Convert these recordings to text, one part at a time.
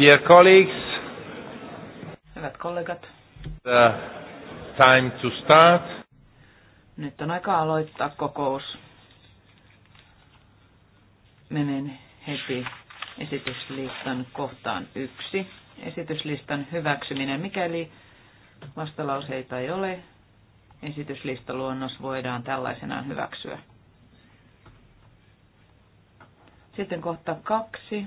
Dear colleagues, hyvät kollegat, the time to start. Nyt on aika aloittaa kokous. Menen heti esityslistan kohtaan yksi. Esityslistan hyväksyminen, mikäli vastalauseita ei ole, esityslistaluonnos voidaan tällaisenaan hyväksyä. Sitten kohta kaksi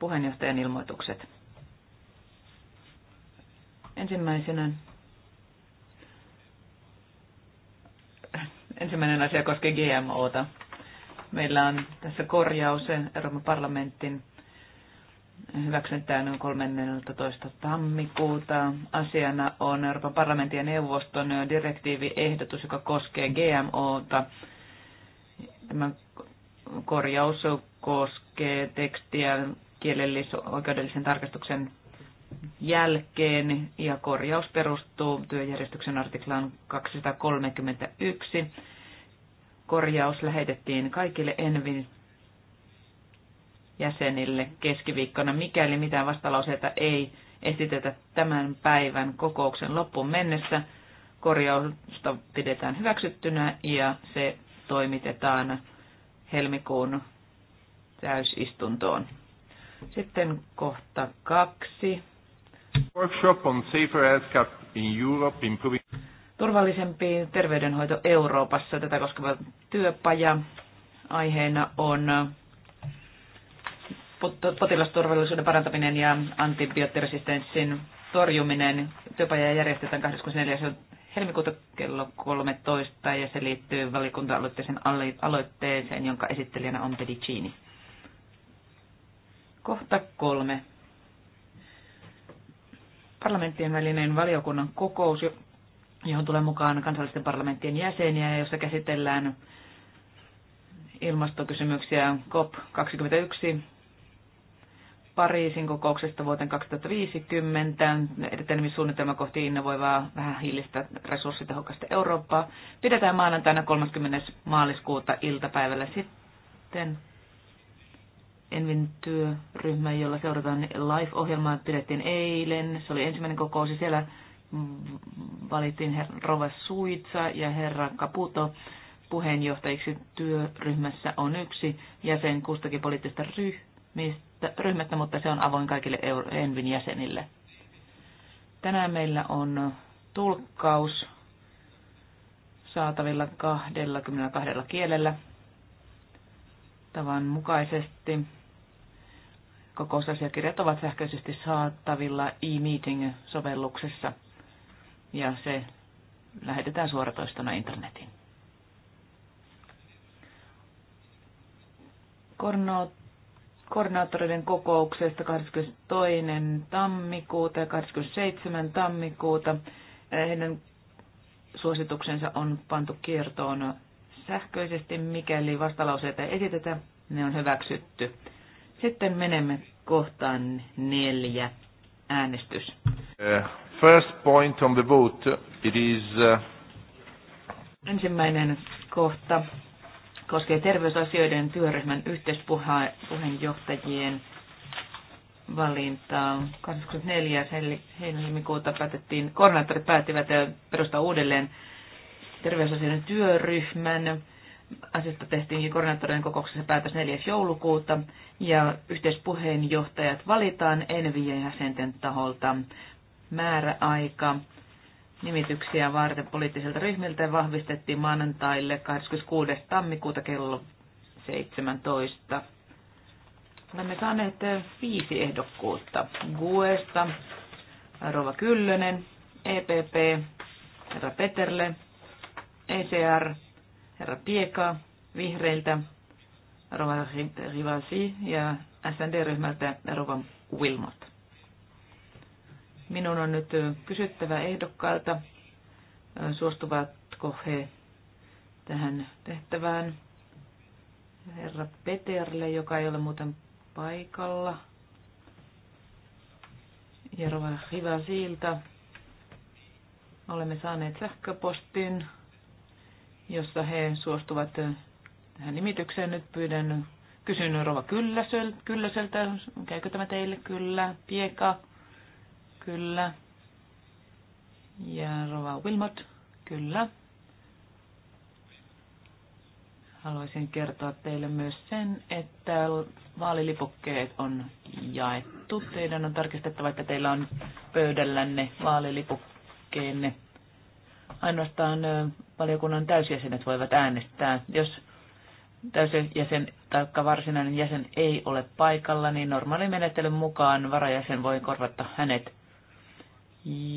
puheenjohtajan ilmoitukset. Ensimmäisenä ensimmäinen asia koskee GMOta. Meillä on tässä korjaus Euroopan parlamentin hyväksyntään 13. tammikuuta. Asiana on Euroopan parlamentin ja neuvoston direktiiviehdotus, joka koskee GMOta. Tämä korjaus koskee tekstiä kielellis-oikeudellisen tarkastuksen jälkeen ja korjaus perustuu työjärjestyksen artiklaan 231. Korjaus lähetettiin kaikille Envin jäsenille keskiviikkona, mikäli mitään vastalauseita ei esitetä tämän päivän kokouksen loppuun mennessä. Korjausta pidetään hyväksyttynä ja se toimitetaan helmikuun täysistuntoon. Sitten kohta kaksi. Workshop on safer healthcare in Europe, improving... Turvallisempi terveydenhoito Euroopassa. Tätä koskeva työpaja. Aiheena on potilasturvallisuuden parantaminen ja antibioottiresistenssin torjuminen. Työpaja järjestetään 24. helmikuuta kello 13 ja se liittyy valikunta-aloitteeseen aloitteeseen, jonka esittelijänä on Pedicini. Kohta kolme. Parlamenttien välinen valiokunnan kokous, johon tulee mukaan kansallisten parlamenttien jäseniä, jossa käsitellään ilmastokysymyksiä COP21 Pariisin kokouksesta vuoteen 2050, etenemissuunnitelma kohti innovoivaa vähän hiilistä resurssitehokasta Eurooppaa. Pidetään maanantaina 30. maaliskuuta iltapäivällä sitten Envin työryhmä, jolla seurataan live-ohjelmaa, pidettiin eilen. Se oli ensimmäinen kokous ja siellä valittiin herra Rova Suitsa ja herra Kaputo puheenjohtajiksi. Työryhmässä on yksi jäsen kustakin poliittista ryhmistä, ryhmästä, mutta se on avoin kaikille Envin jäsenille. Tänään meillä on tulkkaus saatavilla 22 kielellä tavan mukaisesti. Kokousasiakirjat ovat sähköisesti saattavilla e-meeting-sovelluksessa ja se lähetetään suoratoistona internetiin. koordinaattoreiden kokouksesta 22. tammikuuta ja 27. tammikuuta. Heidän suosituksensa on pantu kiertoon sähköisesti, mikäli vastalauseita ei esitetä, ne on hyväksytty. Sitten menemme kohtaan neljä äänestys. Uh, first point on the vote, it is... Uh... Ensimmäinen kohta koskee terveysasioiden työryhmän yhteispuheenjohtajien valintaa. 24. heinähelmikuuta päätettiin, koordinaattorit päättivät perustaa uudelleen terveysasioiden työryhmän asiasta tehtiin koordinaattorien kokouksessa päätös 4. joulukuuta ja yhteispuheenjohtajat valitaan Envien jäsenten taholta määräaika. Nimityksiä varten poliittiselta ryhmiltä vahvistettiin maanantaille 26. tammikuuta kello 17. Olemme saaneet viisi ehdokkuutta. Guesta, Rova Kyllönen, EPP, Herra Peterle, ECR, herra Pieka vihreiltä, Rova Rivasi ja SND-ryhmältä Rova Wilmot. Minun on nyt kysyttävä ehdokkailta, suostuvatko he tähän tehtävään. Herra Peterle, joka ei ole muuten paikalla. Ja Rova Rivasilta. Olemme saaneet sähköpostin jossa he suostuvat tähän nimitykseen. Nyt pyydän, kysyn Rova Kylläseltä, käykö tämä teille? Kyllä. Pieka? Kyllä. Ja Rova Wilmot? Kyllä. Haluaisin kertoa teille myös sen, että vaalilipukkeet on jaettu. Teidän on tarkistettava, että teillä on pöydällänne vaalilipukkeenne. Ainoastaan valiokunnan täysjäsenet voivat äänestää. Jos täysjäsen tai varsinainen jäsen ei ole paikalla, niin normaalin menettelyn mukaan varajäsen voi korvata hänet.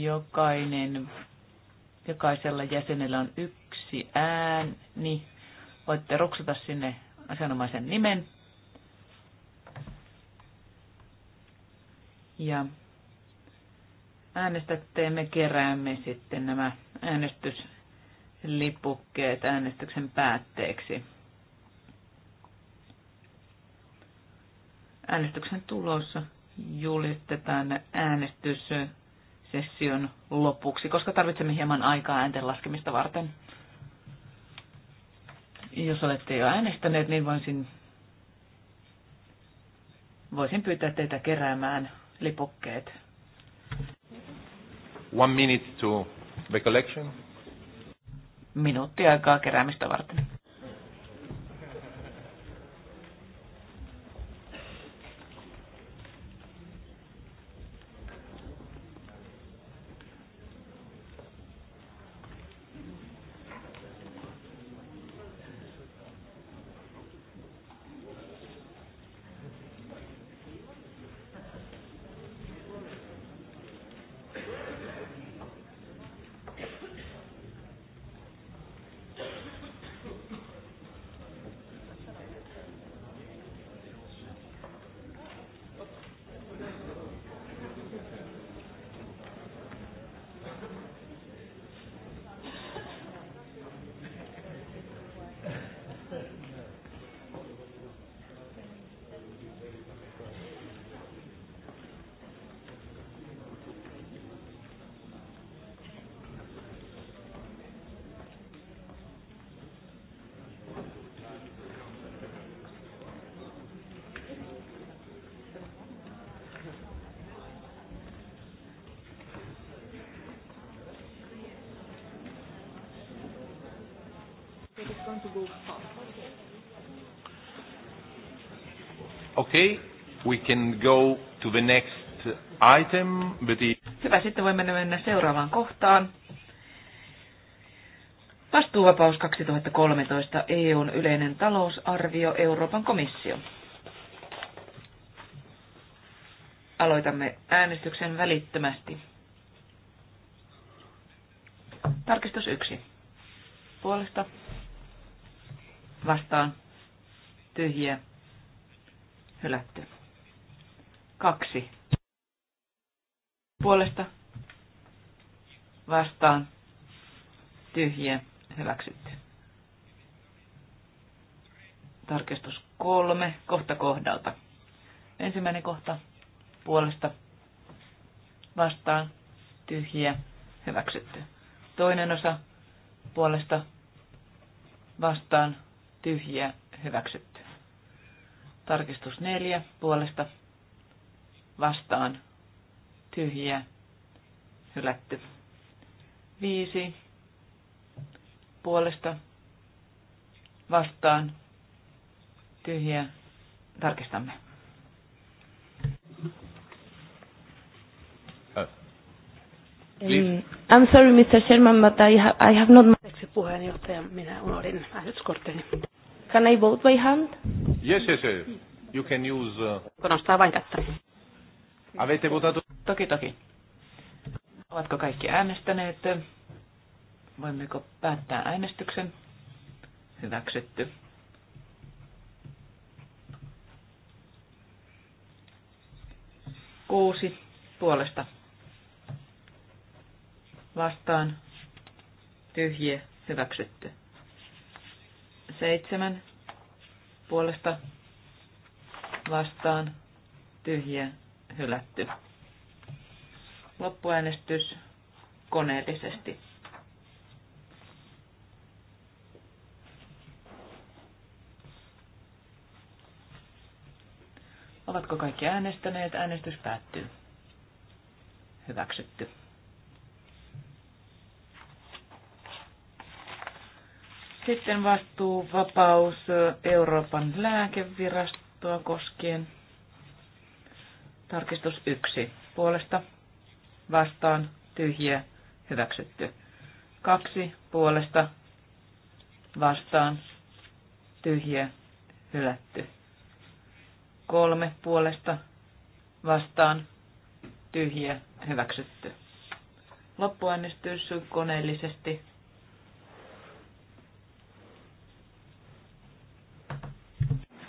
Jokainen, jokaisella jäsenellä on yksi ääni. Voitte ruksata sinne asianomaisen nimen. Ja äänestätte, me keräämme sitten nämä äänestyslipukkeet äänestyksen päätteeksi. Äänestyksen tulossa julistetaan äänestyssession lopuksi, koska tarvitsemme hieman aikaa äänten laskemista varten. Jos olette jo äänestäneet, niin voisin, voisin pyytää teitä keräämään lipukkeet. One minute to recollection. Minuutti aikaa keräämistä varten. going to go fast. Okay, we can go to the next item. But it... Hyvä, sitten voimme mennä seuraavaan kohtaan. Vastuuvapaus 2013, EUn yleinen talousarvio, Euroopan komissio. Aloitamme äänestyksen välittömästi. Tarkistus 1. Puolesta vastaan tyhjiä hylätty. Kaksi. Puolesta vastaan tyhjiä hyväksytty. Tarkistus kolme kohta kohdalta. Ensimmäinen kohta puolesta vastaan tyhjiä hyväksytty. Toinen osa puolesta vastaan tyhjiä hyväksytty. Tarkistus neljä puolesta vastaan tyhjiä hylätty. Viisi puolesta vastaan tyhjiä tarkistamme. Um, I'm sorry, Mr. Sherman, but I have, I have not... Puheenjohtaja, minä unohdin äänestyskortteni. Can I vote by hand? Yes, yes, yes. You can use... Uh... nostaa vain kättä. Avete votato... Toki, toki. Ovatko kaikki äänestäneet? Voimmeko päättää äänestyksen? Hyväksytty. Kuusi puolesta. Vastaan. Tyhjä. Hyväksytty seitsemän puolesta vastaan tyhjä hylätty. Loppuäänestys koneellisesti. Ovatko kaikki äänestäneet? Äänestys päättyy. Hyväksytty. Sitten vastuu vapaus Euroopan lääkevirastoa koskien. Tarkistus 1. Puolesta vastaan tyhjä hyväksytty. 2. Puolesta vastaan tyhjä hylätty. 3. Puolesta vastaan tyhjä hyväksytty. Loppuäänestys koneellisesti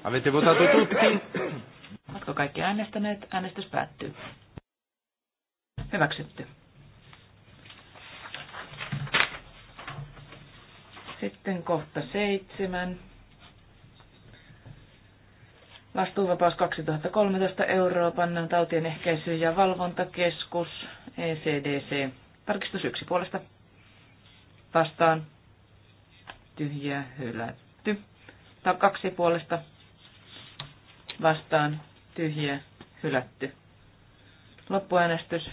Avete votato tutti? Ovatko kaikki äänestäneet? Äänestys päättyy. Hyväksytty. Sitten kohta seitsemän. Vastuuvapaus 2013 Euroopan tautien ehkäisy- ja valvontakeskus ECDC. Tarkistus yksi puolesta. Vastaan. Tyhjä hylätty. Tai kaksi puolesta vastaan tyhjä hylätty. Loppuäänestys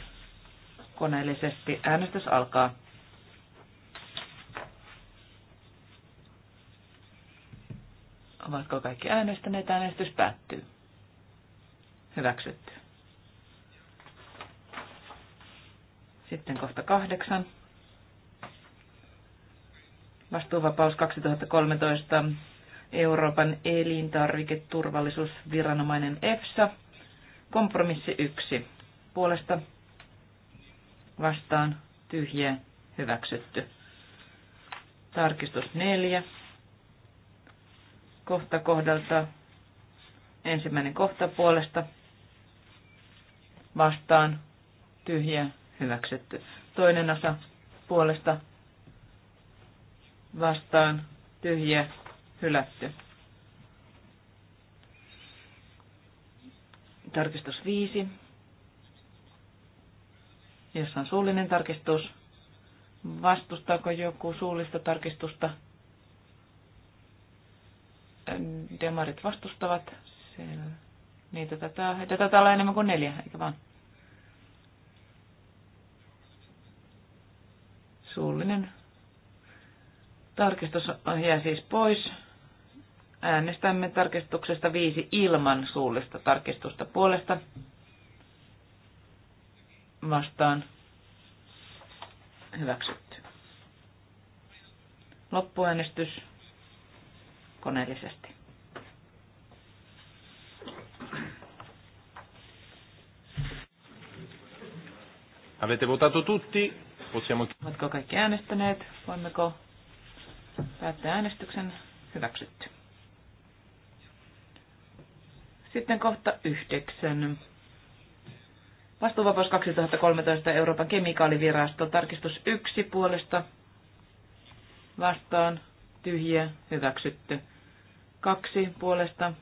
koneellisesti. Äänestys alkaa. Ovatko kaikki äänestäneet? Äänestys päättyy. Hyväksytty. Sitten kohta kahdeksan. Vastuuvapaus 2013 Euroopan elintarviketurvallisuusviranomainen EFSA. Kompromissi 1. Puolesta vastaan tyhjä hyväksytty. Tarkistus 4. Kohta kohdalta ensimmäinen kohta puolesta vastaan tyhjä hyväksytty. Toinen osa puolesta vastaan tyhjä hylätty. Tarkistus 5, jossa on suullinen tarkistus. Vastustaako joku suullista tarkistusta? Demarit vastustavat. Siellä. Niitä tätä, tätä on enemmän kuin neljä, eikä vaan? Suullinen tarkistus jää siis pois. Äänestämme tarkistuksesta viisi ilman suullista tarkistusta puolesta vastaan hyväksytty. Loppuäänestys koneellisesti. Avete votato tutti? Possiamo... Ovatko kaikki äänestäneet? Voimmeko päättää äänestyksen? Hyväksytty. Sitten kohta yhdeksän. Vastuuvapaus 2013 Euroopan kemikaalivirasto. Tarkistus yksi puolesta. Vastaan. Tyhjä. Hyväksytty. Kaksi puolesta.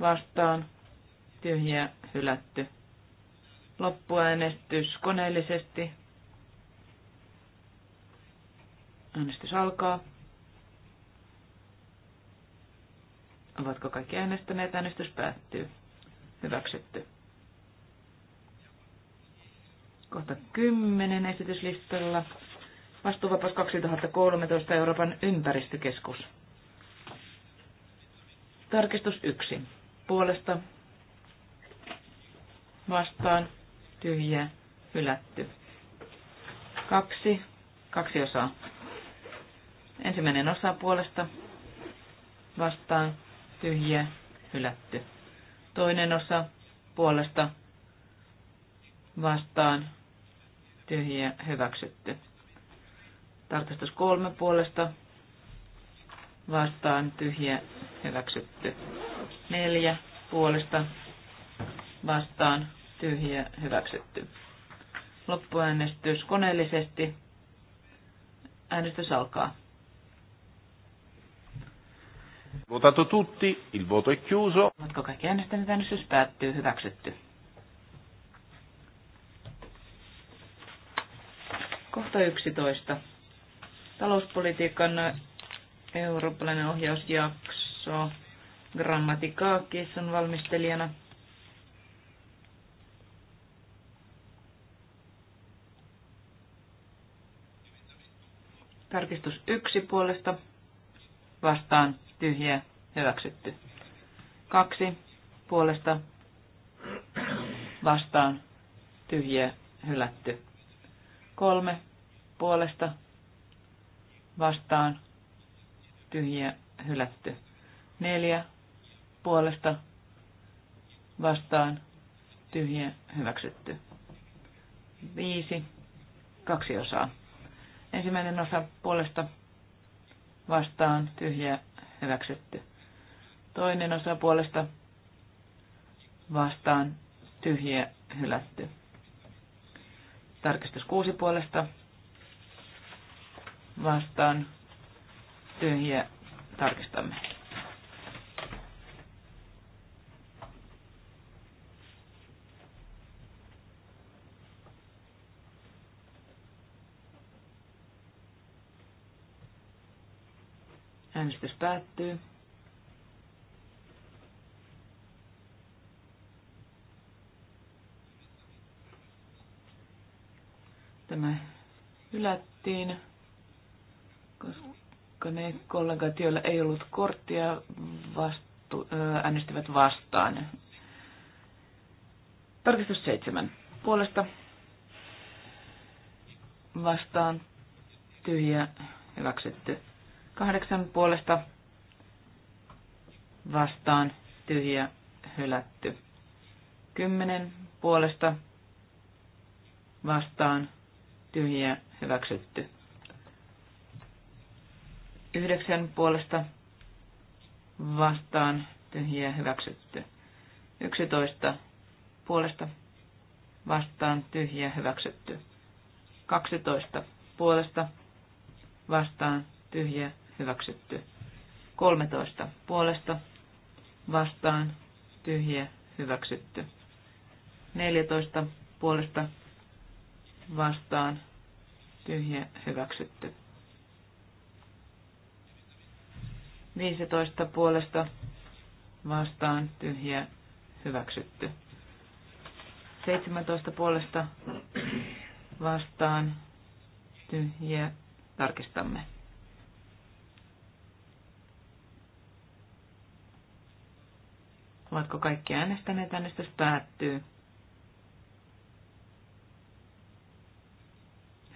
Vastaan. Tyhjä. Hylätty. Loppuäänestys koneellisesti. Äänestys alkaa. Ovatko kaikki äänestäneet? Äänestys päättyy. Hyväksytty. Kohta 10 esityslistalla. Vastuuvapaus 2013 Euroopan ympäristökeskus. Tarkistus 1. Puolesta vastaan tyhjä hylätty. Kaksi. Kaksi osaa. Ensimmäinen osa puolesta vastaan tyhjiä, hylätty. Toinen osa puolesta vastaan, tyhjiä, hyväksytty. Tarkastus kolme puolesta vastaan, tyhjiä, hyväksytty. Neljä puolesta vastaan, tyhjiä, hyväksytty. Loppuäänestys koneellisesti. Äänestys alkaa. Votato tutti, il voto è chiuso. Oletko kaikki äänestäneet? Äänestys päättyy. Hyväksytty. Kohta 11. Talouspolitiikan eurooppalainen ohjausjakso. Grammatikaakis on valmistelijana. Tarkistus yksi puolesta vastaan tyhjiä hyväksytty. Kaksi puolesta vastaan tyhjiä hylätty. Kolme puolesta vastaan tyhjiä hylätty. Neljä puolesta vastaan tyhjiä hyväksytty. Viisi, kaksi osaa. Ensimmäinen osa puolesta vastaan tyhjiä hyväksytty. Toinen osa puolesta vastaan tyhjiä hylätty. Tarkistus kuusi puolesta vastaan tyhjiä tarkistamme. Äänestys päättyy. Tämä hylättiin, koska ne kollegat, joilla ei ollut korttia, vastu, äänestivät vastaan. Tarkistus seitsemän. Puolesta vastaan tyhjä hyväksytty. Kahdeksan puolesta vastaan tyhjä hylätty. Kymmenen puolesta vastaan tyhjä hyväksytty. Yhdeksän puolesta vastaan tyhjä hyväksytty. Yksitoista puolesta vastaan tyhjä hyväksytty. Kaksitoista puolesta vastaan tyhjä hyväksytty. 13 puolesta vastaan tyhjä hyväksytty. 14 puolesta vastaan tyhjä hyväksytty. 15 puolesta vastaan tyhjä hyväksytty. 17 puolesta vastaan tyhjä tarkistamme. Ovatko kaikki äänestäneet? Äänestys päättyy.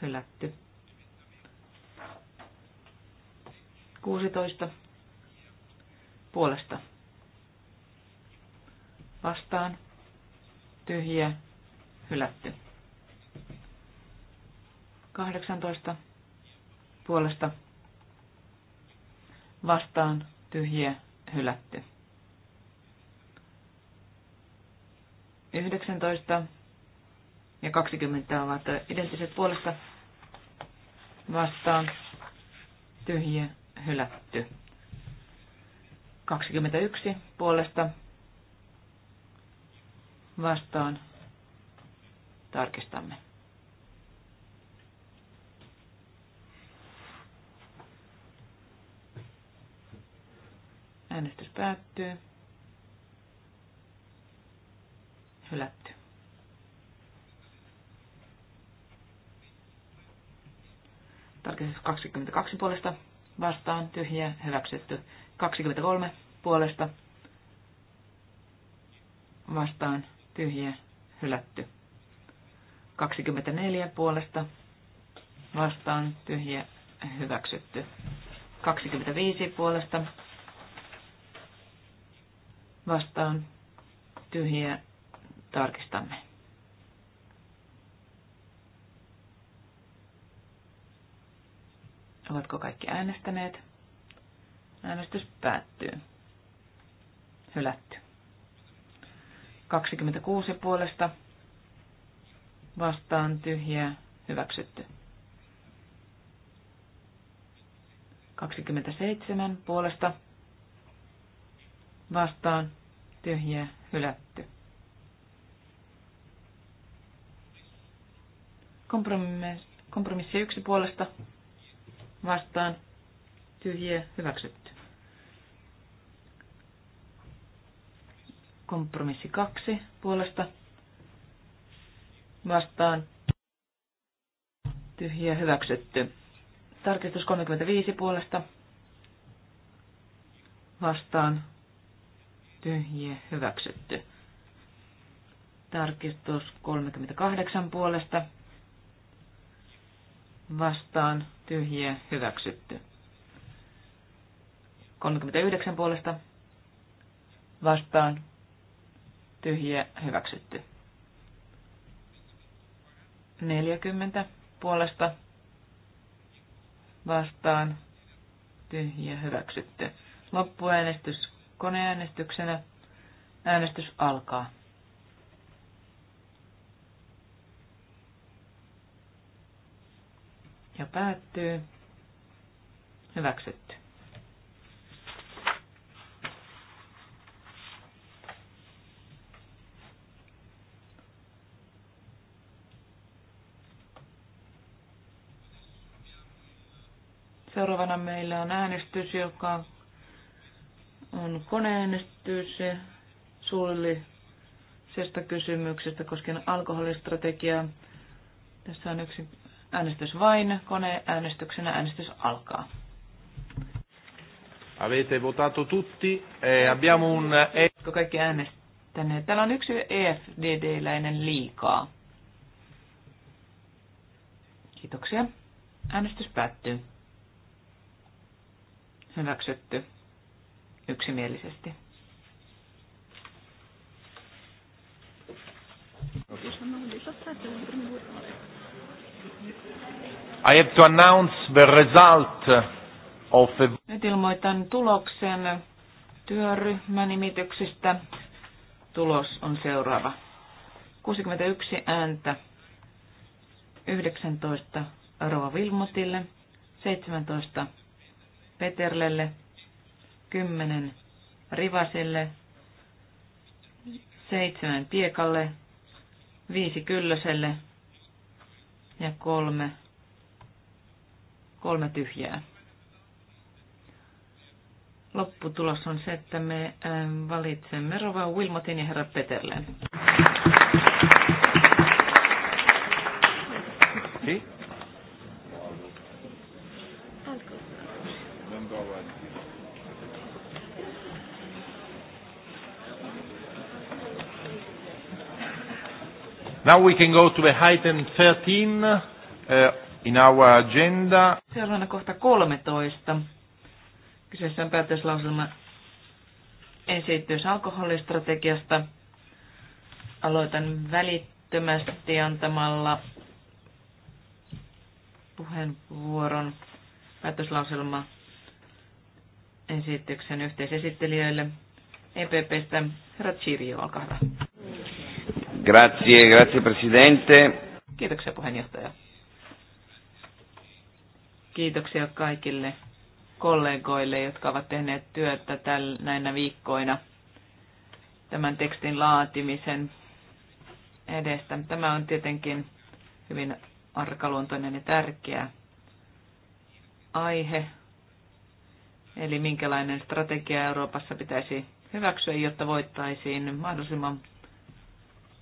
Hylätty. 16 puolesta. Vastaan. tyhjä, Hylätty. 18 puolesta. Vastaan. tyhjä, Hylätty. 19 ja 20 ovat identtiset puolesta vastaan tyhjä hylätty. 21 puolesta vastaan tarkistamme. Äänestys päättyy. hylätty. Tarkistus 22 puolesta vastaan tyhjä hyväksytty. 23 puolesta vastaan tyhjä hylätty. 24 puolesta vastaan tyhjä hyväksytty. 25 puolesta vastaan tyhjä tarkistamme. Ovatko kaikki äänestäneet? Äänestys päättyy. Hylätty. 26 puolesta vastaan tyhjä. hyväksytty. 27 puolesta vastaan tyhjä. hylätty. Kompromissi yksi puolesta vastaan tyhjiä hyväksytty. Kompromissi kaksi puolesta vastaan tyhjiä hyväksytty. Tarkistus 35 puolesta vastaan tyhjiä hyväksytty. Tarkistus 38 puolesta vastaan tyhjiä hyväksytty. 39 puolesta vastaan tyhjiä hyväksytty. 40 puolesta vastaan tyhjiä hyväksytty. Loppuäänestys koneäänestyksenä. Äänestys alkaa. ja päättyy. Hyväksytty. Seuraavana meillä on äänestys, joka on koneäänestys suullisesta kysymyksestä koskien alkoholistrategiaa. Tässä on yksi Äänestys vain, äänestyksenä äänestys alkaa. Avete votato tutti e abbiamo un... E- Oletko kaikki äänestäneet? Täällä on yksi EFDD-läinen liikaa. Kiitoksia. Äänestys päättyy. Hyväksytty. Yksimielisesti. Okay. I have to announce the result of the... Nyt ilmoitan tuloksen työryhmän nimityksestä. Tulos on seuraava. 61 ääntä 19 Rova Vilmotille, 17 Peterlelle, 10 Rivasille, 7 Piekalle, 5 Kyllöselle, ja kolme, kolme tyhjää. Lopputulos on se, että me ähm, valitsemme Rova Wilmotin ja herra Peterlen. Sí. Niin? Now we can go to the item 13 uh, in our agenda. Seuraavana kohta 13. Kyseessä on päätöslauselma esitys alkoholistrategiasta. Aloitan välittömästi antamalla puheenvuoron päätöslauselma esityksen yhteisesittelijöille. EPPstä herra Chirio, olkaa hyvä. Grazie, grazie presidente. Kiitoksia puheenjohtaja. Kiitoksia kaikille kollegoille, jotka ovat tehneet työtä tällä, näinä viikkoina tämän tekstin laatimisen edestä. Tämä on tietenkin hyvin arkaluontoinen ja tärkeä aihe, eli minkälainen strategia Euroopassa pitäisi hyväksyä, jotta voittaisiin mahdollisimman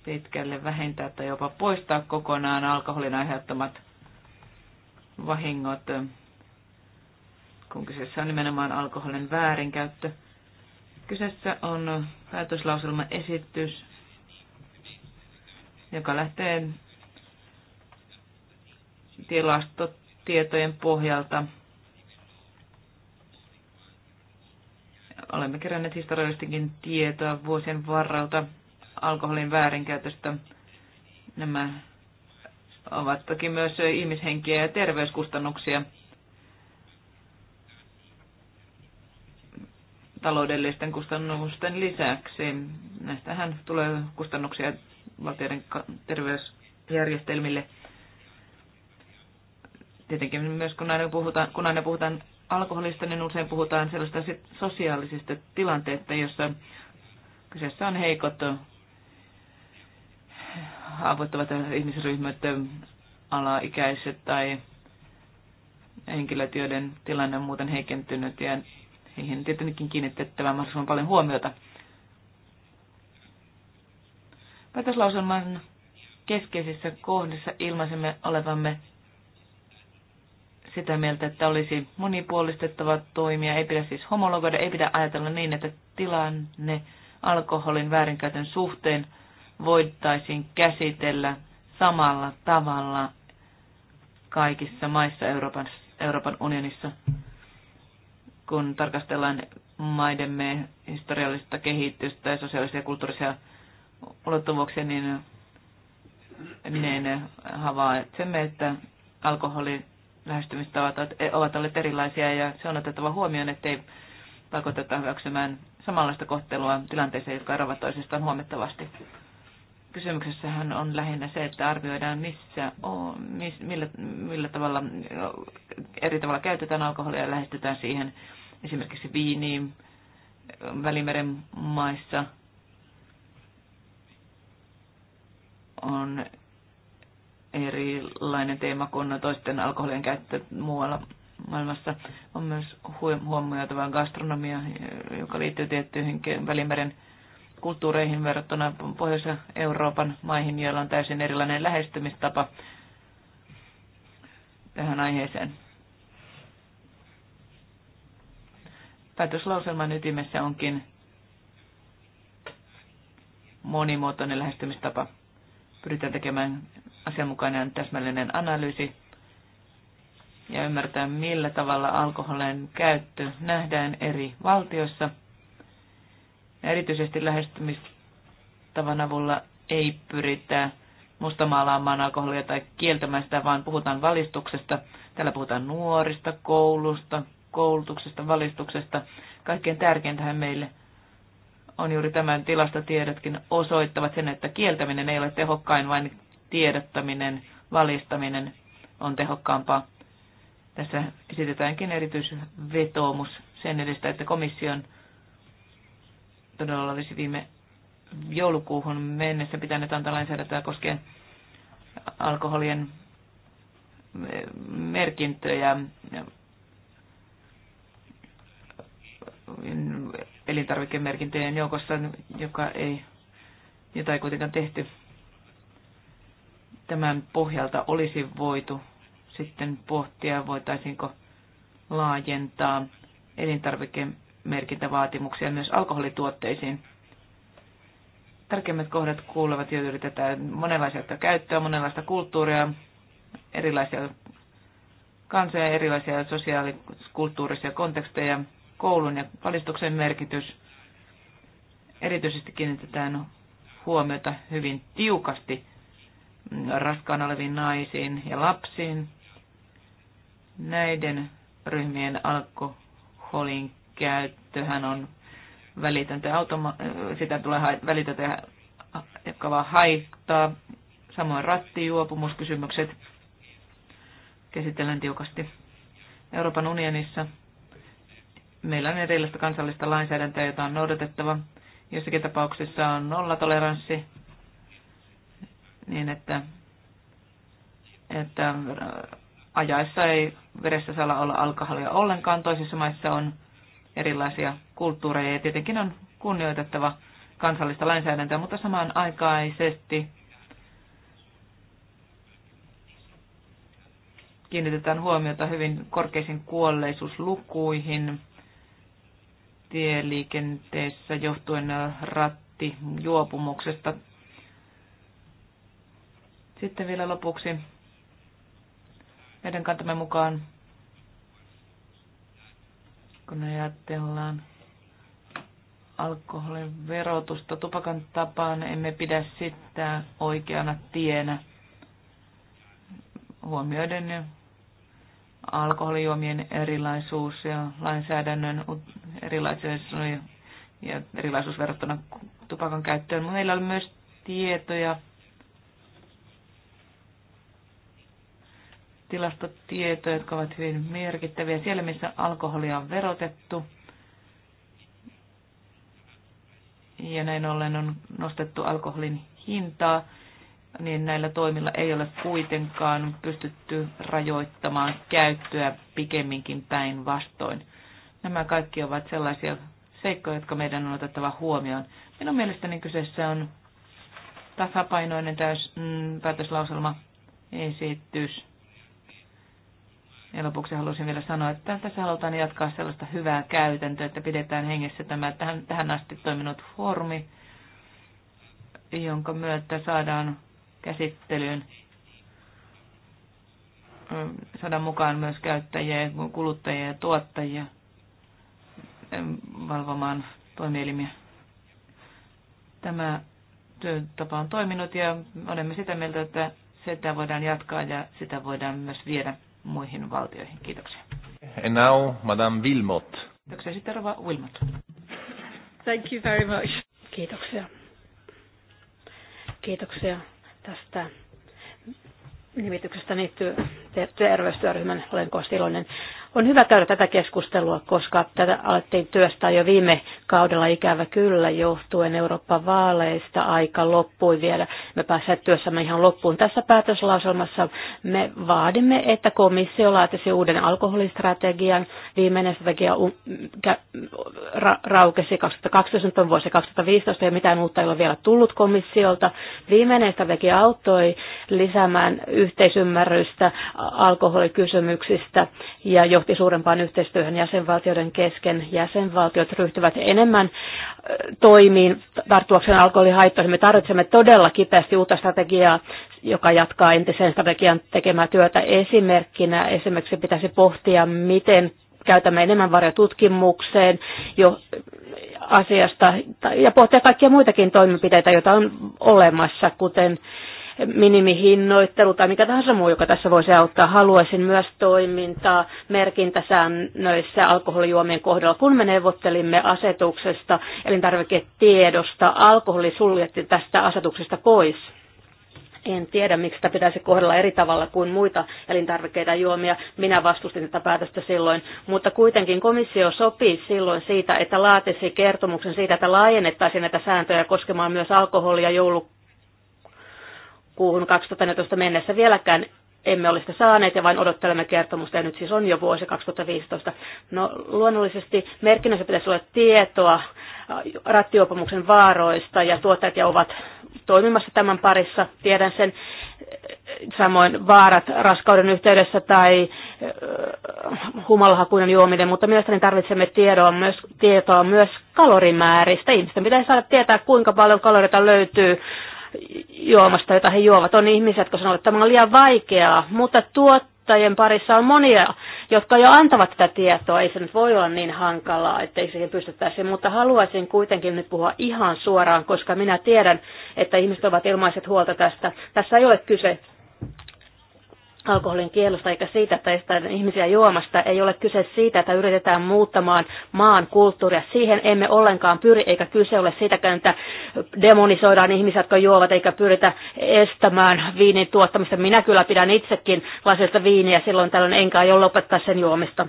pitkälle vähentää tai jopa poistaa kokonaan alkoholin aiheuttamat vahingot, kun kyseessä on nimenomaan alkoholin väärinkäyttö. Kyseessä on esitys, joka lähtee tilastotietojen pohjalta. Olemme keränneet historiallistikin tietoa vuosien varrelta alkoholin väärinkäytöstä. Nämä ovat toki myös ihmishenkiä ja terveyskustannuksia. taloudellisten kustannusten lisäksi. Näistähän tulee kustannuksia valtioiden terveysjärjestelmille. Tietenkin myös kun aina puhutaan, kun aina puhutaan alkoholista, niin usein puhutaan sellaista sosiaalisista tilanteista, jossa kyseessä on heikot haavoittuvat ihmisryhmät, alaikäiset tai henkilöt, joiden tilanne on muuten heikentynyt ja heihin tietenkin kiinnitettävä mahdollisimman paljon huomiota. Päätöslauselman keskeisissä kohdissa ilmaisemme olevamme sitä mieltä, että olisi monipuolistettava toimia, ei pidä siis homologoida, ei pidä ajatella niin, että tilanne alkoholin väärinkäytön suhteen – voitaisiin käsitellä samalla tavalla kaikissa maissa Euroopan, Euroopan unionissa, kun tarkastellaan maidemme historiallista kehitystä ja sosiaalisia ja kulttuurisia ulottuvuuksia, niin, niin havaitsemme, että alkoholin lähestymistavat e, ovat olleet erilaisia ja se on otettava huomioon, ettei pakoteta hyväksymään samanlaista kohtelua tilanteeseen, jotka eroavat toisistaan huomattavasti kysymyksessähän on lähinnä se, että arvioidaan missä on, miss, millä, millä tavalla eri tavalla käytetään alkoholia ja lähestytään siihen esimerkiksi viiniin Välimeren maissa on erilainen teema kuin toisten alkoholien käyttö muualla maailmassa. On myös huomioitava gastronomia, joka liittyy tiettyihin Välimeren kulttuureihin verrattuna Pohjois-Euroopan maihin, joilla on täysin erilainen lähestymistapa tähän aiheeseen. Päätöslauselman ytimessä onkin monimuotoinen lähestymistapa. Pyritään tekemään asianmukainen täsmällinen analyysi ja ymmärtää, millä tavalla alkoholin käyttö nähdään eri valtioissa – Erityisesti lähestymistavan avulla ei pyritä mustamaalaamaan alkoholia tai kieltämään sitä, vaan puhutaan valistuksesta. Täällä puhutaan nuorista, koulusta, koulutuksesta, valistuksesta. Kaikkein tärkeintähän meille on juuri tämän tilastotiedotkin osoittavat sen, että kieltäminen ei ole tehokkain, vain tiedottaminen, valistaminen on tehokkaampaa. Tässä esitetäänkin erityisvetoomus sen edestä, että komission todella olisi viime joulukuuhun mennessä pitänyt antaa lainsäädäntöä koskien alkoholien eh, merkintöjä elintarvikemerkintöjen joukossa, joka ei, jota ei kuitenkaan tehty. Tämän pohjalta olisi voitu sitten pohtia, voitaisiinko laajentaa elintarvikemerkintöjä merkintävaatimuksia myös alkoholituotteisiin. Tärkeimmät kohdat kuuluvat jo yritetään monenlaista käyttöä, monenlaista kulttuuria, erilaisia kansoja, erilaisia sosiaalikulttuurisia konteksteja, koulun ja valistuksen merkitys. Erityisesti kiinnitetään huomiota hyvin tiukasti raskaan oleviin naisiin ja lapsiin. Näiden ryhmien alkoholin käyttöhän on välitöntä automa- sitä tulee ha- välitöntä vaan haittaa. Samoin rattijuopumuskysymykset käsitellään tiukasti. Euroopan unionissa meillä on erillistä kansallista lainsäädäntöä, jota on noudatettava. Jossakin tapauksessa on nollatoleranssi niin, että, että äh, ajaessa ei veressä saa olla alkoholia ollenkaan. Toisissa maissa on erilaisia kulttuureja ja tietenkin on kunnioitettava kansallista lainsäädäntöä, mutta samanaikaisesti kiinnitetään huomiota hyvin korkeisiin kuolleisuuslukuihin tieliikenteessä johtuen rattijuopumuksesta. Sitten vielä lopuksi meidän kantamme mukaan kun ajatellaan alkoholin verotusta tupakan tapaan, emme pidä sitä oikeana tienä huomioiden alkoholijuomien erilaisuus ja lainsäädännön erilaisuus ja erilaisuus verrattuna tupakan käyttöön. Meillä on myös tietoja tilastotietoja, jotka ovat hyvin merkittäviä. Siellä, missä alkoholia on verotettu, ja näin ollen on nostettu alkoholin hintaa, niin näillä toimilla ei ole kuitenkaan pystytty rajoittamaan käyttöä pikemminkin päinvastoin. Nämä kaikki ovat sellaisia seikkoja, jotka meidän on otettava huomioon. Minun mielestäni kyseessä on tasapainoinen täys, mm, päätöslauselma esitys. Ja lopuksi haluaisin vielä sanoa, että tässä halutaan jatkaa sellaista hyvää käytäntöä, että pidetään hengessä tämä tähän, tähän asti toiminut foorumi, jonka myötä saadaan käsittelyyn mm, saada mukaan myös käyttäjiä, kuluttajia ja tuottajia mm, valvomaan toimielimiä. Tämä työtapa on toiminut ja olemme sitä mieltä, että sitä voidaan jatkaa ja sitä voidaan myös viedä muihin valtioihin. Kiitoksia. And now, Madame Wilmot. Kiitoksia sitten Rova Wilmot. Thank you very much. Kiitoksia. Kiitoksia tästä nimityksestä niittyy terveystyöryhmän olen iloinen. On hyvä käydä tätä keskustelua, koska tätä alettiin työstää jo viime kaudella ikävä kyllä johtuen Euroopan vaaleista. Aika loppui vielä. Me pääsemme työssämme ihan loppuun. Tässä päätöslauselmassa me vaadimme, että komissio laatisi uuden alkoholistrategian. Viimeinen strategia raukesi 2012 vuosi 2015 ja mitään uutta ei ole vielä tullut komissiolta. Viimeinen strategia auttoi lisäämään yhteisymmärrystä alkoholikysymyksistä ja jo johti suurempaan yhteistyöhön jäsenvaltioiden kesken. Jäsenvaltiot ryhtyvät enemmän toimiin tarttuakseen alkoholihaittoihin. Me tarvitsemme todella kipeästi uutta strategiaa, joka jatkaa entisen strategian tekemää työtä. Esimerkkinä esimerkiksi pitäisi pohtia, miten käytämme enemmän varoja tutkimukseen jo asiasta ja pohtia kaikkia muitakin toimenpiteitä, joita on olemassa, kuten minimihinnoittelu tai mikä tahansa muu, joka tässä voisi auttaa. Haluaisin myös toimintaa merkintäsäännöissä alkoholijuomien kohdalla. Kun me neuvottelimme asetuksesta, elintarviketiedosta, alkoholi suljettiin tästä asetuksesta pois en tiedä, miksi sitä pitäisi kohdella eri tavalla kuin muita elintarvikkeita ja juomia. Minä vastustin tätä päätöstä silloin, mutta kuitenkin komissio sopi silloin siitä, että laatisi kertomuksen siitä, että laajennettaisiin näitä sääntöjä koskemaan myös alkoholia joulu kuuhun 2014 mennessä vieläkään emme ole sitä saaneet ja vain odottelemme kertomusta ja nyt siis on jo vuosi 2015. No luonnollisesti merkinnässä pitäisi olla tietoa äh, rattiopumuksen vaaroista ja tuottajat ja ovat toimimassa tämän parissa, tiedän sen. Äh, samoin vaarat raskauden yhteydessä tai äh, humalahakuinen juominen, mutta mielestäni tarvitsemme tietoa myös, tietoa myös kalorimääristä. Ihmisten pitäisi saada tietää, kuinka paljon kaloreita löytyy juomasta, jota he juovat. On ihmisiä, jotka sanovat, että tämä on liian vaikeaa, mutta tuottajien parissa on monia, jotka jo antavat tätä tietoa. Ei se nyt voi olla niin hankalaa, ettei siihen pystyttäisi, mutta haluaisin kuitenkin nyt puhua ihan suoraan, koska minä tiedän, että ihmiset ovat ilmaiset huolta tästä. Tässä ei ole kyse alkoholin kielosta eikä siitä, että estetään ihmisiä juomasta. Ei ole kyse siitä, että yritetään muuttamaan maan kulttuuria. Siihen emme ollenkaan pyri, eikä kyse ole siitäkään, että demonisoidaan ihmisiä, jotka juovat, eikä pyritä estämään viinin tuottamista. Minä kyllä pidän itsekin lasista viiniä silloin tällöin, enkä aio lopettaa sen juomista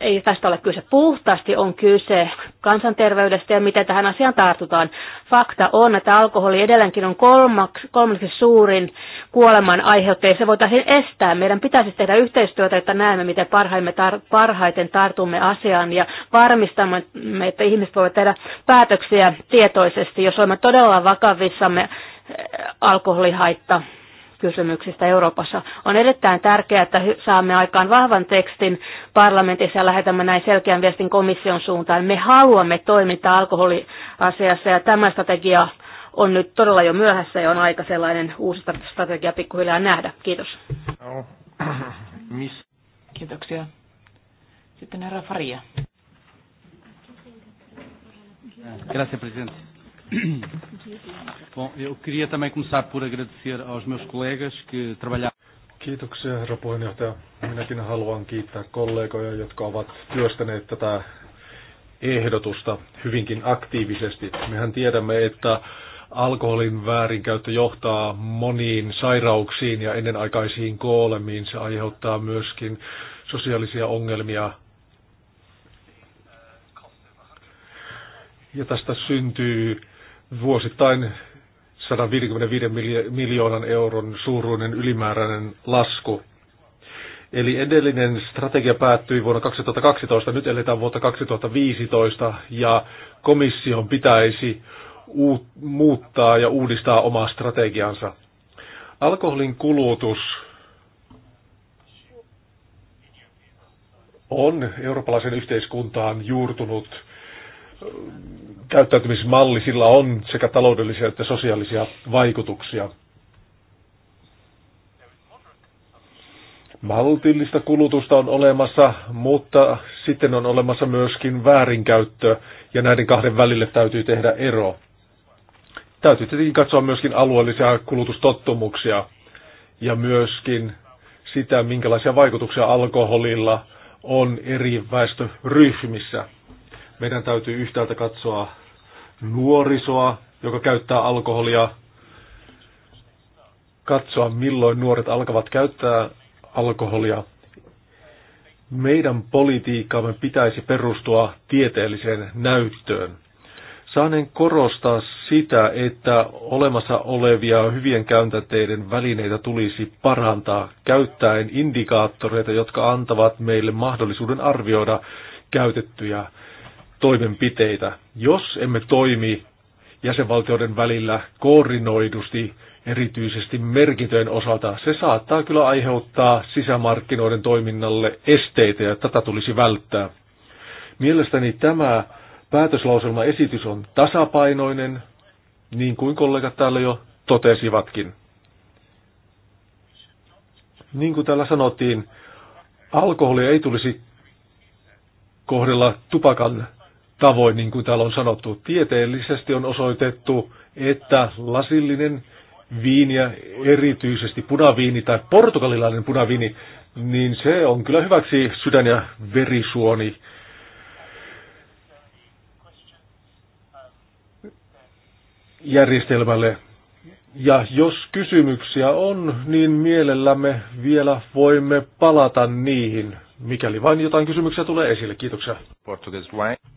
ei tästä ole kyse puhtaasti, on kyse kansanterveydestä ja miten tähän asiaan tartutaan. Fakta on, että alkoholi edelleenkin on kolmaksi, kolmanneksi suurin kuoleman aiheuttaja. Se voitaisiin estää. Meidän pitäisi tehdä yhteistyötä, että näemme, miten parhaimme tar- parhaiten tartumme asiaan ja varmistamme, että ihmiset voivat tehdä päätöksiä tietoisesti, jos olemme todella vakavissamme eh, alkoholihaitta kysymyksistä Euroopassa. On erittäin tärkeää, että saamme aikaan vahvan tekstin parlamentissa ja lähetämme näin selkeän viestin komission suuntaan. Me haluamme toimintaa alkoholiasiassa ja tämä strategia on nyt todella jo myöhässä ja on aika sellainen uusi strategia pikkuhiljaa nähdä. Kiitos. Kiitoksia. Sitten herra Faria. Gracias, presidente. Bom, eu queria também começar por agradecer aos meus colegas que trabalharam. Kiitoksia, herra puheenjohtaja. Minäkin haluan kiittää kollegoja, jotka ovat työstäneet tätä ehdotusta hyvinkin aktiivisesti. Mehän tiedämme, että alkoholin väärinkäyttö johtaa moniin sairauksiin ja ennenaikaisiin kuolemiin. Se aiheuttaa myöskin sosiaalisia ongelmia. Ja tästä syntyy vuosittain 155 miljoonan euron suuruinen ylimääräinen lasku. Eli edellinen strategia päättyi vuonna 2012, nyt eletään vuotta 2015 ja komission pitäisi muuttaa ja uudistaa omaa strategiansa. Alkoholin kulutus on eurooppalaisen yhteiskuntaan juurtunut käyttäytymismalli, sillä on sekä taloudellisia että sosiaalisia vaikutuksia. Maltillista kulutusta on olemassa, mutta sitten on olemassa myöskin väärinkäyttö, ja näiden kahden välille täytyy tehdä ero. Täytyy tietenkin katsoa myöskin alueellisia kulutustottumuksia ja myöskin sitä, minkälaisia vaikutuksia alkoholilla on eri väestöryhmissä. Meidän täytyy yhtäältä katsoa nuorisoa, joka käyttää alkoholia, katsoa milloin nuoret alkavat käyttää alkoholia. Meidän politiikkaamme pitäisi perustua tieteelliseen näyttöön. Saanen korostaa sitä, että olemassa olevia hyvien käytänteiden välineitä tulisi parantaa käyttäen indikaattoreita, jotka antavat meille mahdollisuuden arvioida käytettyjä toimenpiteitä. Jos emme toimi jäsenvaltioiden välillä koordinoidusti, erityisesti merkintöjen osalta, se saattaa kyllä aiheuttaa sisämarkkinoiden toiminnalle esteitä ja tätä tulisi välttää. Mielestäni tämä päätöslauselmaesitys on tasapainoinen, niin kuin kollegat täällä jo totesivatkin. Niin kuin täällä sanottiin, alkoholia ei tulisi kohdella tupakan tavoin, niin kuin täällä on sanottu. Tieteellisesti on osoitettu, että lasillinen viini ja erityisesti punaviini tai portugalilainen punaviini, niin se on kyllä hyväksi sydän- ja verisuoni järjestelmälle. Ja jos kysymyksiä on, niin mielellämme vielä voimme palata niihin, mikäli vain jotain kysymyksiä tulee esille. Kiitoksia.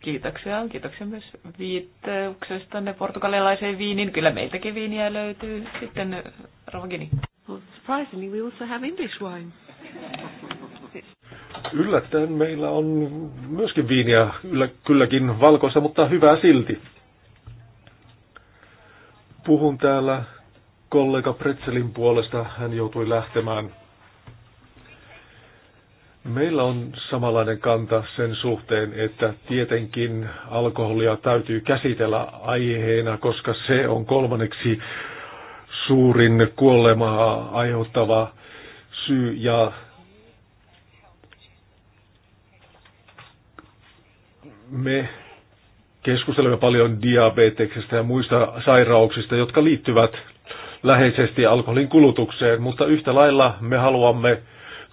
Kiitoksia. Kiitoksia myös viittauksesta portugalilaiseen viiniin. Kyllä meiltäkin viiniä löytyy. Sitten eh, Rovagini. surprisingly, we also have English wine. Yllättäen meillä on myöskin viiniä kylläkin valkoista, mutta hyvää silti. Puhun täällä kollega Pretzelin puolesta. Hän joutui lähtemään. Meillä on samanlainen kanta sen suhteen, että tietenkin alkoholia täytyy käsitellä aiheena, koska se on kolmanneksi suurin kuolemaa aiheuttava syy ja me keskustelemme paljon diabeteksestä ja muista sairauksista, jotka liittyvät läheisesti alkoholin kulutukseen, mutta yhtä lailla me haluamme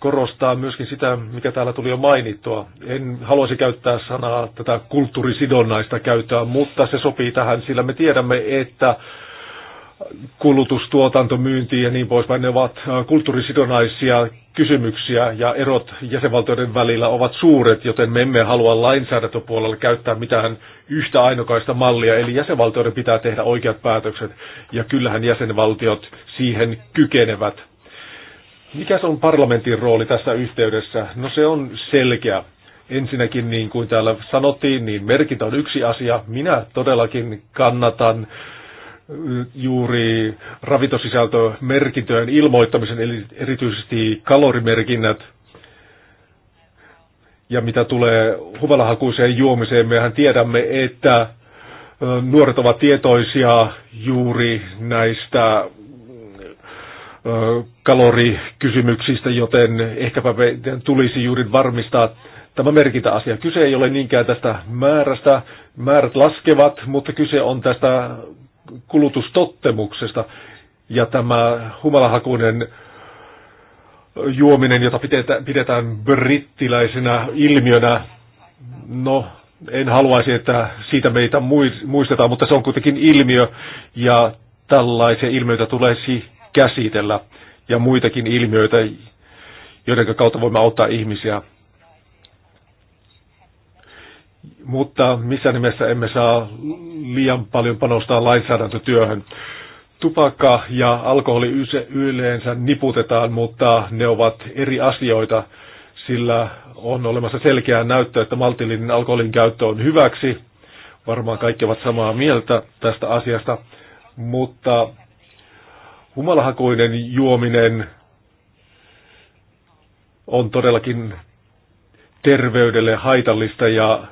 korostaa myöskin sitä, mikä täällä tuli jo mainittua. En haluaisi käyttää sanaa tätä kulttuurisidonnaista käyttöä, mutta se sopii tähän, sillä me tiedämme, että kulutustuotanto, myynti ja niin poispäin, ne ovat äh, kulttuurisidonaisia kysymyksiä ja erot jäsenvaltioiden välillä ovat suuret, joten me emme halua lainsäädäntöpuolella käyttää mitään yhtä ainokaista mallia, eli jäsenvaltioiden pitää tehdä oikeat päätökset ja kyllähän jäsenvaltiot siihen kykenevät. Mikä on parlamentin rooli tässä yhteydessä? No se on selkeä. Ensinnäkin, niin kuin täällä sanottiin, niin merkintä on yksi asia. Minä todellakin kannatan äh, juuri ravintosisältömerkintöjen ilmoittamisen, eli erityisesti kalorimerkinnät. Ja mitä tulee huvalahakuiseen juomiseen, mehän tiedämme, että nuoret ovat tietoisia juuri näistä kalorikysymyksistä, joten ehkäpä meidän tulisi juuri varmistaa tämä merkintäasia. Kyse ei ole niinkään tästä määrästä, määrät laskevat, mutta kyse on tästä kulutustottemuksesta ja tämä humalahakuinen juominen, jota pidetään, pidetään brittiläisenä ilmiönä, no en haluaisi, että siitä meitä muistetaan, mutta se on kuitenkin ilmiö ja tällaisia ilmiöitä tulisi käsitellä ja muitakin ilmiöitä, joiden kautta voimme auttaa ihmisiä mutta missä nimessä emme saa liian paljon panostaa lainsäädäntötyöhön. Tupakka ja alkoholi yleensä niputetaan, mutta ne ovat eri asioita, sillä on olemassa selkeää näyttöä, että maltillinen alkoholin käyttö on hyväksi. Varmaan kaikki ovat samaa mieltä tästä asiasta, mutta humalahakoinen juominen on todellakin terveydelle haitallista ja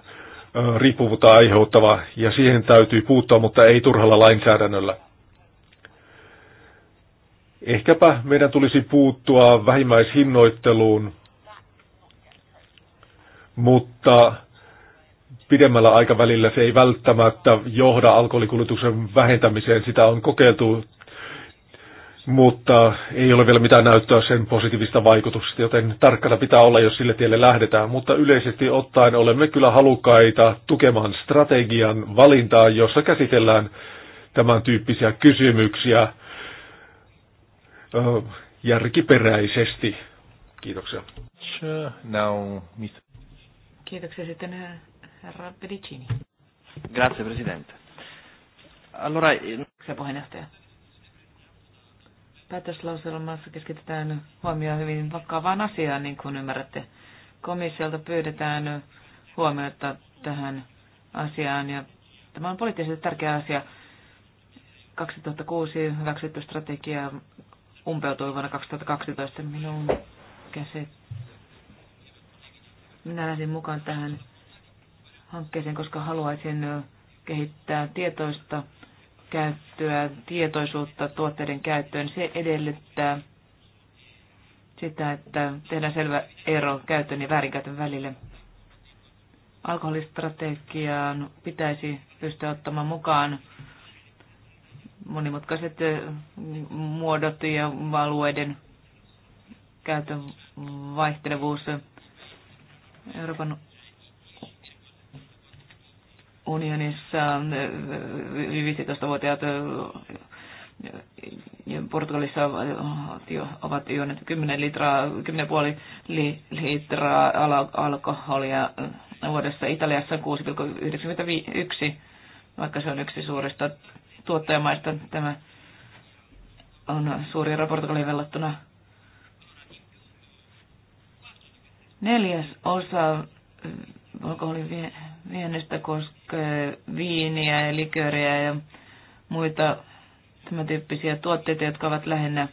riippuvuutta aiheuttava ja siihen täytyy puuttua, mutta ei turhalla lainsäädännöllä. Ehkäpä meidän tulisi puuttua vähimmäishinnoitteluun, mutta pidemmällä aikavälillä se ei välttämättä johda alkoholikulutuksen vähentämiseen. Sitä on kokeiltu mutta ei ole vielä mitään näyttöä sen positiivista vaikutuksista, joten tarkkana pitää olla, jos sille tielle lähdetään. Mutta yleisesti ottaen olemme kyllä halukkaita tukemaan strategian valintaa, jossa käsitellään tämän tyyppisiä kysymyksiä järkiperäisesti. Kiitoksia. Kiitoksia sitten herra Pedicini. Grazie, Presidente. Allora, eh, se puheenjohtaja. Päätöslauselmassa keskitetään huomioon hyvin vakavaan asiaan, niin kuin ymmärrätte. Komissiolta pyydetään huomiota tähän asiaan ja tämä on poliittisesti tärkeä asia. 2006 hyväksytty strategia umpeutui vuonna 2012 minun käsi. Minä lähdin mukaan tähän hankkeeseen, koska haluaisin kehittää tietoista käyttöä, tietoisuutta tuotteiden käyttöön, se edellyttää sitä, että tehdään selvä ero käytön ja väärinkäytön välille. Alkoholistrategiaan pitäisi pystyä ottamaan mukaan monimutkaiset muodot ja alueiden käytön vaihtelevuus. Euroopan unionissa yli 15-vuotiaat ja Portugalissa ovat juoneet 10 litraa, 10,5 litraa alkoholia vuodessa, Italiassa 6,91, vaikka se on yksi suurista tuottajamaista. Tämä on suuri ero Portugaliin verrattuna. Neljäs osa alkoholin viennistä koskee viiniä ja liköriä ja muita tämän tyyppisiä tuotteita, jotka ovat lähinnä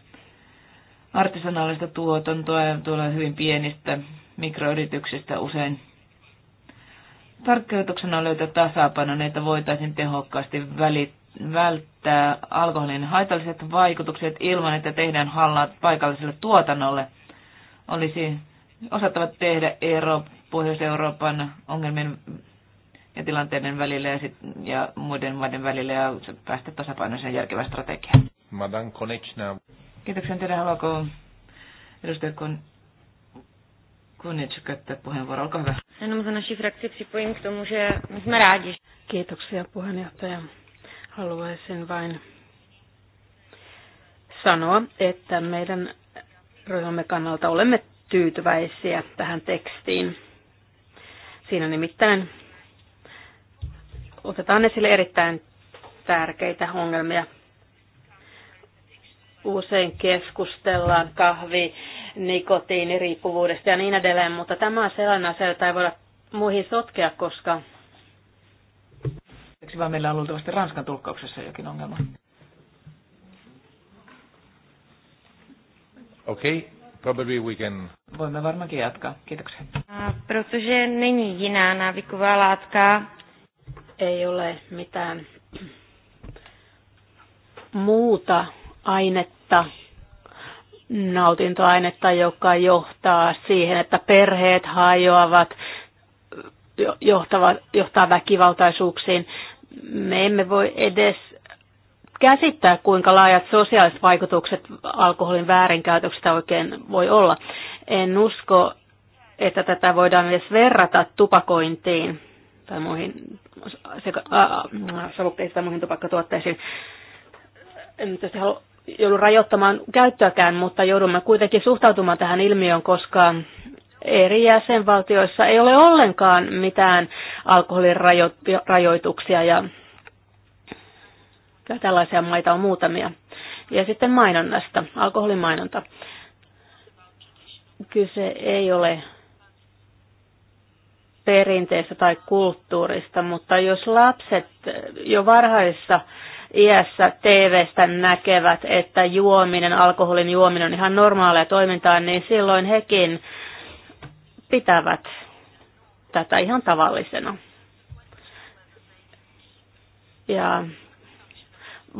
artisanaalista tuotantoa ja tuolla hyvin pienistä mikroyrityksistä usein. Tarkkeutuksena on löytää tasapaino, niin että voitaisiin tehokkaasti välittää välttää alkoholin haitalliset vaikutukset ilman, että tehdään hallaa paikalliselle tuotannolle. Olisi osattava tehdä ero Pohjois-Euroopan ongelmien ja tilanteiden välillä ja, sit, ja muiden maiden välillä ja päästä tasapainoiseen järkevään strategiaan. Madan Konechna. Kiitoksia. Teidän haluaako edustaja Kon... Konech käyttää puheenvuoro? Olkaa hyvä. Jenom za naši frakci připojím k tomu, že jsme rádi. Kiitoksia puheenjohtaja. Haluaisin vain sanoa, että meidän ryhmämme kannalta olemme tyytyväisiä tähän tekstiin Siinä nimittäin otetaan esille erittäin tärkeitä ongelmia. Usein keskustellaan kahvi, nikotiiniriippuvuudesta ja niin edelleen, mutta tämä on sellainen asia, jota ei voida muihin sotkea, koska... Eikö vaan meillä on luultavasti Ranskan tulkkauksessa jokin ongelma? Okei, Probably we can... Voimme varmaankin jatkaa. Kiitoksia. Protože není jiná návyková látka. Ei ole mitään muuta ainetta, nautintoainetta, joka johtaa siihen, että perheet hajoavat, johtavat, johtaa väkivaltaisuuksiin. Me emme voi edes käsittää, kuinka laajat sosiaaliset vaikutukset alkoholin väärinkäytöksestä oikein voi olla. En usko, että tätä voidaan edes verrata tupakointiin tai muihin sekä, äh, savukkeisiin tai muihin tupakkatuotteisiin. En tietysti halua joudu rajoittamaan käyttöäkään, mutta joudumme kuitenkin suhtautumaan tähän ilmiöön, koska eri jäsenvaltioissa ei ole ollenkaan mitään alkoholin rajoituksia ja ja tällaisia maita on muutamia. Ja sitten mainonnasta, alkoholimainonta. Kyse ei ole perinteestä tai kulttuurista, mutta jos lapset jo varhaisessa iässä TVstä näkevät, että juominen, alkoholin juominen on ihan normaalia toimintaa, niin silloin hekin pitävät tätä ihan tavallisena. Ja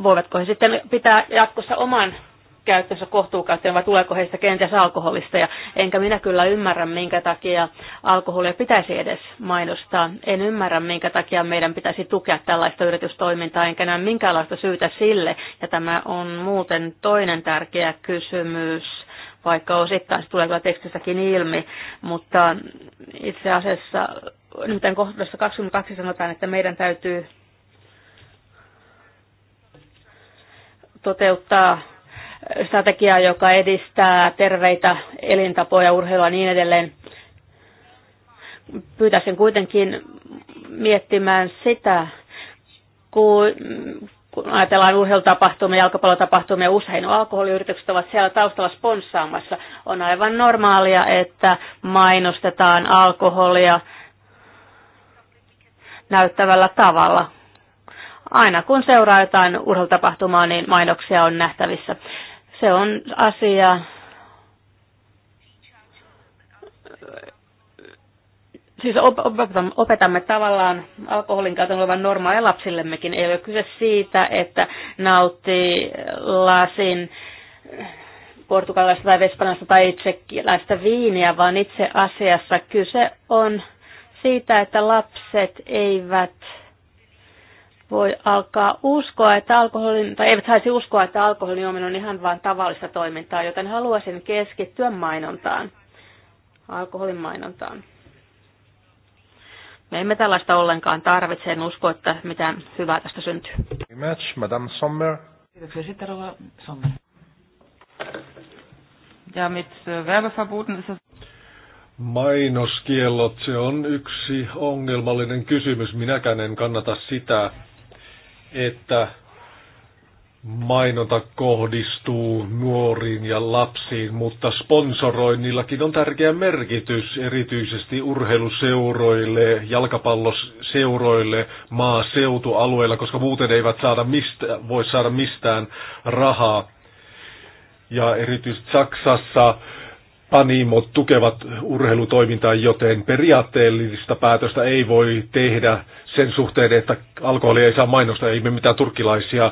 voivatko he sitten pitää jatkossa oman käyttönsä kohtuukäyttöön vai tuleeko heistä kenties ja Enkä minä kyllä ymmärrä, minkä takia alkoholia pitäisi edes mainostaa. En ymmärrä, minkä takia meidän pitäisi tukea tällaista yritystoimintaa, enkä näe minkäänlaista syytä sille. Ja tämä on muuten toinen tärkeä kysymys vaikka osittain se tulee kyllä tekstissäkin ilmi, mutta itse asiassa nyt kohdassa 22 sanotaan, että meidän täytyy toteuttaa strategiaa, joka edistää terveitä elintapoja, urheilua ja niin edelleen. Pyytäisin kuitenkin miettimään sitä, kun ajatellaan urheilutapahtumia, jalkapallotapahtumia, usein alkoholiyritykset ovat siellä taustalla sponssaamassa. On aivan normaalia, että mainostetaan alkoholia näyttävällä tavalla. Aina kun seuraa jotain urheilutapahtumaa, niin mainoksia on nähtävissä. Se on asia, siis opetamme tavallaan alkoholin käytön olevan normaalia lapsillemmekin. Ei ole kyse siitä, että nauttii lasin portugalaista tai vespanasta tai itsekiläistä viiniä, vaan itse asiassa kyse on siitä, että lapset eivät voi alkaa uskoa, että alkoholin, tai eivät saisi uskoa, että alkoholin juominen on ihan vain tavallista toimintaa, joten haluaisin keskittyä mainontaan, alkoholin mainontaan. Me emme tällaista ollenkaan tarvitse, en usko, että mitään hyvää tästä syntyy. Match, Madame Sommer. Kiitoksia sitten, Rova Sommer. Ja mit Werbeverboten äh, ist Mainoskiellot, se on yksi ongelmallinen kysymys. Minäkään en kannata sitä että mainonta kohdistuu nuoriin ja lapsiin, mutta sponsoroinnillakin on tärkeä merkitys erityisesti urheiluseuroille, jalkapalloseuroille, maaseutualueilla, koska muuten eivät saada mistä, voi saada mistään rahaa. Ja erityisesti Saksassa panimot tukevat urheilutoimintaa, joten periaatteellista päätöstä ei voi tehdä sen suhteen, että alkoholia ei saa mainosta, ei me mitään turkkilaisia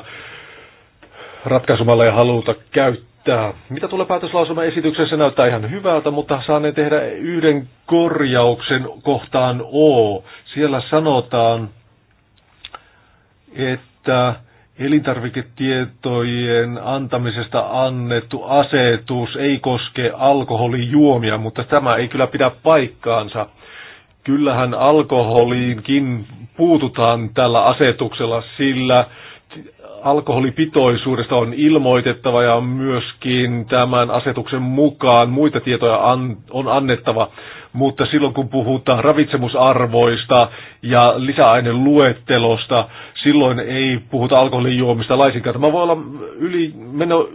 ratkaisumalla haluta käyttää. Mitä tulee päätöslausuma esitykseen, se näyttää ihan hyvältä, mutta saan tehdä yhden korjauksen kohtaan O. Siellä sanotaan, että Elintarviketietojen antamisesta annettu asetus ei koske alkoholijuomia, mutta tämä ei kyllä pidä paikkaansa. Kyllähän alkoholiinkin puututaan tällä asetuksella, sillä alkoholipitoisuudesta on ilmoitettava ja myöskin tämän asetuksen mukaan muita tietoja on annettava. Mutta silloin kun puhutaan ravitsemusarvoista ja lisäaineluettelosta, silloin ei puhuta alkoholin juomista laisinkaan. Tämä voi olla ylimeno,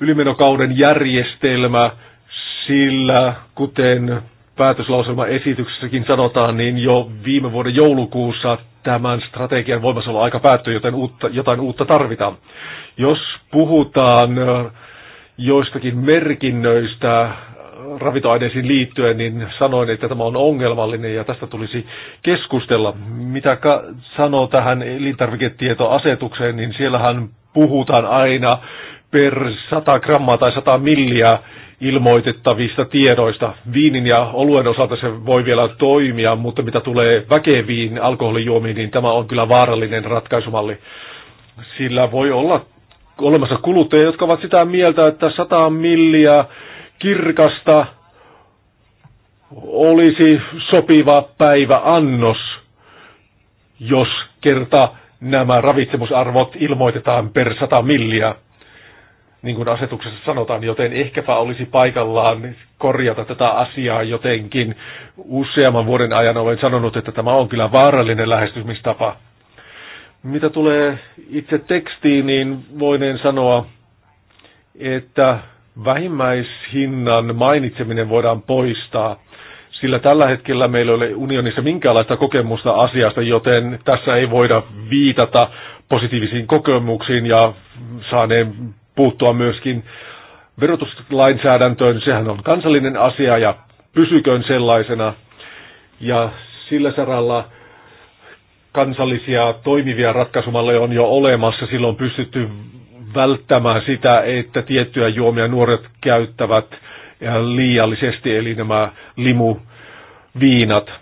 ylimenokauden järjestelmä, sillä kuten esityksessäkin sanotaan, niin jo viime vuoden joulukuussa tämän strategian aika päättyy, joten uutta, jotain uutta tarvitaan. Jos puhutaan joistakin merkinnöistä ravintoaineisiin liittyen, niin sanoin, että tämä on ongelmallinen ja tästä tulisi keskustella. Mitä ka- sanoo tähän elintarviketietoasetukseen, niin siellähän puhutaan aina per 100 grammaa tai 100 milliä ilmoitettavista tiedoista. Viinin ja oluen osalta se voi vielä toimia, mutta mitä tulee väkeviin alkoholijuomiin, niin tämä on kyllä vaarallinen ratkaisumalli. Sillä voi olla olemassa kuluttajia, jotka ovat sitä mieltä, että 100 milliä kirkasta olisi sopiva päivä annos, jos kerta nämä ravitsemusarvot ilmoitetaan per 100 milliä, niin kuin asetuksessa sanotaan, joten ehkäpä olisi paikallaan korjata tätä asiaa jotenkin. Useamman vuoden ajan olen sanonut, että tämä on kyllä vaarallinen lähestymistapa. Mitä tulee itse tekstiin, niin voineen sanoa, että vähimmäishinnan mainitseminen voidaan poistaa, sillä tällä hetkellä meillä ei ole unionissa minkäänlaista kokemusta asiasta, joten tässä ei voida viitata positiivisiin kokemuksiin ja saaneen puuttua myöskin verotuslainsäädäntöön. Sehän on kansallinen asia ja pysyköön sellaisena. Ja sillä saralla kansallisia toimivia ratkaisumalleja on jo olemassa. Silloin on pystytty välttämään sitä, että tiettyjä juomia nuoret käyttävät liiallisesti, eli nämä limuviinat.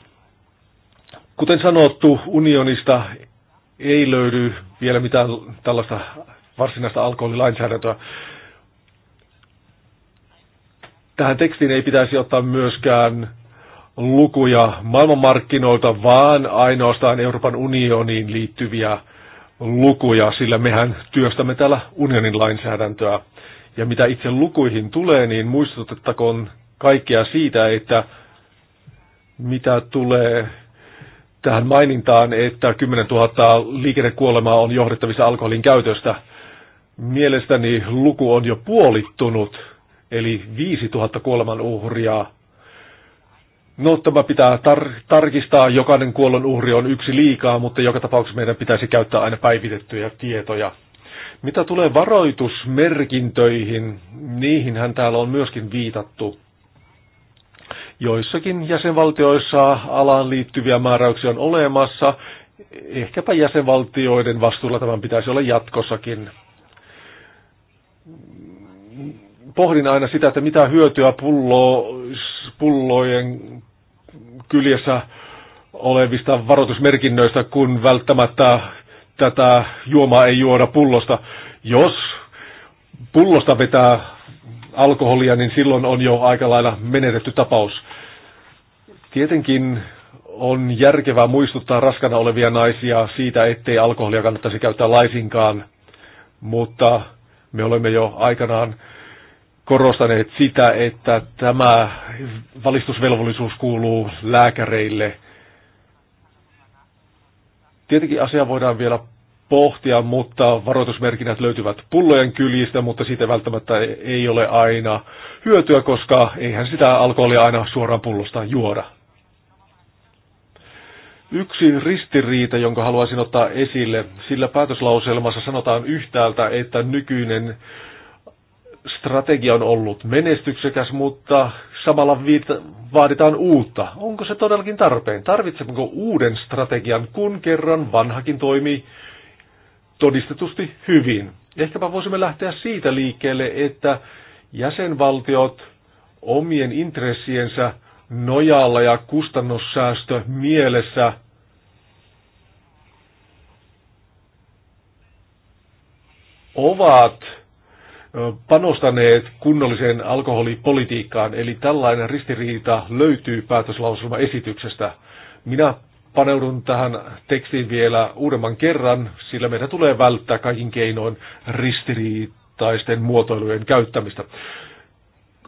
Kuten sanottu, unionista ei löydy vielä mitään tällaista varsinaista alkoholilainsäädäntöä. Tähän tekstiin ei pitäisi ottaa myöskään lukuja maailmanmarkkinoilta, vaan ainoastaan Euroopan unioniin liittyviä lukuja, sillä mehän työstämme täällä unionin lainsäädäntöä. Ja mitä itse lukuihin tulee, niin muistutettakoon kaikkea siitä, että mitä tulee tähän mainintaan, että 10 000 liikennekuolemaa on johdettavissa alkoholin käytöstä. Mielestäni luku on jo puolittunut, eli 5 000 kuoleman uhria No tämä pitää tar- tarkistaa, jokainen kuollon uhri on yksi liikaa, mutta joka tapauksessa meidän pitäisi käyttää aina päivitettyjä tietoja. Mitä tulee varoitusmerkintöihin, niihinhän täällä on myöskin viitattu. Joissakin jäsenvaltioissa alaan liittyviä määräyksiä on olemassa. Ehkäpä jäsenvaltioiden vastuulla tämän pitäisi olla jatkossakin. Pohdin aina sitä, että mitä hyötyä pullo, pullojen kyljessä olevista varoitusmerkinnöistä, kun välttämättä tätä juomaa ei juoda pullosta. Jos pullosta vetää alkoholia, niin silloin on jo aika lailla menetetty tapaus. Tietenkin on järkevää muistuttaa raskana olevia naisia siitä, ettei alkoholia kannattaisi käyttää laisinkaan, mutta me olemme jo aikanaan korostaneet sitä, että tämä valistusvelvollisuus kuuluu lääkäreille. Tietenkin asia voidaan vielä pohtia, mutta varoitusmerkinnät löytyvät pullojen kyljistä, mutta siitä välttämättä ei ole aina hyötyä, koska eihän sitä alkoholia aina suoraan pullosta juoda. Yksi ristiriita, jonka haluaisin ottaa esille, sillä päätöslauselmassa sanotaan yhtäältä, että nykyinen strategia on ollut menestyksekäs, mutta samalla viita, vaaditaan uutta. Onko se todellakin tarpeen? Tarvitsemmeko uuden strategian, kun kerran vanhakin toimii todistetusti hyvin? Ehkäpä voisimme lähteä siitä liikkeelle, että jäsenvaltiot omien intressiensä nojalla ja kustannussäästö mielessä ovat panostaneet kunnolliseen alkoholipolitiikkaan, eli tällainen ristiriita löytyy päätöslauselmaesityksestä. Minä paneudun tähän tekstiin vielä uudemman kerran, sillä meidän tulee välttää kaikin keinoin ristiriitaisten muotoilujen käyttämistä.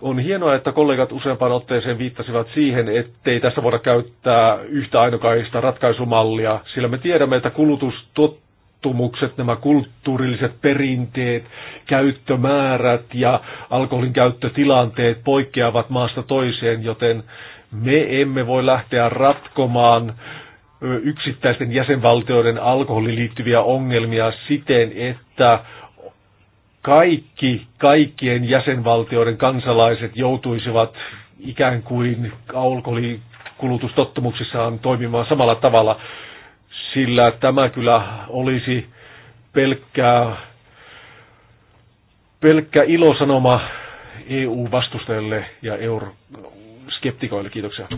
On hienoa, että kollegat useampaan otteeseen viittasivat siihen, ettei tässä voida käyttää yhtä ainokaista ratkaisumallia, sillä me tiedämme, että kulutus tot tottumukset, nämä kulttuurilliset perinteet, käyttömäärät ja alkoholin käyttötilanteet poikkeavat maasta toiseen, joten me emme voi lähteä ratkomaan yksittäisten jäsenvaltioiden alkoholiin liittyviä ongelmia siten, että kaikki, kaikkien jäsenvaltioiden kansalaiset joutuisivat ikään kuin alkoholikulutustottumuksissaan toimimaan samalla tavalla sillä tämä kyllä olisi pelkkä, pelkkä ilosanoma EU-vastustajille ja euroskeptikoille. Kiitoksia.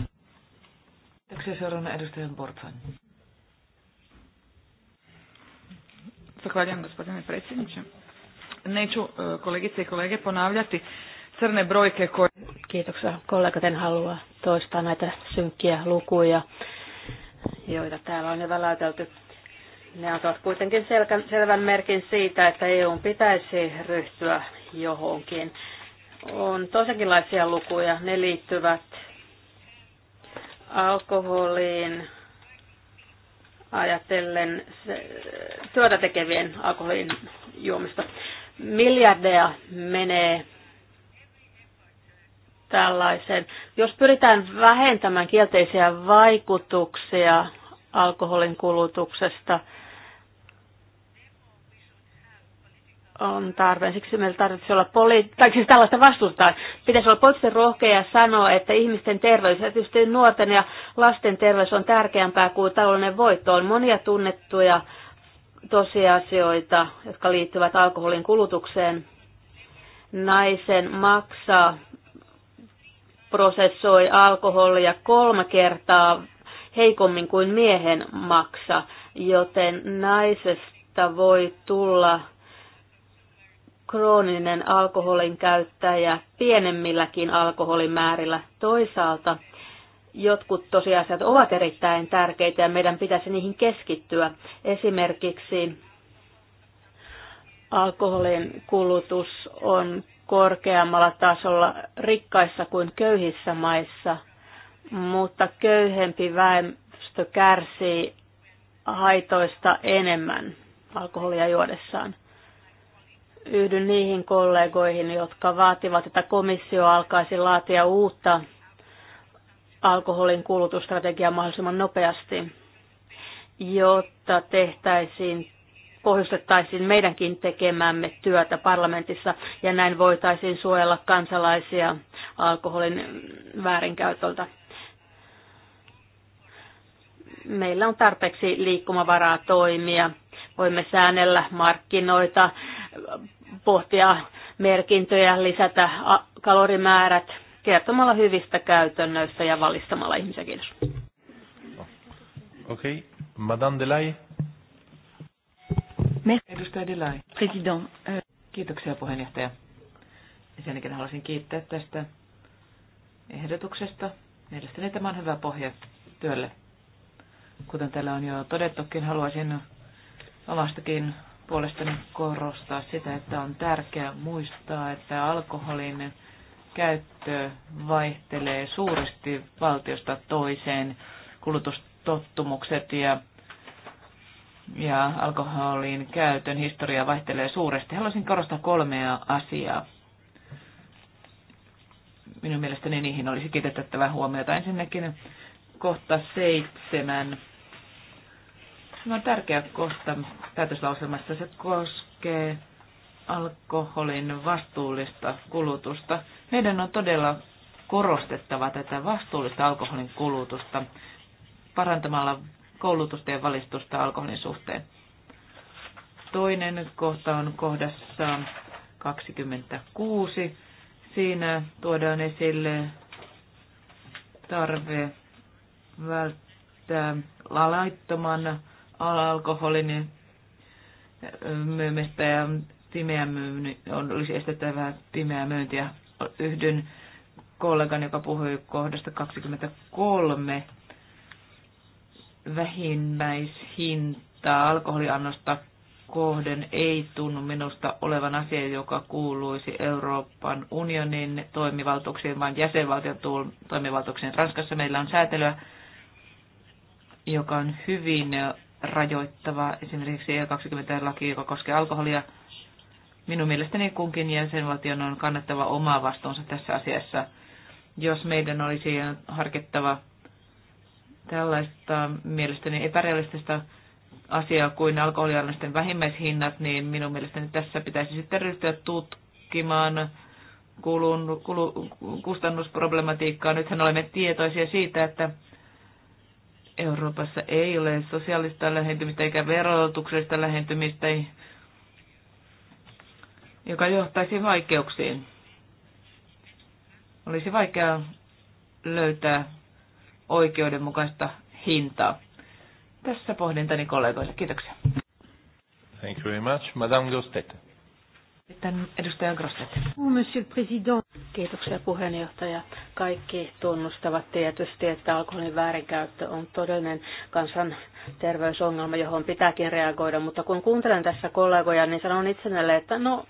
Kiitoksia seuraavana edustajan Bortsan. Zahvaljujem gospodine predsjedniče. Neću e, kolegice i kolege ponavljati crne brojke koje... Kiitoksia kollegat, en halua toistaa näitä synkkiä lukuja joita täällä on jo väläytelty, ne antavat kuitenkin selkän, selvän merkin siitä, että EU pitäisi ryhtyä johonkin. On toisenkinlaisia lukuja. Ne liittyvät alkoholiin, ajatellen työtä tekevien alkoholin juomista. Miljardeja menee tällaisen. Jos pyritään vähentämään kielteisiä vaikutuksia alkoholin kulutuksesta, on tarpeen. Siksi meillä tarvitsisi olla poli- tai siis tällaista vastustaa. Pitäisi olla poliittisen rohkea sanoa, että ihmisten terveys, ja tietysti nuorten ja lasten terveys on tärkeämpää kuin taloudellinen voitto. On monia tunnettuja tosiasioita, jotka liittyvät alkoholin kulutukseen. Naisen maksaa prosessoi alkoholia kolme kertaa heikommin kuin miehen maksa, joten naisesta voi tulla krooninen alkoholin käyttäjä pienemmilläkin alkoholimäärillä. Toisaalta jotkut tosiasiat ovat erittäin tärkeitä ja meidän pitäisi niihin keskittyä. Esimerkiksi alkoholin kulutus on korkeammalla tasolla rikkaissa kuin köyhissä maissa, mutta köyhempi väestö kärsii haitoista enemmän alkoholia juodessaan. Yhdyn niihin kollegoihin, jotka vaativat, että komissio alkaisi laatia uutta alkoholin kulutusstrategiaa mahdollisimman nopeasti, jotta tehtäisiin pohjustettaisiin meidänkin tekemämme työtä parlamentissa ja näin voitaisiin suojella kansalaisia alkoholin väärinkäytöltä. Meillä on tarpeeksi liikkumavaraa toimia. Voimme säännellä markkinoita, pohtia merkintöjä, lisätä kalorimäärät kertomalla hyvistä käytännöistä ja valistamalla ihmisiä. Kiitos. Okei, okay. Madame Delay. Edustaja Delay. President. Euh, Kiitoksia puheenjohtaja. Ensinnäkin haluaisin kiittää tästä ehdotuksesta. Mielestäni tämä on hyvä pohja työlle. Kuten täällä on jo todettukin, haluaisin omastakin puolestani korostaa sitä, että on tärkeää muistaa, että alkoholin käyttö vaihtelee suuresti valtiosta toiseen. Kulutustottumukset ja ja alkoholin käytön historia vaihtelee suuresti. Haluaisin korostaa kolmea asiaa. Minun mielestäni niihin olisi kiitettävä huomiota. Ensinnäkin kohta seitsemän. Se on tärkeä kohta päätöslauselmassa. Se koskee alkoholin vastuullista kulutusta. Meidän on todella korostettava tätä vastuullista alkoholin kulutusta parantamalla koulutusta ja valistusta alkoholin suhteen. Toinen kohta on kohdassa 26. Siinä tuodaan esille tarve välttää laittoman alkoholin myymistä ja pimeä myynti, on, olisi estettävä pimeä myyntiä. Yhdyn kollegan, joka puhui kohdasta 23 vähimmäishintaa alkoholiannosta kohden ei tunnu minusta olevan asia, joka kuuluisi Euroopan unionin toimivaltuuksiin, vaan jäsenvaltion toimivaltuuksiin. Ranskassa meillä on säätelyä, joka on hyvin rajoittava, esimerkiksi E20-laki, joka koskee alkoholia. Minun mielestäni kunkin jäsenvaltion on kannattava oma vastuunsa tässä asiassa. Jos meidän olisi harkittava tällaista mielestäni epärealistista asiaa kuin alkoholiannosten vähimmäishinnat, niin minun mielestäni tässä pitäisi sitten ryhtyä tutkimaan kulun, kulu, kustannusproblematiikkaa. Nythän olemme tietoisia siitä, että Euroopassa ei ole sosiaalista lähentymistä eikä verotuksellista lähentymistä, joka johtaisi vaikeuksiin. Olisi vaikea löytää oikeudenmukaista hintaa. Tässä pohdintani kollegoille. Kiitoksia. Thank you very much. Madame Grostet. Sitten edustaja Grostet. Oh, monsieur le Président, Kiitoksia puheenjohtaja. Kaikki tunnustavat tietysti, että alkoholin väärinkäyttö on todellinen kansan terveysongelma, johon pitääkin reagoida, mutta kun kuuntelen tässä kollegoja, niin sanon itsenelle, että no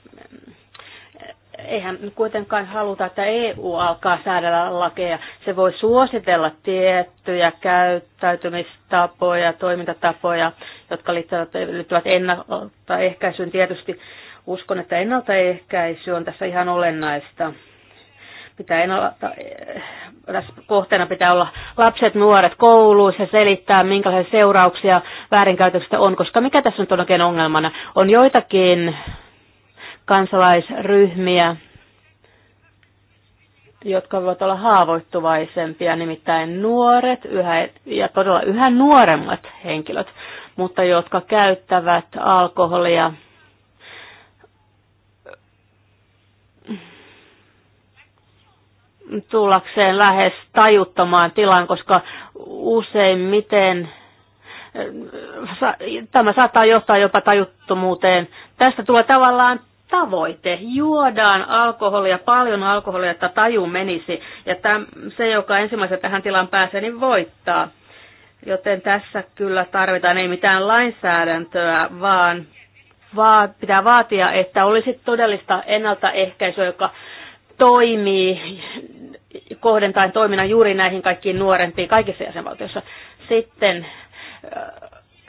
eihän kuitenkaan haluta, että EU alkaa säädellä lakeja. Se voi suositella tiettyjä käyttäytymistapoja, toimintatapoja, jotka liittyvät, liittyvät ennaltaehkäisyyn. Tietysti uskon, että ennaltaehkäisy on tässä ihan olennaista. Pitää ennalta, tässä kohteena pitää olla lapset, nuoret kouluissa, selittää minkälaisia seurauksia väärinkäytöksistä on, koska mikä tässä nyt on oikein ongelmana? On joitakin kansalaisryhmiä, jotka voivat olla haavoittuvaisempia, nimittäin nuoret yhä, ja todella yhä nuoremmat henkilöt, mutta jotka käyttävät alkoholia tullakseen lähes tajuttamaan tilan, koska useimmiten äh, tämä saattaa johtaa jopa tajuttomuuteen. Tästä tulee tavallaan tavoite. Juodaan alkoholia, paljon alkoholia, että taju menisi. Ja täm, se, joka ensimmäisenä tähän tilaan pääsee, niin voittaa. Joten tässä kyllä tarvitaan ei mitään lainsäädäntöä, vaan vaat pitää vaatia, että olisi todellista ennaltaehkäisyä, joka toimii kohdentain toiminnan juuri näihin kaikkiin nuorempiin kaikissa jäsenvaltioissa. Sitten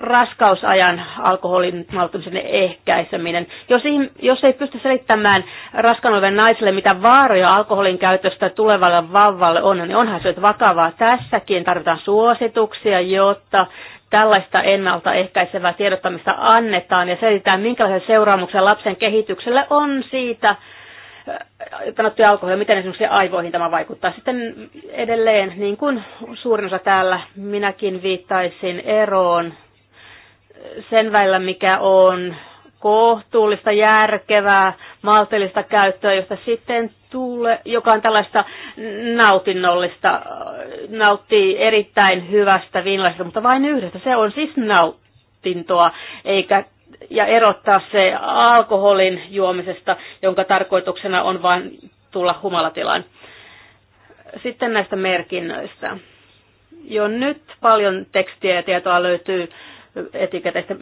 raskausajan alkoholin maltumisen ehkäiseminen. Jos, jos ei pysty selittämään raskaan naiselle, mitä vaaroja alkoholin käytöstä tulevalle vauvalle on, niin onhan se vakavaa. Tässäkin tarvitaan suosituksia, jotta tällaista ennaltaehkäisevää tiedottamista annetaan ja selitetään, minkälaisia seuraamuksia lapsen kehitykselle on siitä, kannattuja äh, alkoholia, miten esimerkiksi aivoihin tämä vaikuttaa. Sitten edelleen, niin kuin suurin osa täällä, minäkin viittaisin eroon sen välillä, mikä on kohtuullista, järkevää, maltillista käyttöä, josta sitten tulee, joka on tällaista nautinnollista, nauttii erittäin hyvästä viinilaisesta, mutta vain yhdestä. Se on siis nautintoa, eikä ja erottaa se alkoholin juomisesta, jonka tarkoituksena on vain tulla humalatilaan. Sitten näistä merkinnöistä. Jo nyt paljon tekstiä ja tietoa löytyy etiketeistä.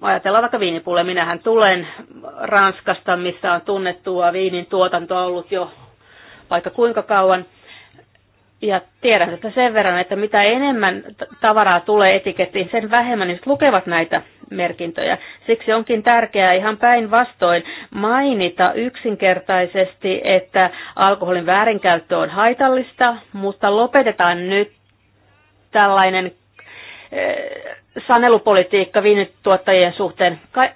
Ajatellaan vaikka viinipulle. Minähän tulen Ranskasta, missä on tunnettua viinin tuotantoa ollut jo vaikka kuinka kauan. Ja tiedän tästä sen verran, että mitä enemmän tavaraa tulee etikettiin, sen vähemmän ihmiset lukevat näitä merkintöjä. Siksi onkin tärkeää ihan päinvastoin mainita yksinkertaisesti, että alkoholin väärinkäyttö on haitallista, mutta lopetetaan nyt tällainen Eh, sanelupolitiikka viinituottajien suhteen. Ka-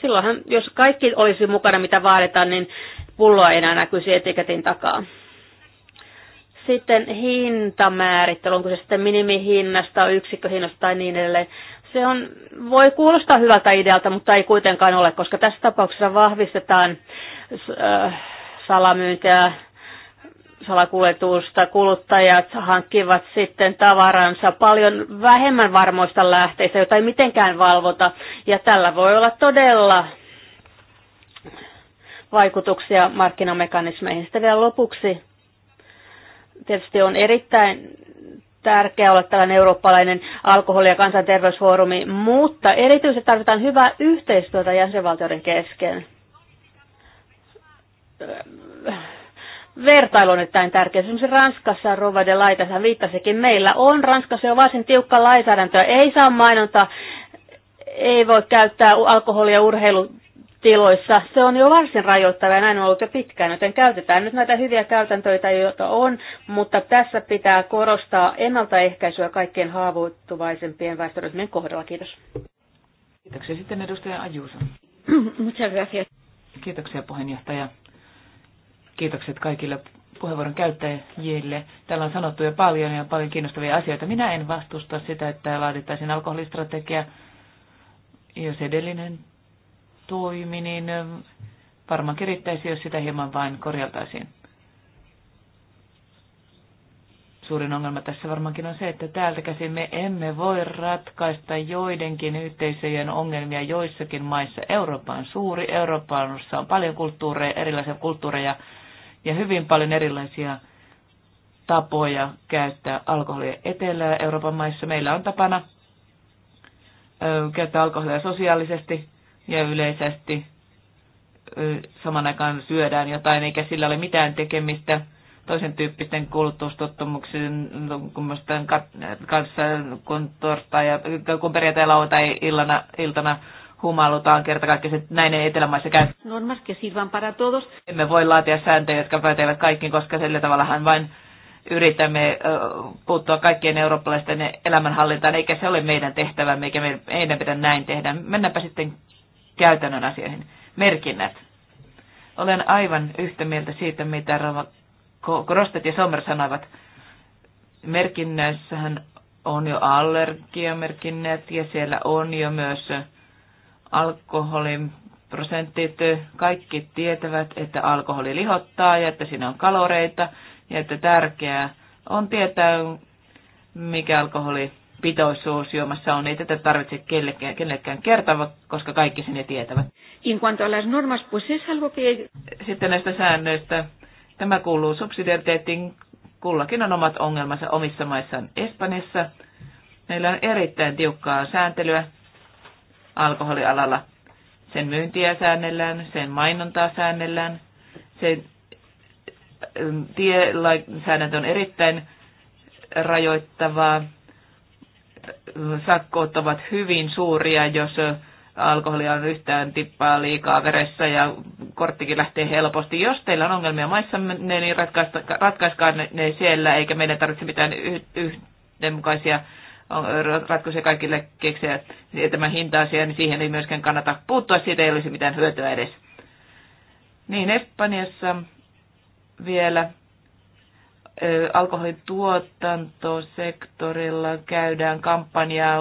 silloinhan, jos kaikki olisi mukana, mitä vaaditaan, niin pulloa ei enää näkyisi etiketin takaa. Sitten hintamäärittely, onko se sitten minimihinnasta, yksikköhinnasta tai niin edelleen. Se on, voi kuulostaa hyvältä idealta, mutta ei kuitenkaan ole, koska tässä tapauksessa vahvistetaan äh, salamyyntiä salakuljetusta kuluttajat hankkivat sitten tavaransa paljon vähemmän varmoista lähteistä, jota ei mitenkään valvota. Ja tällä voi olla todella vaikutuksia markkinamekanismeihin. Sitten vielä lopuksi tietysti on erittäin tärkeää olla tällainen eurooppalainen alkoholi- ja kansanterveysfoorumi, mutta erityisesti tarvitaan hyvää yhteistyötä jäsenvaltioiden kesken vertailu on erittäin tärkeä. Esimerkiksi Ranskassa Rova de Laitahan viittasikin, meillä on Ranskassa jo varsin tiukka lainsäädäntö. Ei saa mainonta, ei voi käyttää alkoholia urheilutiloissa. Se on jo varsin rajoittava ja näin on ollut jo pitkään, joten käytetään nyt näitä hyviä käytäntöitä, joita on, mutta tässä pitää korostaa ennaltaehkäisyä kaikkien haavoittuvaisempien väestöryhmien kohdalla. Kiitos. Kiitoksia. Sitten edustaja Ajuusa. Muchas gracias. Kiitoksia puheenjohtaja Kiitokset kaikille puheenvuoron käyttäjille. Täällä on sanottu jo paljon ja paljon kiinnostavia asioita. Minä en vastusta sitä, että laadittaisiin alkoholistrategia. Jos edellinen toimi, niin varmaan kirittäisi, jos sitä hieman vain korjaltaisiin. Suurin ongelma tässä varmaankin on se, että täältä käsin me emme voi ratkaista joidenkin yhteisöjen ongelmia joissakin maissa. Eurooppa on suuri, Euroopassa on paljon kulttuureja, erilaisia kulttuureja, ja hyvin paljon erilaisia tapoja käyttää alkoholia Etelä-Euroopan maissa. Meillä on tapana käyttää alkoholia sosiaalisesti ja yleisesti. Saman aikaan syödään jotain, eikä sillä ole mitään tekemistä toisen tyyppisten kulutustottumuksen kanssa, kun torstai ja kun perjantai lauantai iltana humalutaan kertakaikkisesti. Näin ei etelämaissa käy. Normas que sirvan para todos. Emme voi laatia sääntöjä, jotka pätevät kaikkiin, koska sillä tavallahan vain yritämme puuttua kaikkien eurooppalaisten elämänhallintaan, eikä se ole meidän tehtävämme, eikä meidän pidä näin tehdä. Mennäänpä sitten käytännön asioihin. Merkinnät. Olen aivan yhtä mieltä siitä, mitä Rova Krostet ja Sommer sanoivat. Merkinnöissähän on jo allergiamerkinnät ja siellä on jo myös alkoholin prosentit. Kaikki tietävät, että alkoholi lihottaa ja että siinä on kaloreita ja että tärkeää on tietää, mikä alkoholipitoisuus juomassa on. Ei tätä tarvitse kellekään, kellekään kertoa, koska kaikki sen tietävät. In cuanto a las normas, pues es algo que... Sitten näistä säännöistä. Tämä kuuluu subsidiariteettiin. Kullakin on omat ongelmansa omissa maissaan Espanjassa. Meillä on erittäin tiukkaa sääntelyä alkoholialalla. Sen myyntiä säännellään, sen mainontaa säännellään. Se mm, tielainsäädäntö on erittäin rajoittavaa. Sakkoot ovat hyvin suuria, jos alkoholia on yhtään tippaa liikaa veressä ja korttikin lähtee helposti. Jos teillä on ongelmia maissa, niin ratkaiskaa ne siellä, eikä meidän tarvitse mitään yhdenmukaisia ratkaisee kaikille keksiä niin tämän hinta-asia, niin siihen ei myöskään kannata puuttua, siitä ei olisi mitään hyötyä edes. Niin, Espanjassa vielä alkoholin tuotantosektorilla käydään kampanjaa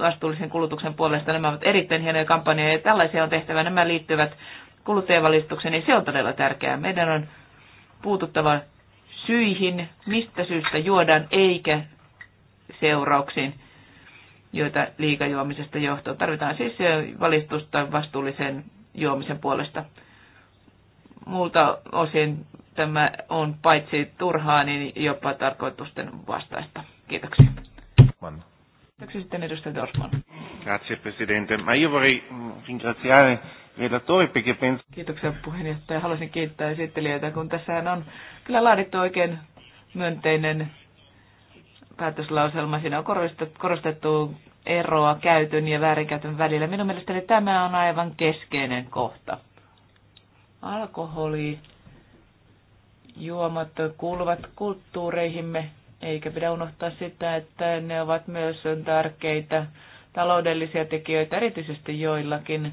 vastuullisen kulutuksen puolesta. Nämä ovat erittäin hienoja kampanjoja ja tällaisia on tehtävä. Nämä liittyvät kuluttajavalistukseen ja se on todella tärkeää. Meidän on puututtava syihin, mistä syystä juodaan, eikä seurauksiin, joita liikajuomisesta johtuu. Tarvitaan siis eh, valistusta vastuullisen juomisen puolesta. Muulta osin tämä on paitsi turhaa, niin jopa tarkoitusten vastaista. Kiitoksia. Man. Kiitoksia sitten edustaja Dorsman. Grazie Presidente. Ma io vorrei mm, ringraziare relatore perché penso... Kiitoksia puheenjohtaja. Haluaisin kiittää esittelijöitä, kun tässä on kyllä laadittu oikein myönteinen päätöslauselma. Siinä on korostettu eroa käytön ja väärinkäytön välillä. Minun mielestäni tämä on aivan keskeinen kohta. Alkoholi, juomat kuuluvat kulttuureihimme, eikä pidä unohtaa sitä, että ne ovat myös tärkeitä taloudellisia tekijöitä, erityisesti joillakin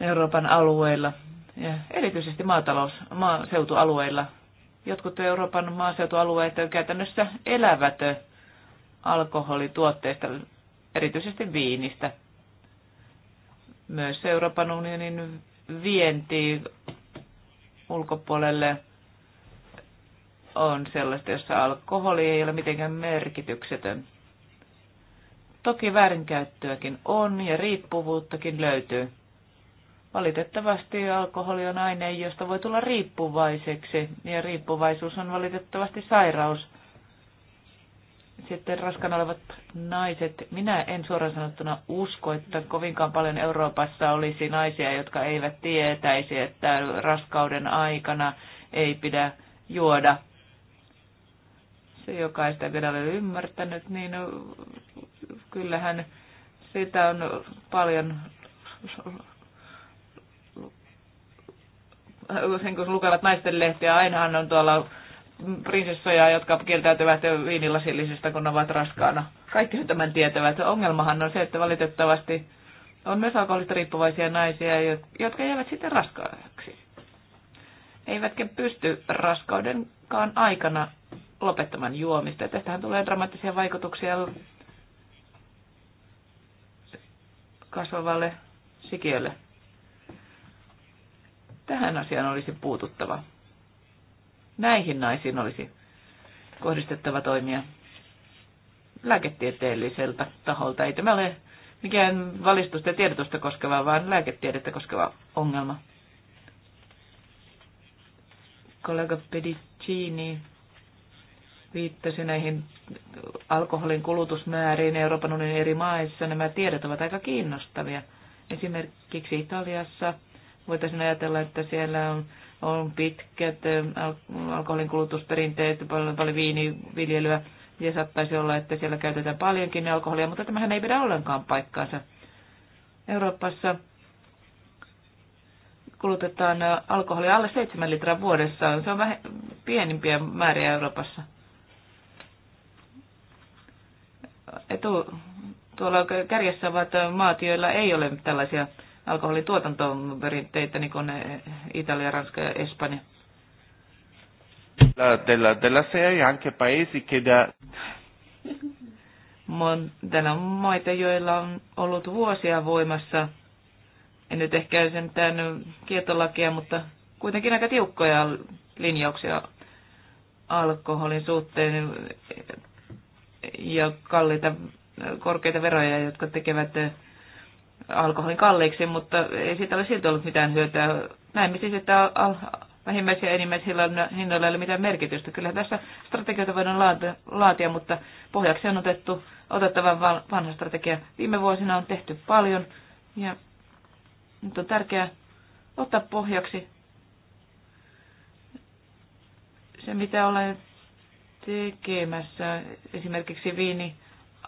Euroopan alueilla ja erityisesti maatalous, maaseutualueilla Jotkut Euroopan maaseutualueet käytännössä elävät alkoholituotteista, erityisesti viinistä. Myös Euroopan unionin vienti ulkopuolelle on sellaista, jossa alkoholi ei ole mitenkään merkityksetön. Toki väärinkäyttöäkin on ja riippuvuuttakin löytyy. Valitettavasti alkoholi on aine, josta voi tulla riippuvaiseksi, ja riippuvaisuus on valitettavasti sairaus. Sitten raskan olevat naiset. Minä en suoraan sanottuna usko, että kovinkaan paljon Euroopassa olisi naisia, jotka eivät tietäisi, että raskauden aikana ei pidä juoda. Se, joka ei sitä vielä ole ymmärtänyt, niin kyllähän sitä on paljon sen kun lukevat naisten lehtiä, ainahan on tuolla prinsessoja, jotka kieltäytyvät viinilasillisista, kun ovat raskaana. Kaikki tämän tietävät. Ongelmahan on se, että valitettavasti on myös alkoholista riippuvaisia naisia, jotka jäävät sitten raskaaksi. Eivätkä pysty raskaudenkaan aikana lopettamaan juomista. Tästähän tulee dramaattisia vaikutuksia kasvavalle sikiölle. Tähän asiaan olisi puututtava. Näihin naisiin olisi kohdistettava toimia lääketieteelliseltä taholta. Ei tämä ole mikään valistusta ja tiedotusta koskeva, vaan lääketiedettä koskeva ongelma. Kollega Pedicini viittasi näihin alkoholin kulutusmääriin Euroopan unionin eri maissa. Nämä tiedot ovat aika kiinnostavia. Esimerkiksi Italiassa voitaisiin ajatella, että siellä on, on pitkät alkoholin kulutusperinteet, paljon, paljon viiniviljelyä, ja saattaisi olla, että siellä käytetään paljonkin alkoholia, mutta tämähän ei pidä ollenkaan paikkaansa. Euroopassa kulutetaan alkoholia alle 7 litraa vuodessa. Se on vähän pienimpiä määriä Euroopassa. Etu, tuolla kärjessä ovat maat, joilla ei ole tällaisia alkoholituotantoon perinteitä, niin kuin Italia, Ranska ja Espanja. Della, della serie anche paesi che da... Mon, täällä on maita, joilla on ollut vuosia voimassa. En nyt ehkä sen tämän kietolakia, mutta kuitenkin aika tiukkoja linjauksia alkoholin suhteen ja kalliita korkeita veroja, jotka tekevät alkoholin kalliiksi, mutta ei siitä ole silti ollut mitään hyötyä. Näemme siis, että vähimmäis- ja enimmäishinnoilla ei ole mitään merkitystä. Kyllä tässä strategioita voidaan laatia, mutta pohjaksi on otettu otettava vanha strategia. Viime vuosina on tehty paljon ja nyt on tärkeää ottaa pohjaksi se, mitä olen tekemässä. Esimerkiksi viini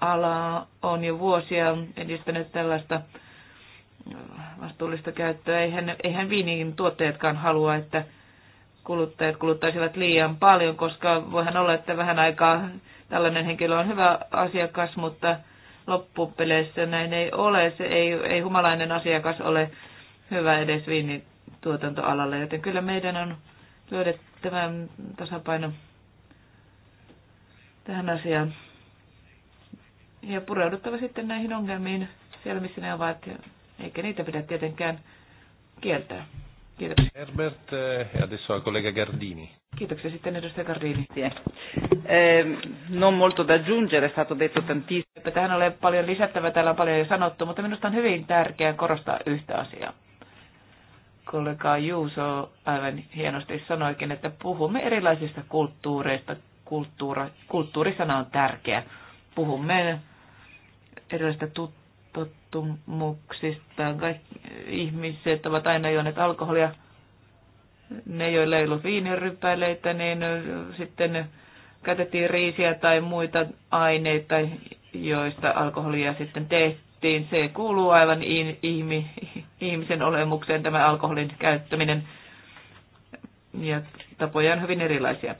ala on jo vuosia edistänyt tällaista äh, vastuullista käyttöä. Eihän, eihän viinin tuotteetkaan halua, että kuluttajat kuluttaisivat liian paljon, koska voihan olla, että vähän aikaa tällainen henkilö on hyvä asiakas, mutta loppupeleissä näin ei ole. Se ei, ei humalainen asiakas ole hyvä edes viinituotantoalalle, joten kyllä meidän on löydettävä tasapaino tähän asiaan ja pureuduttava sitten näihin ongelmiin siellä, missä ne ovat, eikä niitä pidä tietenkään kieltää. Kiitoksia. Herbert ja eh, e adesso on kollega Gardini. Kiitoksia sitten edustaja Gardini. Eh, non molto da aggiungere, è stato detto tantissimo. Tähän ole paljon lisättävää, täällä on paljon jo sanottu, mutta minusta on hyvin tärkeää korostaa yhtä asiaa. Kollega Juuso aivan hienosti sanoikin, että puhumme erilaisista kulttuureista. Kulttuura, kulttuurisana on tärkeä. Puhumme erilaisista tottumuksista. Kaikki ihmiset ovat aina juoneet alkoholia. Ne, joilla ei ollut viinirypäleitä, niin sitten käytettiin riisiä tai muita aineita, joista alkoholia sitten tehtiin. Se kuuluu aivan ihmi, ihmisen olemukseen tämä alkoholin käyttäminen. Ja tapoja on hyvin erilaisia.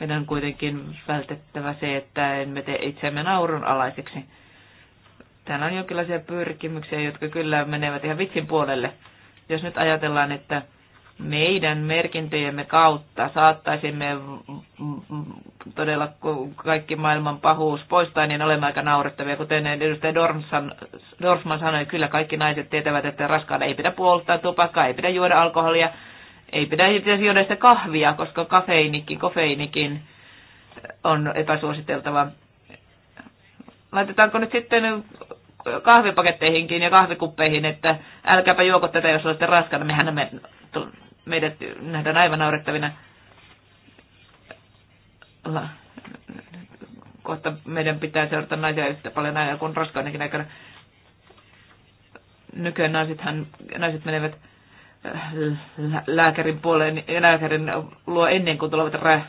Meidän on kuitenkin vältettävä se, että emme tee itsemme naurun alaiseksi. Täällä on jonkinlaisia pyrkimyksiä, jotka kyllä menevät ihan vitsin puolelle. Jos nyt ajatellaan, että meidän merkintöjemme kautta saattaisimme todella kaikki maailman pahuus poistaa, niin olemme aika naurettavia. Kuten edustaja Dorfman, Dorfman sanoi, kyllä kaikki naiset tietävät, että raskaana ei pidä puolustaa tupakkaa, ei pidä juoda alkoholia, ei pidä itse juoda sitä kahvia, koska kafeinikin kofeinikin on epäsuositeltava. Laitetaanko nyt sitten kahvipaketteihinkin ja kahvikuppeihin, että älkääpä juoko tätä, jos olette raskana. Mehän me, meidät nähdään aivan naurettavina. Kohta meidän pitää seurata naisia yhtä paljon aina kuin raskainenkin aikana. Nykyään naisethan, naiset menevät Äh, lääkärin puoleen, lääkärin luo ennen kuin tulevat ra,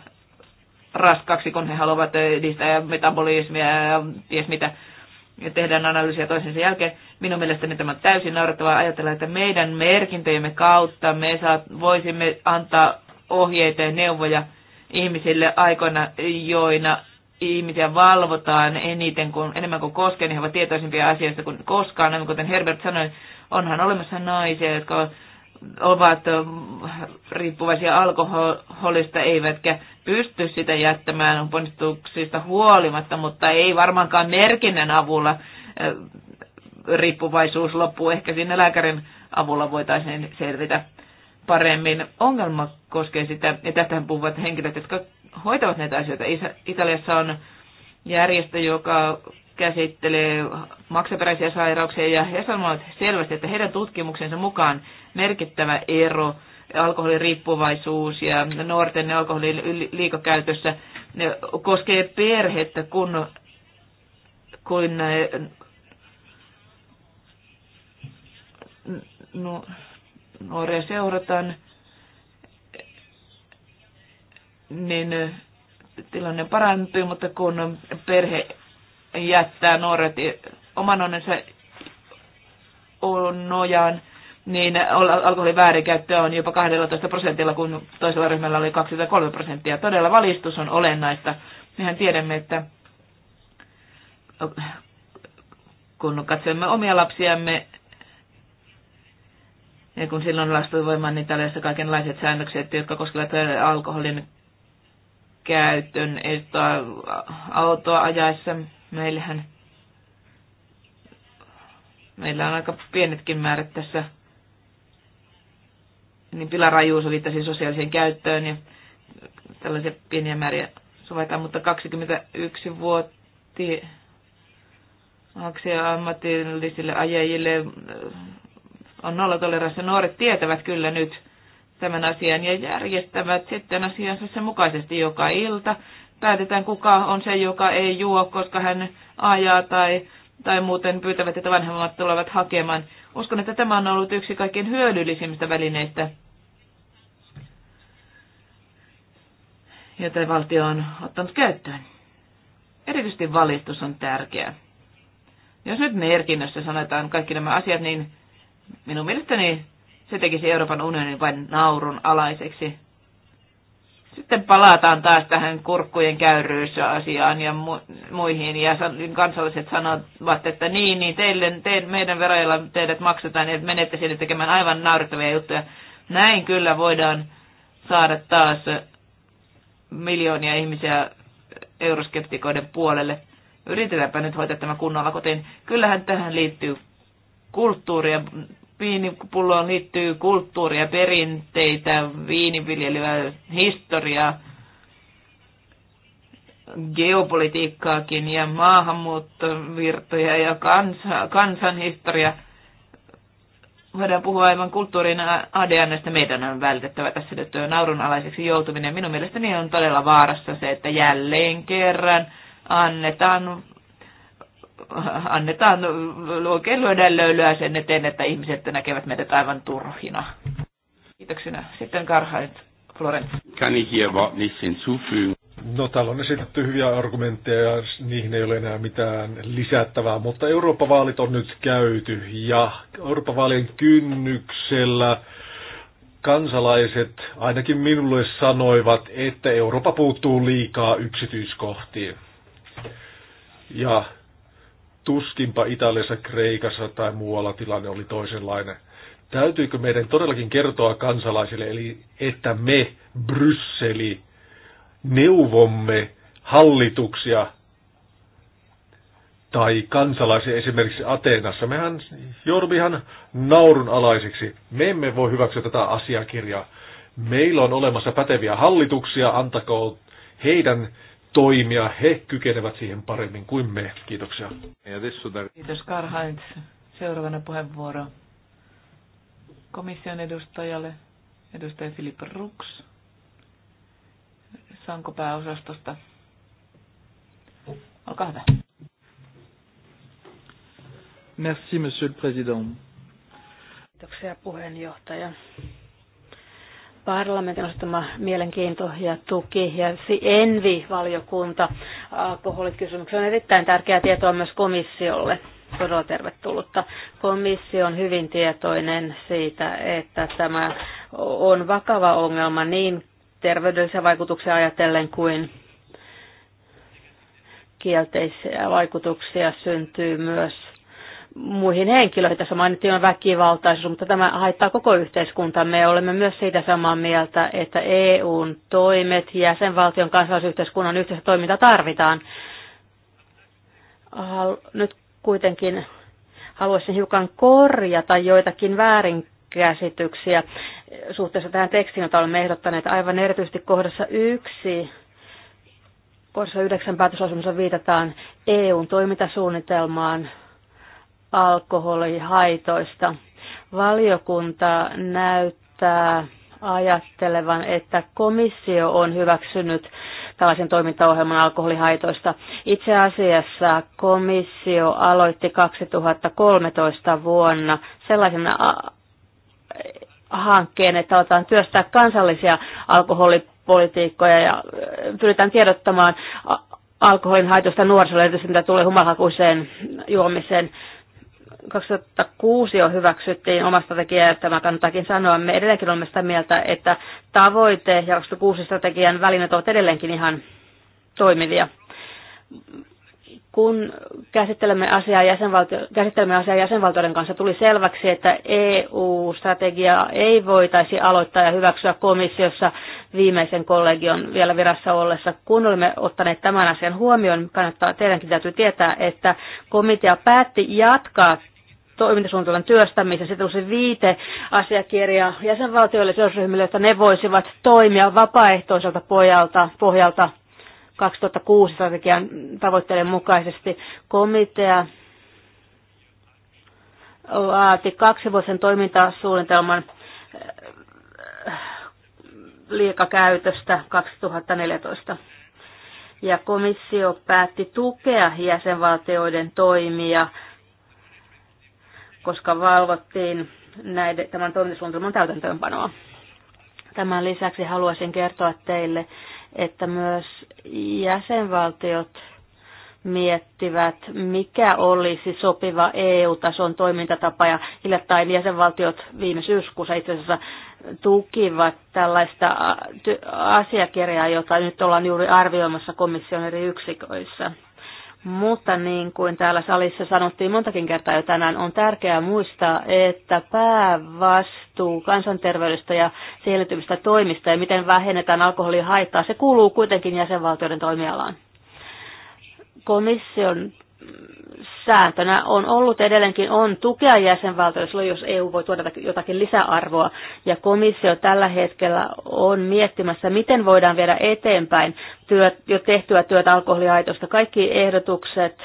raskaaksi, kun he haluavat edistää metabolismia ja ties mitä. Ja tehdään analyysiä toisensa jälkeen. Minun mielestäni tämä on täysin naurettavaa ajatella, että meidän merkintöjemme kautta me saat, voisimme antaa ohjeita ja neuvoja ihmisille aikoina, joina ihmisiä valvotaan eniten kuin, enemmän kuin koskaan, niin he ovat tietoisimpia asioista kuin koskaan. Aivan kuten Herbert sanoi, onhan olemassa naisia, jotka ovat riippuvaisia alkoholista, eivätkä pysty sitä jättämään ponnistuksista huolimatta, mutta ei varmaankaan merkinnän avulla riippuvaisuus loppuu. Ehkä sinne lääkärin avulla voitaisiin selvitä paremmin. Ongelma koskee sitä, ja tästähän puhuvat henkilöt, jotka hoitavat näitä asioita. Italiassa on järjestö, joka käsittelee maksaperäisiä sairauksia ja he sanovat selvästi, että heidän tutkimuksensa mukaan merkittävä ero alkoholiriippuvaisuus ja nuorten alkoholin liikakäytössä ne koskee perhettä, kun, kun äh, no, nuoria seurataan, niin äh, tilanne parantuu, mutta kun perhe jättää nuoret oman onnensa nojaan, niin alkoholin väärinkäyttöä on jopa 12 prosentilla, kun toisella ryhmällä oli 23 prosenttia. Todella valistus on olennaista. Mehän tiedämme, että kun katsomme omia lapsiamme, ja kun silloin lastui voimaan, niin tällaista kaikenlaiset säännökset, jotka koskevat alkoholin käytön, autoa ajaessa, meillähän meillä on aika pienetkin määrät tässä. Niin pilarajuus viittasi sosiaaliseen käyttöön ja tällaisia pieniä määriä suvaitaan, mutta 21 vuotti aksia ammatillisille ajajille äh, on nollatoleranssi. Nuoret tietävät kyllä nyt tämän asian ja järjestävät sitten asiansa sen mukaisesti joka ilta päätetään, kuka on se, joka ei juo, koska hän ajaa tai, tai muuten pyytävät, että vanhemmat tulevat hakemaan. Uskon, että tämä on ollut yksi kaikkein hyödyllisimmistä välineistä, joita valtio on ottanut käyttöön. Erityisesti valistus on tärkeää. Jos nyt merkinnössä sanotaan kaikki nämä asiat, niin minun mielestäni se tekisi Euroopan unionin vain naurun alaiseksi sitten palataan taas tähän kurkkujen asiaan ja mu- muihin. Ja kansalliset sanovat, että niin, niin teille, te, meidän verojalla teidät maksetaan ja menette sinne tekemään aivan naurettavia juttuja. Näin kyllä voidaan saada taas miljoonia ihmisiä euroskeptikoiden puolelle. Yritetäänpä nyt hoitaa tämä kunnolla kotiin. Kyllähän tähän liittyy kulttuuri ja viinipulloon liittyy kulttuuria, perinteitä, viiniviljelyä, historiaa, geopolitiikkaakin ja maahanmuuttovirtoja ja kansa, kansanhistoria. Voidaan puhua aivan kulttuurin ADNstä. Meidän on vältettävä tässä nyt naurunalaiseksi joutuminen. Minun mielestäni on todella vaarassa se, että jälleen kerran annetaan annetaan oikein lyödä löylyä sen eteen, että ihmiset näkevät meidät aivan turhina. Kiitoksena. Sitten Karhait, Florence. Kann ich hier hinzufügen? No täällä on esitetty hyviä argumentteja ja niihin ei ole enää mitään lisättävää, mutta Eurooppa-vaalit on nyt käyty ja Eurooppa-vaalien kynnyksellä kansalaiset ainakin minulle sanoivat, että Eurooppa puuttuu liikaa yksityiskohtiin. Ja Tuskinpa Italiassa, Kreikassa tai muualla tilanne oli toisenlainen. Täytyykö meidän todellakin kertoa kansalaisille, eli että me, Brysseli, neuvomme hallituksia tai kansalaisia esimerkiksi Ateenassa. Mehän joudumme ihan naurun alaisiksi. Me emme voi hyväksyä tätä asiakirjaa. Meillä on olemassa päteviä hallituksia, antakoon heidän toimia. He kykenevät siihen paremmin kuin me. Kiitoksia. Kiitos Karl-Heinz. Seuraavana puheenvuoro komission edustajalle, edustaja Filip Rux. Sanko pääosastosta. Olkaa hyvä. Merci, monsieur le président. Kiitoksia puheenjohtaja parlamentin osoittama mielenkiinto ja tuki ja ENVI-valiokunta alkoholikysymyksiä. on erittäin tärkeää tietoa myös komissiolle. Todella tervetullutta. Komissio on hyvin tietoinen siitä, että tämä on vakava ongelma niin terveydellisiä vaikutuksia ajatellen kuin kielteisiä vaikutuksia syntyy myös muihin henkilöihin. Tässä mainittiin on väkivaltaisuus, mutta tämä haittaa koko yhteiskuntamme ja olemme myös siitä samaa mieltä, että EUn toimet ja jäsenvaltion kansalaisyhteiskunnan yhteistä toiminta tarvitaan. Nyt kuitenkin haluaisin hiukan korjata joitakin väärinkäsityksiä suhteessa tähän tekstiin, jota olemme ehdottaneet aivan erityisesti kohdassa yksi. Kohdassa yhdeksän päätösasemassa viitataan EUn toimintasuunnitelmaan alkoholihaitoista. Valiokunta näyttää ajattelevan, että komissio on hyväksynyt tällaisen toimintaohjelman alkoholihaitoista. Itse asiassa komissio aloitti 2013 vuonna sellaisen hankkeen, että aletaan työstää kansallisia alkoholipolitiikkoja ja pyritään tiedottamaan alkoholin haitoista nuorisolle, että mitä tulee humalhakuiseen juomiseen. 2006 jo hyväksyttiin omasta strategia, että mä kannattaakin sanoa. Me edelleenkin olemme sitä mieltä, että tavoite ja 2006 strategian välineet ovat edelleenkin ihan toimivia. Kun käsittelemme asiaa, jäsenvaltio- käsittelemme asiaa jäsenvaltioiden kanssa, tuli selväksi, että EU-strategiaa ei voitaisi aloittaa ja hyväksyä komissiossa viimeisen kollegion vielä virassa ollessa. Kun olemme ottaneet tämän asian huomioon, kannattaa teidänkin täytyy tietää, että komitea päätti jatkaa toimintasuunnitelman työstämisen. Se tulisi viite asiakirja jäsenvaltioille ja sidosryhmille, että ne voisivat toimia vapaaehtoiselta pohjalta, pohjalta 2006 strategian tavoitteiden mukaisesti. Komitea laati kaksivuotisen toimintasuunnitelman äh, liikakäytöstä 2014. Ja komissio päätti tukea jäsenvaltioiden toimia, koska valvottiin näiden, tämän toimintasuunnitelman täytäntöönpanoa. Tämän lisäksi haluaisin kertoa teille, että myös jäsenvaltiot miettivät, mikä olisi sopiva EU-tason toimintatapa. Ja hiljattain jäsenvaltiot viime syyskuussa itse asiassa tukivat tällaista asiakirjaa, jota nyt ollaan juuri arvioimassa komission eri yksiköissä. Mutta niin kuin täällä salissa sanottiin montakin kertaa jo tänään, on tärkeää muistaa, että päävastuu kansanterveydestä ja siihen toimista ja miten vähennetään alkoholin haittaa, se kuuluu kuitenkin jäsenvaltioiden toimialaan. Komission sääntönä on ollut edelleenkin on tukea jäsenvaltioille, jos EU voi tuoda jotakin lisäarvoa. Ja komissio tällä hetkellä on miettimässä, miten voidaan viedä eteenpäin työt, jo tehtyä työtä alkoholiaitosta Kaikki ehdotukset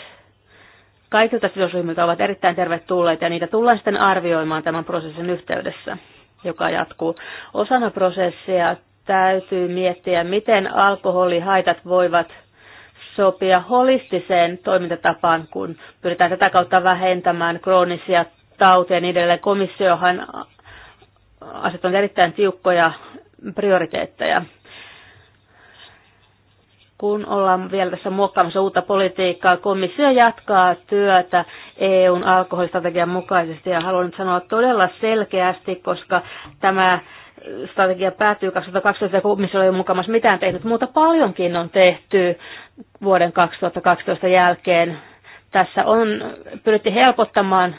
kaikilta sidosryhmiltä ovat erittäin tervetulleita ja niitä tullaan sitten arvioimaan tämän prosessin yhteydessä, joka jatkuu. Osana prosessia täytyy miettiä, miten alkoholihaitat voivat – sopia holistiseen toimintatapaan, kun pyritään tätä kautta vähentämään kroonisia tauteja ja niin edelleen. Komissiohan asettanut erittäin tiukkoja prioriteetteja. Kun ollaan vielä tässä muokkaamassa uutta politiikkaa, komissio jatkaa työtä EUn alkoholistrategian mukaisesti ja haluan nyt sanoa todella selkeästi, koska tämä strategia päättyy 2012 ja komissio ei ole mukamassa mitään tehnyt, mutta paljonkin on tehty vuoden 2012 jälkeen. Tässä on pyritty helpottamaan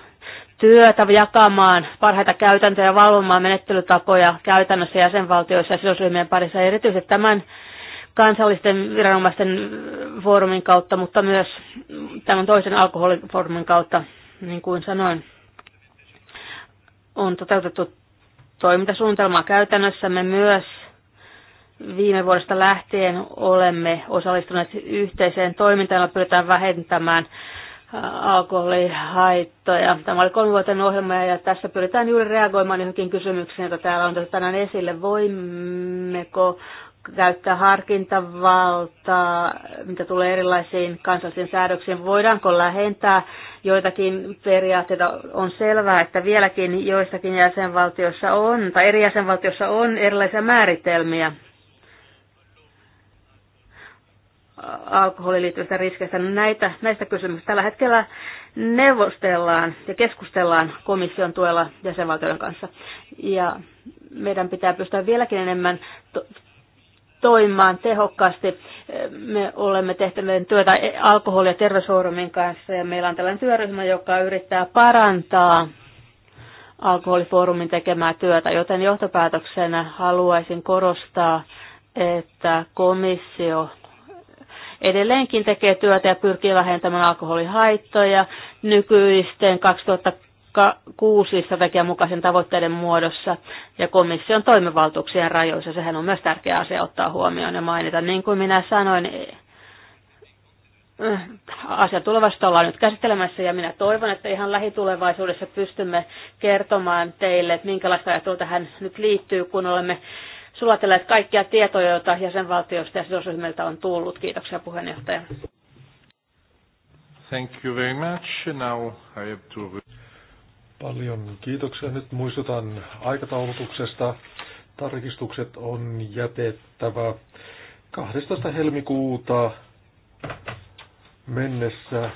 työtä, jakamaan parhaita käytäntöjä, valvomaan menettelytapoja käytännössä jäsenvaltioissa ja sidosryhmien parissa, erityisesti tämän kansallisten viranomaisten foorumin kautta, mutta myös tämän toisen alkoholifoorumin kautta, niin kuin sanoin, on toteutettu toimintasuunnitelmaa me myös viime vuodesta lähtien olemme osallistuneet yhteiseen toimintaan, jolla pyritään vähentämään äh, alkoholihaittoja. Tämä oli kolmivuotinen ohjelma ja tässä pyritään juuri reagoimaan johonkin kysymykseen, jota täällä on tänään esille. Voimmeko käyttää harkintavaltaa, mitä tulee erilaisiin kansallisiin säädöksiin. Voidaanko lähentää joitakin periaatteita? On selvää, että vieläkin joissakin jäsenvaltioissa on, tai eri jäsenvaltioissa on erilaisia määritelmiä alkoholin liittyvistä riskeistä. Näitä, näistä kysymyksistä tällä hetkellä neuvostellaan ja keskustellaan komission tuella jäsenvaltioiden kanssa. Ja meidän pitää pystyä vieläkin enemmän toimimaan tehokkaasti. Me olemme tehneet työtä alkoholi- ja terveysfoorumin kanssa ja meillä on tällainen työryhmä, joka yrittää parantaa alkoholifoorumin tekemää työtä, joten johtopäätöksenä haluaisin korostaa, että komissio edelleenkin tekee työtä ja pyrkii vähentämään alkoholihaittoja. Nykyisten 2000 kuusi strategian mukaisen tavoitteiden muodossa ja komission toimivaltuuksien rajoissa. Sehän on myös tärkeä asia ottaa huomioon ja mainita. Niin kuin minä sanoin, eh, asia tulevasta ollaan nyt käsittelemässä ja minä toivon, että ihan lähitulevaisuudessa pystymme kertomaan teille, että minkälaista ajattelua tähän nyt liittyy, kun olemme sulatelleet kaikkia tietoja, joita jäsenvaltioista ja sidosryhmiltä on tullut. Kiitoksia puheenjohtaja. Thank you very much. Now I have to... Paljon kiitoksia. Nyt muistutan aikataulutuksesta. Tarkistukset on jätettävä 12. helmikuuta mennessä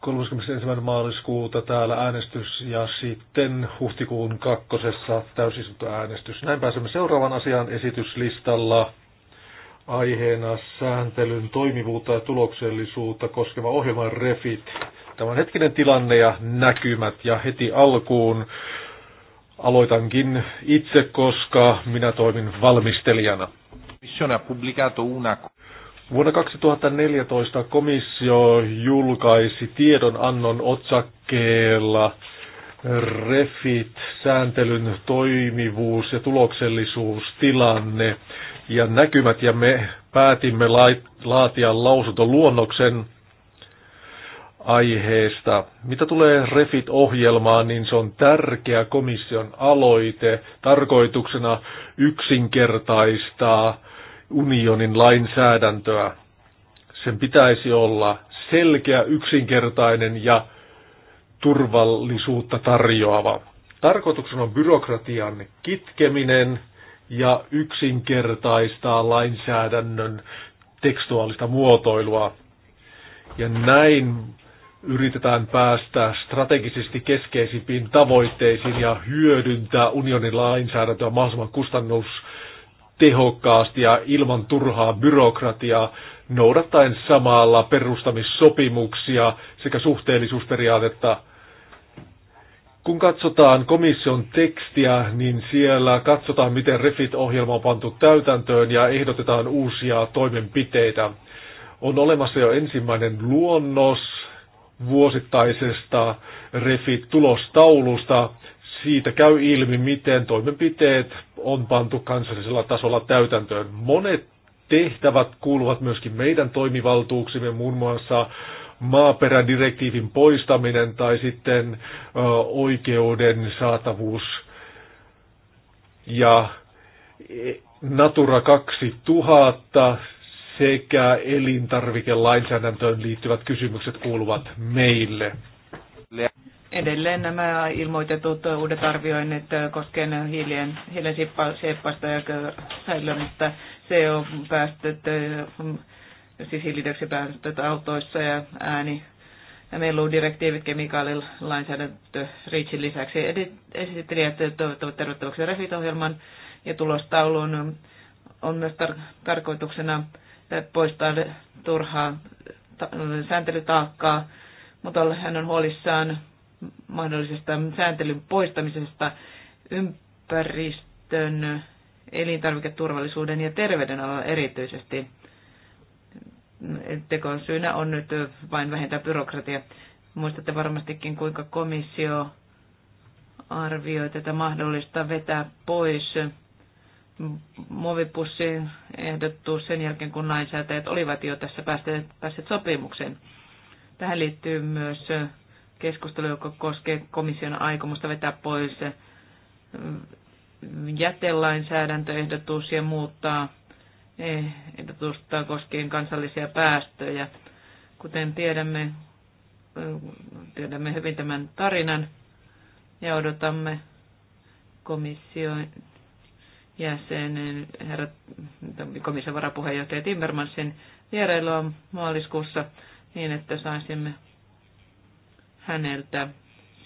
31. maaliskuuta täällä äänestys ja sitten huhtikuun kakkosessa täysistuntoäänestys. Näin pääsemme seuraavan asian esityslistalla aiheena sääntelyn toimivuutta ja tuloksellisuutta koskeva ohjelma REFIT. Tämä hetkinen tilanne ja näkymät ja heti alkuun aloitankin itse, koska minä toimin valmistelijana. Vuonna 2014 komissio julkaisi tiedonannon otsakkeella REFIT, sääntelyn toimivuus ja tuloksellisuustilanne ja näkymät, ja me päätimme laatia lausuntoluonnoksen, aiheesta. Mitä tulee REFIT-ohjelmaan, niin se on tärkeä komission aloite tarkoituksena yksinkertaistaa unionin lainsäädäntöä. Sen pitäisi olla selkeä, yksinkertainen ja turvallisuutta tarjoava. Tarkoituksena on byrokratian kitkeminen ja yksinkertaistaa lainsäädännön tekstuaalista muotoilua. Ja näin yritetään päästä strategisesti keskeisimpiin tavoitteisiin ja hyödyntää unionin lainsäädäntöä mahdollisimman tehokkaasti ja ilman turhaa byrokratiaa, noudattaen samalla perustamissopimuksia sekä suhteellisuusperiaatetta. Kun katsotaan komission tekstiä, niin siellä katsotaan, miten REFIT-ohjelma on pantu täytäntöön ja ehdotetaan uusia toimenpiteitä. On olemassa jo ensimmäinen luonnos, vuosittaisesta REFIT-tulostaulusta. Siitä käy ilmi, miten toimenpiteet on pantu kansallisella tasolla täytäntöön. Monet tehtävät kuuluvat myöskin meidän toimivaltuuksimme, muun muassa maaperädirektiivin poistaminen tai sitten oikeuden saatavuus ja Natura 2000 sekä elintarvikelainsäädäntöön liittyvät kysymykset kuuluvat meille. Edelleen nämä ilmoitetut uudet arvioinnit koskien hiilien, hiilen sieppaista ja se CO-päästöt, siis hiilidioksipäästöt autoissa ja ääni ja direktiivit kemikaalilainsäädäntö REACHin lisäksi esittelijät toivottavat tervetulleeksi REFIT-ohjelman ja tulostaulun on myös tar- tarkoituksena poistaa turhaa sääntelytaakkaa, mutta hän on huolissaan mahdollisesta sääntelyn poistamisesta ympäristön, elintarviketurvallisuuden ja terveyden alalla erityisesti. Tekon syynä on nyt vain vähentää byrokratia. Muistatte varmastikin, kuinka komissio arvioi tätä mahdollista vetää pois muovipussiin ehdottu sen jälkeen, kun lainsäätäjät olivat jo tässä päässeet, päässeet sopimukseen. Tähän liittyy myös keskustelu, joka koskee komission aikomusta vetää pois jätelainsäädäntöehdotus ja muuttaa ehdotusta koskien kansallisia päästöjä. Kuten tiedämme, tiedämme hyvin tämän tarinan ja odotamme komission Jäsen herra komission varapuheenjohtaja Timmermansin vierailua maaliskuussa niin, että saisimme häneltä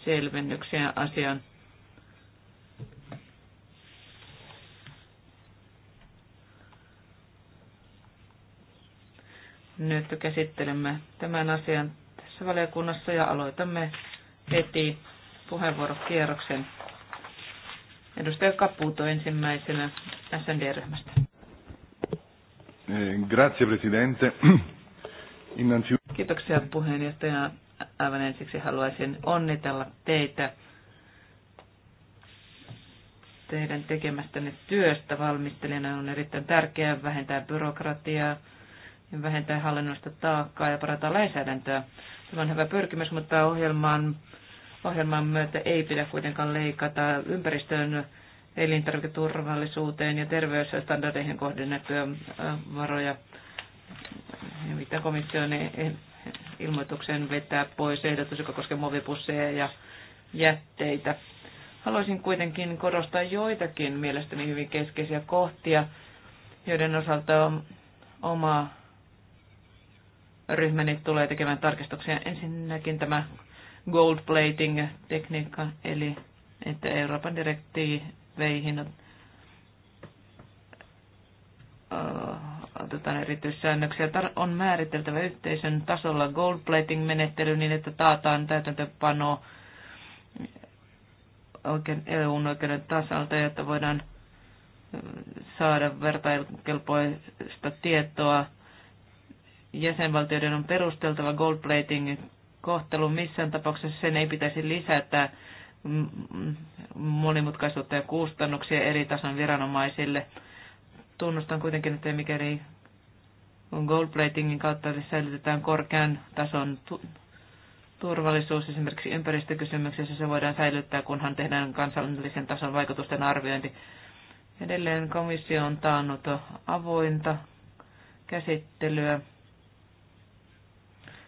selvennyksiä asiaan. Nyt käsittelemme tämän asian tässä valiokunnassa ja aloitamme heti puheenvuorokierroksen. Edustaja Caputo ensimmäisenä SND-ryhmästä. Eh, grazie Presidente. Kiitoksia puheenjohtaja. Aivan ensiksi haluaisin onnitella teitä teidän tekemästänne työstä valmistelijana on erittäin tärkeää vähentää byrokratiaa ja vähentää hallinnollista taakkaa ja parantaa lainsäädäntöä. Tämä on hyvä pyrkimys, mutta ohjelmaan Ohjelman myötä ei pidä kuitenkaan leikata ympäristön elintarviketurvallisuuteen ja terveysstandardeihin kohdennettuja äh, varoja, mitä komission e- e- ilmoituksen vetää pois ehdotus, joka koskee muovipusseja ja jätteitä. Haluaisin kuitenkin korostaa joitakin mielestäni hyvin keskeisiä kohtia, joiden osalta oma ryhmäni tulee tekemään tarkistuksia. Ensinnäkin tämä gold plating-tekniikka, eli että Euroopan direktiivi hinnat äh, otetaan erityissäännöksiä. On määriteltävä yhteisön tasolla gold plating-menettely niin, että taataan täytäntöpano oikein EUn oikeuden tasalta, jotta voidaan äh, saada vertailukelpoista tietoa. Jäsenvaltioiden on perusteltava goldplating kohtelun. Missään tapauksessa sen ei pitäisi lisätä monimutkaisuutta ja kustannuksia eri tason viranomaisille. Tunnustan kuitenkin, että mikäli goldplatingin kautta siis säilytetään korkean tason turvallisuus esimerkiksi ympäristökysymyksessä, se voidaan säilyttää, kunhan tehdään kansallisen tason vaikutusten arviointi. Edelleen komissio on taannut avointa käsittelyä,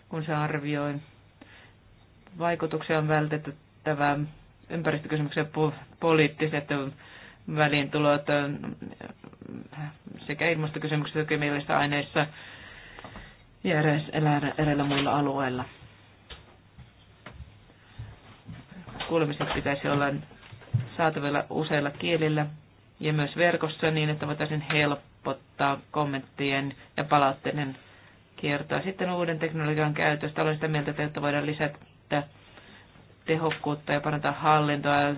kun se arvioi vaikutuksia on vältettävä. ympäristökysymyksiä poliittiset väliintulot sekä ilmastokysymykset kemiallisissa aineissa ja eräillä muilla alueilla. Kuulemiset pitäisi olla saatavilla useilla kielillä ja myös verkossa niin, että voitaisiin helpottaa kommenttien ja palautteiden kiertoa. Sitten uuden teknologian käytöstä olen sitä mieltä, että voidaan lisätä että tehokkuutta ja parantaa hallintoa,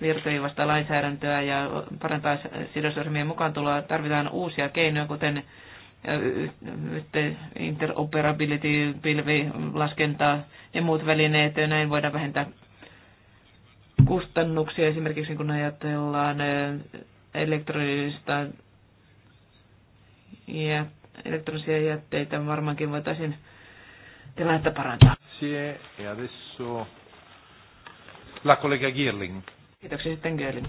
virtuivasta lainsäädäntöä ja parantaa sidosryhmien mukaantuloa. Tarvitaan uusia keinoja, kuten interoperability, pilvilaskentaa ja muut välineet. Ja näin voidaan vähentää kustannuksia esimerkiksi, kun ajatellaan elektronista ja elektronisia jätteitä varmaankin voitaisiin tilannetta parantaa. Sie, ja e adesso la collega Girling. Kiitoksia sitten Girling.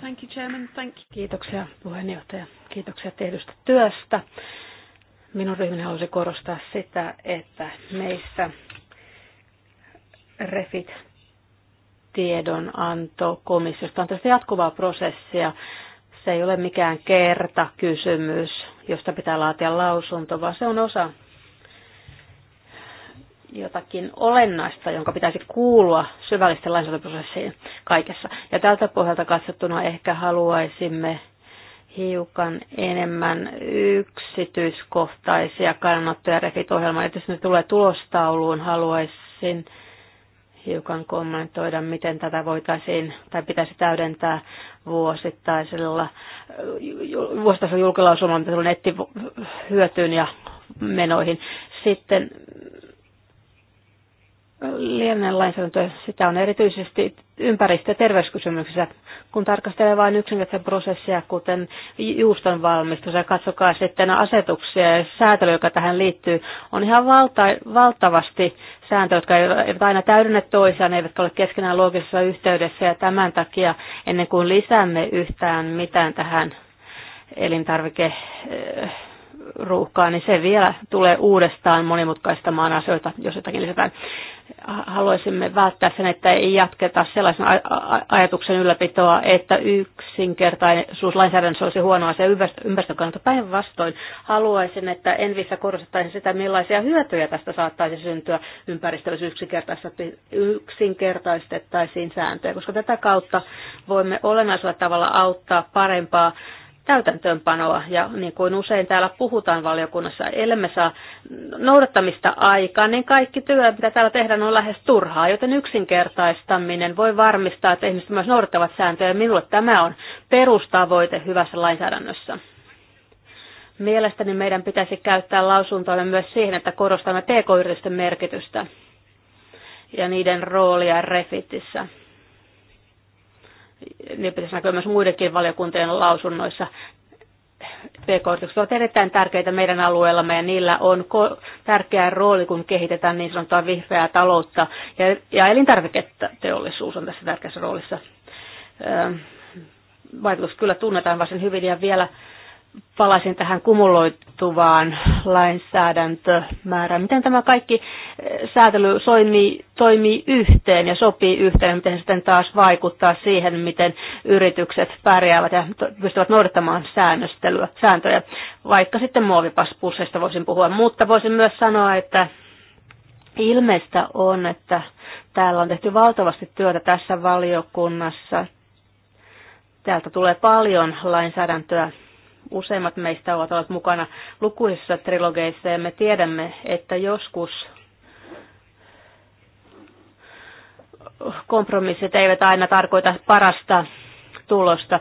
Thank you, Chairman. Thank you. Kiitoksia puheenjohtaja. Kiitoksia tehdystä työstä. Minun ryhmäni halusi korostaa sitä, että meissä refit tiedonanto komissiosta on tästä jatkuvaa prosessia. Se ei ole mikään kerta kysymys, josta pitää laatia lausunto, vaan se on osa jotakin olennaista, jonka pitäisi kuulua syvällisten lainsäädäntöprosessiin kaikessa. Ja tältä pohjalta katsottuna ehkä haluaisimme hiukan enemmän yksityiskohtaisia refit refitohjelmaan. Ja jos ne tulee tulostauluun, haluaisin hiukan kommentoida, miten tätä voitaisiin tai pitäisi täydentää vuosittaisella, vuosittaisella julkilausumalla, mitä tulee nettihyötyyn ja menoihin. Sitten liian lainsäädäntöä, sitä on erityisesti ympäristö- ja terveyskysymyksissä, kun tarkastelee vain yksinkertaisia prosessia, kuten juuston valmistus, ja katsokaa sitten asetuksia ja säätely, joka tähän liittyy, on ihan valta- valtavasti sääntöjä, jotka eivät aina täydennä toisiaan, eivät ole keskenään loogisessa yhteydessä, ja tämän takia ennen kuin lisäämme yhtään mitään tähän elintarvike ruuhkaa, niin se vielä tulee uudestaan monimutkaistamaan asioita, jos jotakin lisätään haluaisimme välttää sen, että ei jatketa sellaisen ajatuksen ylläpitoa, että yksinkertaisuus lainsäädännössä olisi huono asia ympäristön kannalta. Päinvastoin haluaisin, että Envissä korostettaisiin sitä, millaisia hyötyjä tästä saattaisi syntyä ympäristöllä, yksinkertaistettaisiin sääntöjä, koska tätä kautta voimme olennaisella tavalla auttaa parempaa täytäntöönpanoa. Ja niin kuin usein täällä puhutaan valiokunnassa, ellemme saa noudattamista aikaan, niin kaikki työ, mitä täällä tehdään, on lähes turhaa. Joten yksinkertaistaminen voi varmistaa, että ihmiset myös noudattavat sääntöjä. Minulle tämä on perustavoite hyvässä lainsäädännössä. Mielestäni meidän pitäisi käyttää lausuntoja myös siihen, että korostamme pk-yritysten merkitystä ja niiden roolia refitissä niin pitäisi näkyä myös muidenkin valiokuntien lausunnoissa. PK-yritykset ovat erittäin tärkeitä meidän alueellamme ja niillä on tärkeä rooli, kun kehitetään niin sanottua vihreää taloutta ja, ja elintarviketeollisuus on tässä tärkeässä roolissa. Vaikutus kyllä tunnetaan varsin hyvin ja vielä palaisin tähän kumuloituvaan lainsäädäntömäärään. Miten tämä kaikki eh, säätely toimii, toimii yhteen ja sopii yhteen, miten se sitten taas vaikuttaa siihen, miten yritykset pärjäävät ja pystyvät noudattamaan säännöstelyä, sääntöjä, vaikka sitten muovipasspusseista voisin puhua. Mutta voisin myös sanoa, että ilmeistä on, että täällä on tehty valtavasti työtä tässä valiokunnassa. Täältä tulee paljon lainsäädäntöä Useimmat meistä ovat olleet mukana lukuisissa trilogeissa ja me tiedämme, että joskus kompromissit eivät aina tarkoita parasta tulosta.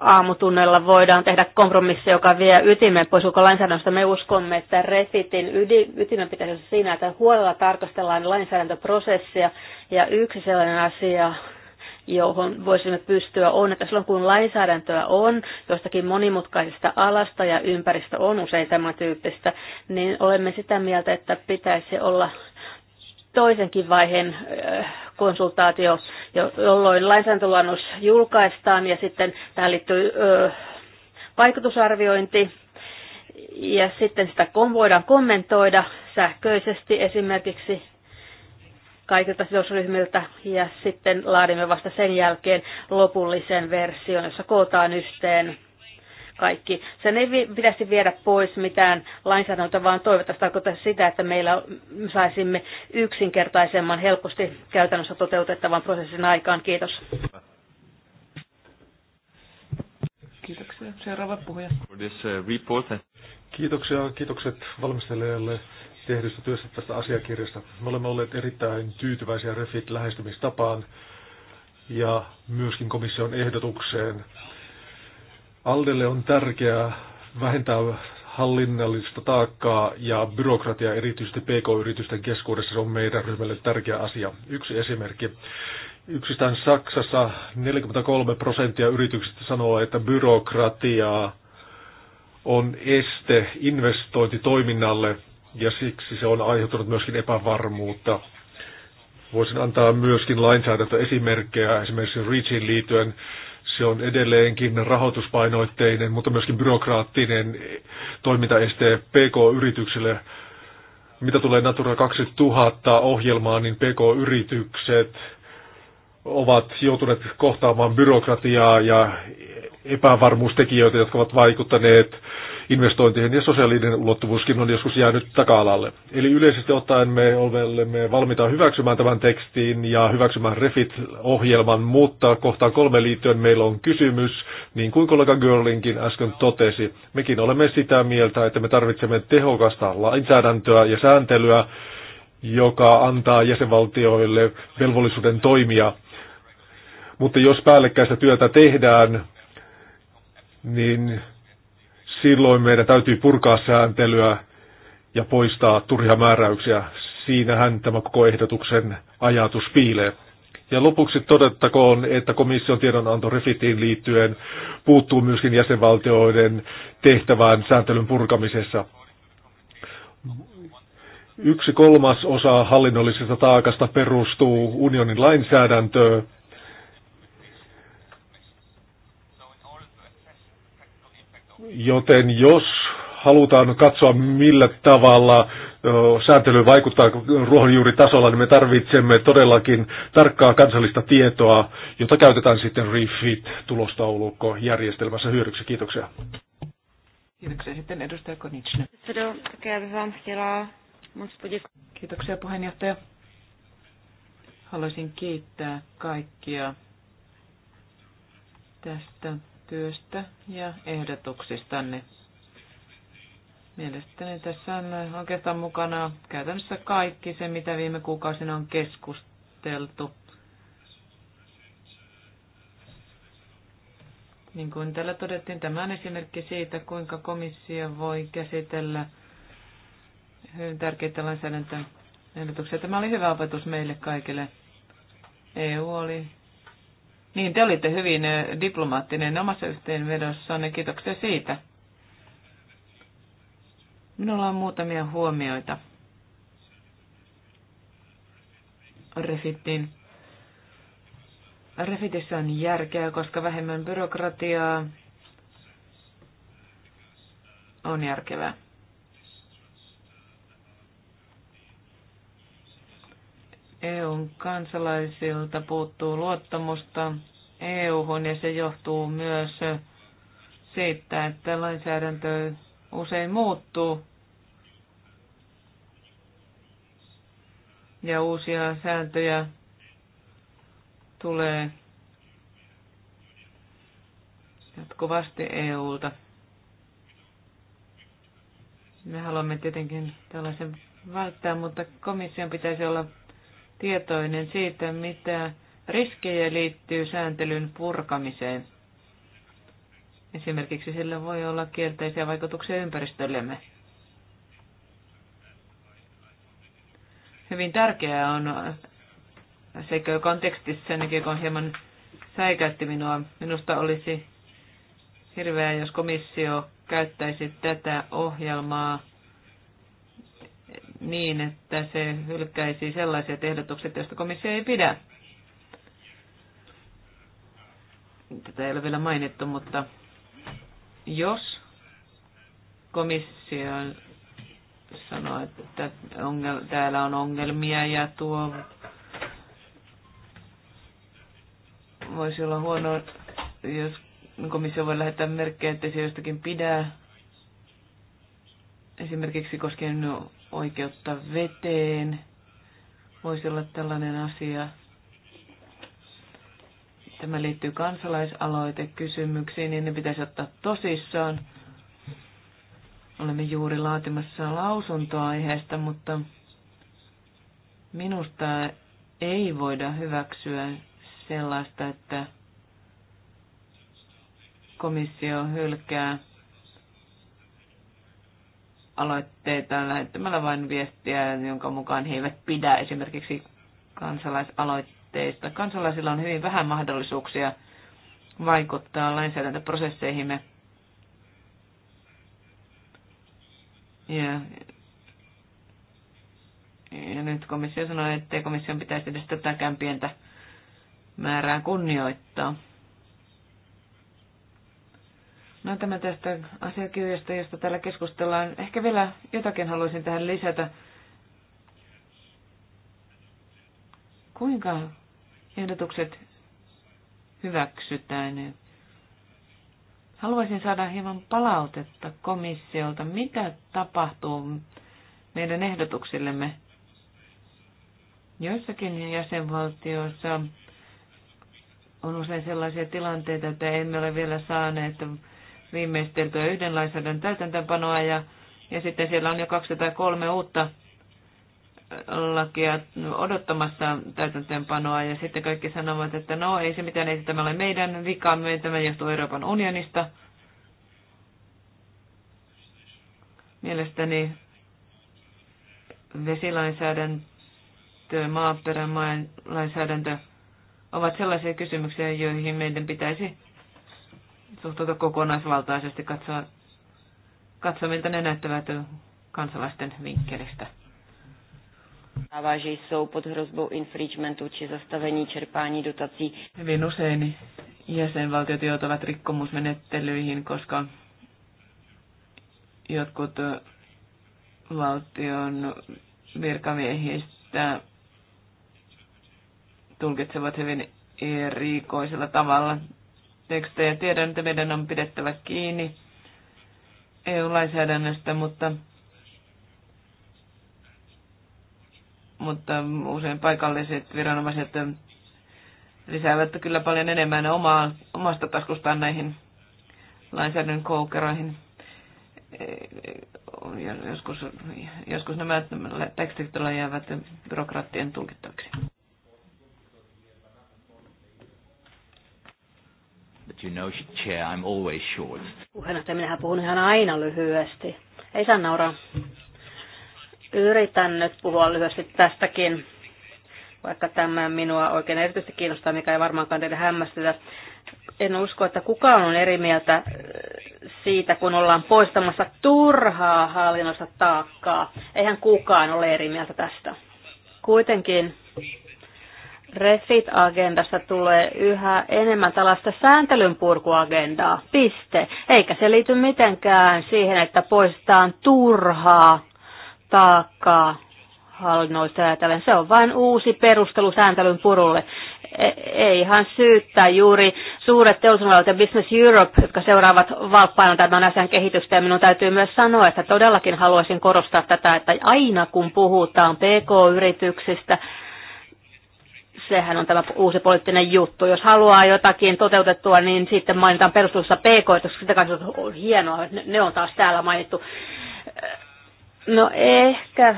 Aamutunnella voidaan tehdä kompromissi, joka vie ytimen pois koko lainsäädännöstä. Me uskomme, että refitin ytimen pitäisi olla siinä, että huolella tarkastellaan lainsäädäntöprosessia. Ja yksi sellainen asia, johon voisimme pystyä, on, että silloin kun lainsäädäntöä on jostakin monimutkaisesta alasta ja ympäristö on usein tämän tyyppistä, niin olemme sitä mieltä, että pitäisi olla toisenkin vaiheen äh, konsultaatio, jolloin lainsäädäntöluonnos julkaistaan ja sitten tähän liittyy äh, vaikutusarviointi ja sitten sitä voidaan kommentoida sähköisesti esimerkiksi kaikilta sidosryhmiltä ja sitten laadimme vasta sen jälkeen lopullisen version, jossa kootaan yhteen kaikki. Sen ei pitäisi viedä pois mitään lainsäädäntöä, vaan toivottavasti tarkoittaa sitä, että meillä saisimme yksinkertaisemman, helposti käytännössä toteutettavan prosessin aikaan. Kiitos. Kiitoksia. Seuraava puhuja. Uh, Kiitoksia. Kiitokset valmistelijalle tehdystä työstä tästä asiakirjasta. Me olemme olleet erittäin tyytyväisiä Refit lähestymistapaan ja myöskin komission ehdotukseen. Aldelle on tärkeää vähentää hallinnallista taakkaa ja byrokratia erityisesti PK-yritysten keskuudessa se on meidän ryhmälle tärkeä asia. Yksi esimerkki. Yksistään Saksassa 43 prosenttia yrityksistä sanoo, että byrokratiaa on este investointitoiminnalle – ja siksi se on aiheuttanut myöskin epävarmuutta. Voisin antaa myöskin lainsäädäntöesimerkkejä esimerkiksi REACHin liittyen. Se on edelleenkin rahoituspainoitteinen, mutta myöskin byrokraattinen toimintaeste PK-yrityksille. Mitä tulee Natura 2000 ohjelmaan, niin PK-yritykset ovat joutuneet kohtaamaan byrokratiaa ja epävarmuustekijöitä, jotka ovat vaikuttaneet investointien ja sosiaalinen ulottuvuuskin on joskus jäänyt taka-alalle. Eli yleisesti ottaen me olemme valmiita hyväksymään tämän tekstin ja hyväksymään REFIT-ohjelman, mutta kohtaan kolme liittyen meillä on kysymys, niin kuin kollega Görlingkin äsken totesi. Mekin olemme sitä mieltä, että me tarvitsemme tehokasta lainsäädäntöä ja sääntelyä, joka antaa jäsenvaltioille velvollisuuden toimia. Mutta jos päällekkäistä työtä tehdään, niin silloin meidän täytyy purkaa sääntelyä ja poistaa turhia määräyksiä. Siinähän tämä koko ehdotuksen ajatus piilee. Ja lopuksi todettakoon, että komission tiedonanto Refitiin liittyen puuttuu myöskin jäsenvaltioiden tehtävään sääntelyn purkamisessa. Yksi kolmas osa hallinnollisesta taakasta perustuu unionin lainsäädäntöön, Joten jos halutaan katsoa, millä tavalla sääntely vaikuttaa ruohonjuuritasolla, niin me tarvitsemme todellakin tarkkaa kansallista tietoa, jota käytetään sitten REFIT-tulostaulukkojärjestelmässä hyödyksi. Kiitoksia. Kiitoksia sitten edustaja Konitsne. Kiitoksia puheenjohtaja. Haluaisin kiittää kaikkia tästä työstä ja ehdotuksistanne. Mielestäni tässä on oikeastaan mukana käytännössä kaikki se, mitä viime kuukausina on keskusteltu. Niin kuin täällä todettiin, tämä on esimerkki siitä, kuinka komissio voi käsitellä hyvin tärkeitä lainsäädäntöehdotuksia. Tämä oli hyvä opetus meille kaikille. EU oli niin, te olitte hyvin diplomaattinen omassa yhteenvedossanne. Kiitoksia siitä. Minulla on muutamia huomioita. Refittiin. Refitissä on järkeä, koska vähemmän byrokratiaa on järkevää. EUn kansalaisilta puuttuu luottamusta EUhun ja se johtuu myös siitä, että lainsäädäntö usein muuttuu ja uusia sääntöjä tulee jatkuvasti EUlta. Me haluamme tietenkin tällaisen välttää, mutta komission pitäisi olla tietoinen siitä, mitä riskejä liittyy sääntelyn purkamiseen. Esimerkiksi sillä voi olla kielteisiä vaikutuksia ympäristöllemme. Hyvin tärkeää on sekä kontekstissa, on kun hieman säikäytti minua. Minusta olisi hirveää, jos komissio käyttäisi tätä ohjelmaa niin, että se hylkäisi sellaiset ehdotukset, joista komissio ei pidä. Tätä ei ole vielä mainittu, mutta jos komissio sanoo, että ongel- täällä on ongelmia ja tuo voisi olla huono, jos komissio voi lähettää merkkejä, että se jostakin pidää. Esimerkiksi koskien oikeutta veteen. Voisi olla tällainen asia. Tämä liittyy kansalaisaloitekysymyksiin, niin ne pitäisi ottaa tosissaan. Olemme juuri laatimassa lausuntoa aiheesta, mutta minusta ei voida hyväksyä sellaista, että komissio hylkää aloitteita lähettämällä vain viestiä, jonka mukaan he eivät pidä esimerkiksi kansalaisaloitteista. Kansalaisilla on hyvin vähän mahdollisuuksia vaikuttaa lainsäädäntöprosesseihimme. Ja, ja nyt komissio sanoi, että komission pitäisi edes tätäkään pientä määrää kunnioittaa. No tämä tästä asiakirjasta, josta täällä keskustellaan. Ehkä vielä jotakin haluaisin tähän lisätä. Kuinka ehdotukset hyväksytään? Haluaisin saada hieman palautetta komissiolta. Mitä tapahtuu meidän ehdotuksillemme? Joissakin jäsenvaltioissa on usein sellaisia tilanteita, että emme ole vielä saaneet viimeisteltyä yhden lainsäädännön täytäntöönpanoa ja, ja sitten siellä on jo kaksi tai kolme uutta äh, lakia odottamassa täytäntöönpanoa ja sitten kaikki sanovat, että no ei se mitään, ei tämä ole meidän vikamme, tämä johtuu Euroopan unionista. Mielestäni vesilainsäädäntö, maaperän lainsäädäntö ovat sellaisia kysymyksiä, joihin meidän pitäisi suhtautua kokonaisvaltaisesti, katsoa, katsoa miltä ne näyttävät kansalaisten vinkkelistä. Hyvin usein jäsenvaltiot joutuvat rikkomusmenettelyihin, koska jotkut valtion virkamiehistä tulkitsevat hyvin erikoisella tavalla tekstejä. Tiedän, että meidän on pidettävä kiinni EU-lainsäädännöstä, mutta, mutta usein paikalliset viranomaiset lisäävät kyllä paljon enemmän omaa, omasta taskustaan näihin lainsäädännön koukeroihin. Joskus, joskus nämä tekstit jäävät byrokraattien tulkittaviksi. you know, Chair, I'm always short. Puheenjohtaja, minähän puhun ihan aina lyhyesti. Ei saa nauraa. Yritän nyt puhua lyhyesti tästäkin, vaikka tämä minua oikein erityisesti kiinnostaa, mikä ei varmaankaan teille hämmästytä. En usko, että kukaan on eri mieltä äh, siitä, kun ollaan poistamassa turhaa hallinnosta taakkaa. Eihän kukaan ole eri mieltä tästä. Kuitenkin Refit-agendasta tulee yhä enemmän tällaista sääntelyn purkuagendaa, piste. Eikä se liity mitenkään siihen, että poistetaan turhaa taakkaa hallinnoista ajatellen. Se on vain uusi perustelu sääntelyn purulle. E, Eihän syyttää juuri suuret teollisuudet ja Business Europe, jotka seuraavat valppaina tämän asian kehitystä. Ja minun täytyy myös sanoa, että todellakin haluaisin korostaa tätä, että aina kun puhutaan PK-yrityksistä, sehän on tämä uusi poliittinen juttu. Jos haluaa jotakin toteutettua, niin sitten mainitaan perustuksessa PK, koska sitä kanssa on hienoa, ne on taas täällä mainittu. No ehkä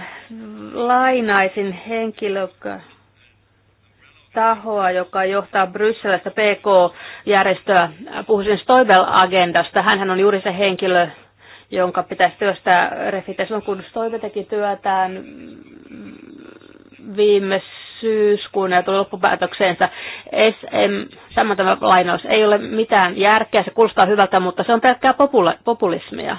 lainaisin henkilö, tahoa, joka johtaa Brysselistä PK-järjestöä. Puhuisin Stoibel-agendasta. Hänhän on juuri se henkilö, jonka pitäisi työstää refites. Silloin kun Stoibel teki työtään viimeisessä syyskuun ja tuli loppupäätökseensä. SM, saman tämä lainaus, ei ole mitään järkeä, se kuulostaa hyvältä, mutta se on pelkkää populismia.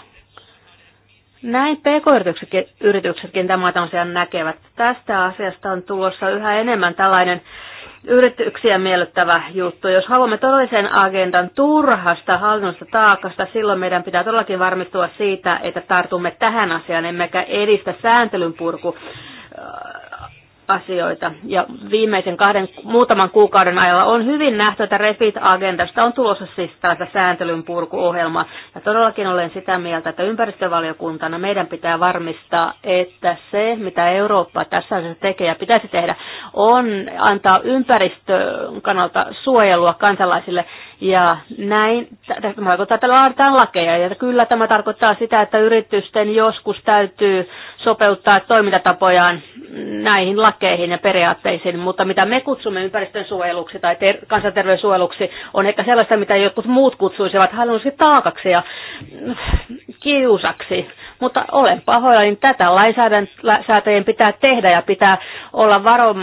Näin pk-yrityksetkin tämän asian näkevät. Tästä asiasta on tulossa yhä enemmän tällainen yrityksiä miellyttävä juttu. Jos haluamme todellisen agendan turhasta hallinnosta taakasta, silloin meidän pitää todellakin varmistua siitä, että tartumme tähän asiaan, emmekä edistä sääntelyn purku asioita. Ja viimeisen kahden, muutaman kuukauden ajalla on hyvin nähty, että Refit-agendasta on tulossa siis tällaista sääntelyn purkuohjelmaa. Ja todellakin olen sitä mieltä, että ympäristövaliokuntana meidän pitää varmistaa, että se, mitä Eurooppa tässä asiassa tekee ja pitäisi tehdä, on antaa ympäristön kannalta suojelua kansalaisille. Ja näin, tämä vaikuttaa, että laaditaan lakeja. Ja kyllä tämä tarkoittaa sitä, että yritysten joskus täytyy sopeuttaa toimintatapojaan näihin lakeihin ja periaatteisiin, mutta mitä me kutsumme ympäristön suojeluksi tai ter- kansanterveyden suojeluksi, on ehkä sellaista, mitä jotkut muut kutsuisivat hallinnollisesti taakaksi ja kiusaksi. Mutta olen pahoilla, niin tätä lainsäätäjien pitää tehdä ja pitää, olla varo,